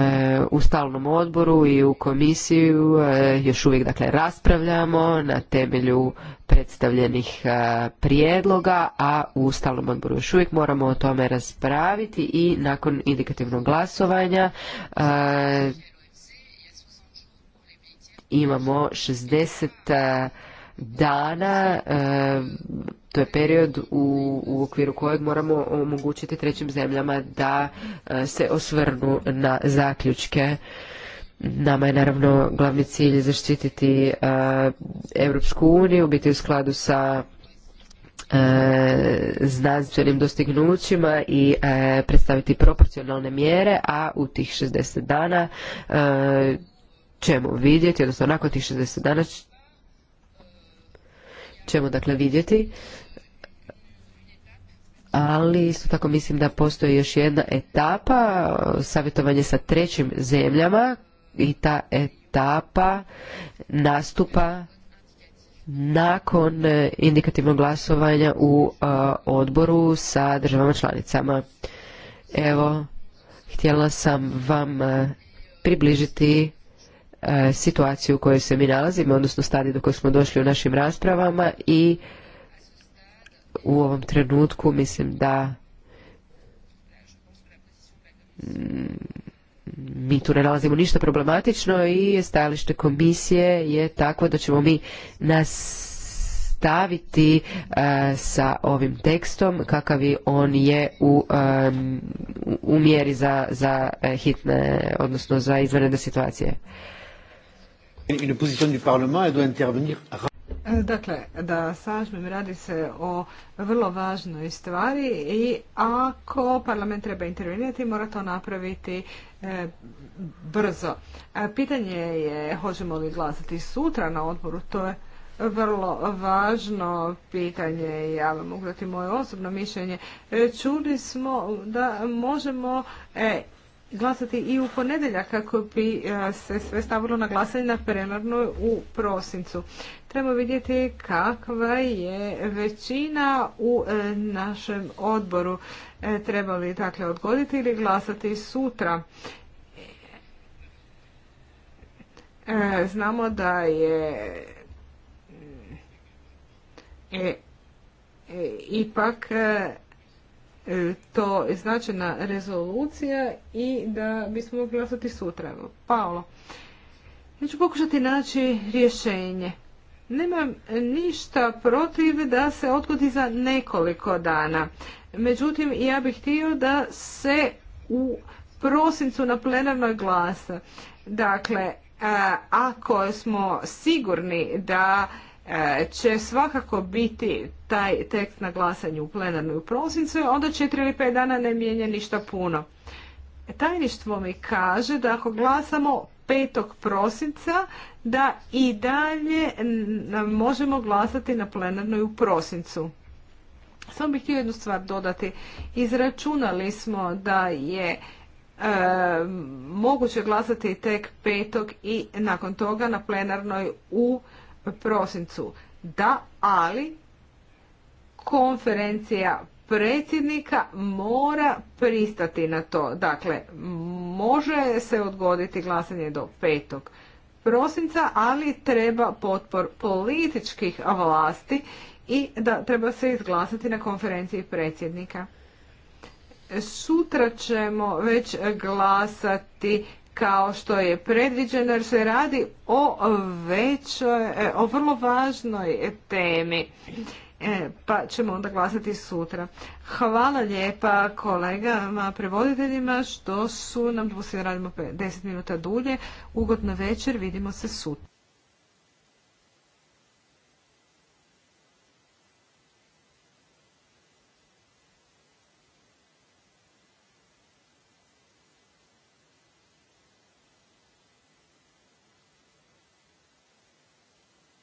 u stalnom odboru i u komisiju e, još uvijek dakle raspravljamo na temelju predstavljenih e, prijedloga, a u stalnom odboru još uvijek moramo o tome raspraviti i nakon indikativnog glasovanja imamo 60 dana, e, to je period u, okviru kojeg moramo omogućiti trećim zemljama da e, se osvrnu na zaključke. Nama je naravno glavni cilj zaštititi e, Europsku uniju, biti u skladu sa znanstvenim dostignućima i predstaviti proporcionalne mjere, a u tih 60 dana ćemo vidjeti, odnosno nakon tih 60 dana ćemo dakle vidjeti. Ali isto tako mislim da postoji još jedna etapa, savjetovanje sa trećim zemljama i ta etapa nastupa nakon e, indikativnog glasovanja u e, odboru sa državama članicama. Evo, htjela sam vam e, približiti E, situaciju u kojoj se mi nalazimo, odnosno stadiju do kojeg smo došli u našim raspravama i u ovom trenutku mislim da mi tu ne nalazimo ništa problematično i stajalište komisije je takvo da ćemo mi nastaviti e, sa ovim tekstom kakav on je u, mjeri za, za e, hitne, odnosno za izvanredne situacije. Dakle, da sažmem, radi se o vrlo važnoj stvari i ako parlament treba intervenirati, mora to napraviti e, brzo. E, pitanje je hoćemo li glasati sutra na odboru, to je vrlo važno pitanje, ja vam mogu dati moje osobno mišljenje. E, čuli smo da možemo glasati i u ponedjeljak kako bi e, se sve stavilo na glasanje na plenarnoj u prosincu. Treba vidjeti kakva je većina u e, našem odboru. E, treba li dakle odgoditi ili glasati sutra? Znamo da je ipak E, to značajna rezolucija i da bismo mogli glasati sutra. Paolo, ja ću pokušati naći rješenje. Nemam ništa protiv da se odgodi za nekoliko dana. Međutim, ja bih htio da se u prosincu na plenarnoj glasa. Dakle, e, ako smo sigurni da će svakako biti taj tekst na glasanju u plenarnoj u prosincu, onda četiri ili pet dana ne mijenja ništa puno. Tajništvo mi kaže da ako glasamo 5. prosinca, da i dalje možemo glasati na plenarnoj u prosincu. Samo bih htio jednu stvar dodati. Izračunali smo da je e, moguće glasati tek petog i nakon toga na plenarnoj u prosincu. Da, ali konferencija predsjednika mora pristati na to. Dakle, može se odgoditi glasanje do petog prosinca, ali treba potpor političkih vlasti i da treba se izglasati na konferenciji predsjednika. Sutra ćemo već glasati kao što je predviđeno jer se radi o većoj, e, o vrlo važnoj temi. E, pa ćemo onda glasati sutra. Hvala lijepa kolegama, prevoditeljima što su nam se radimo 10 minuta dulje. Ugodno večer, vidimo se sutra.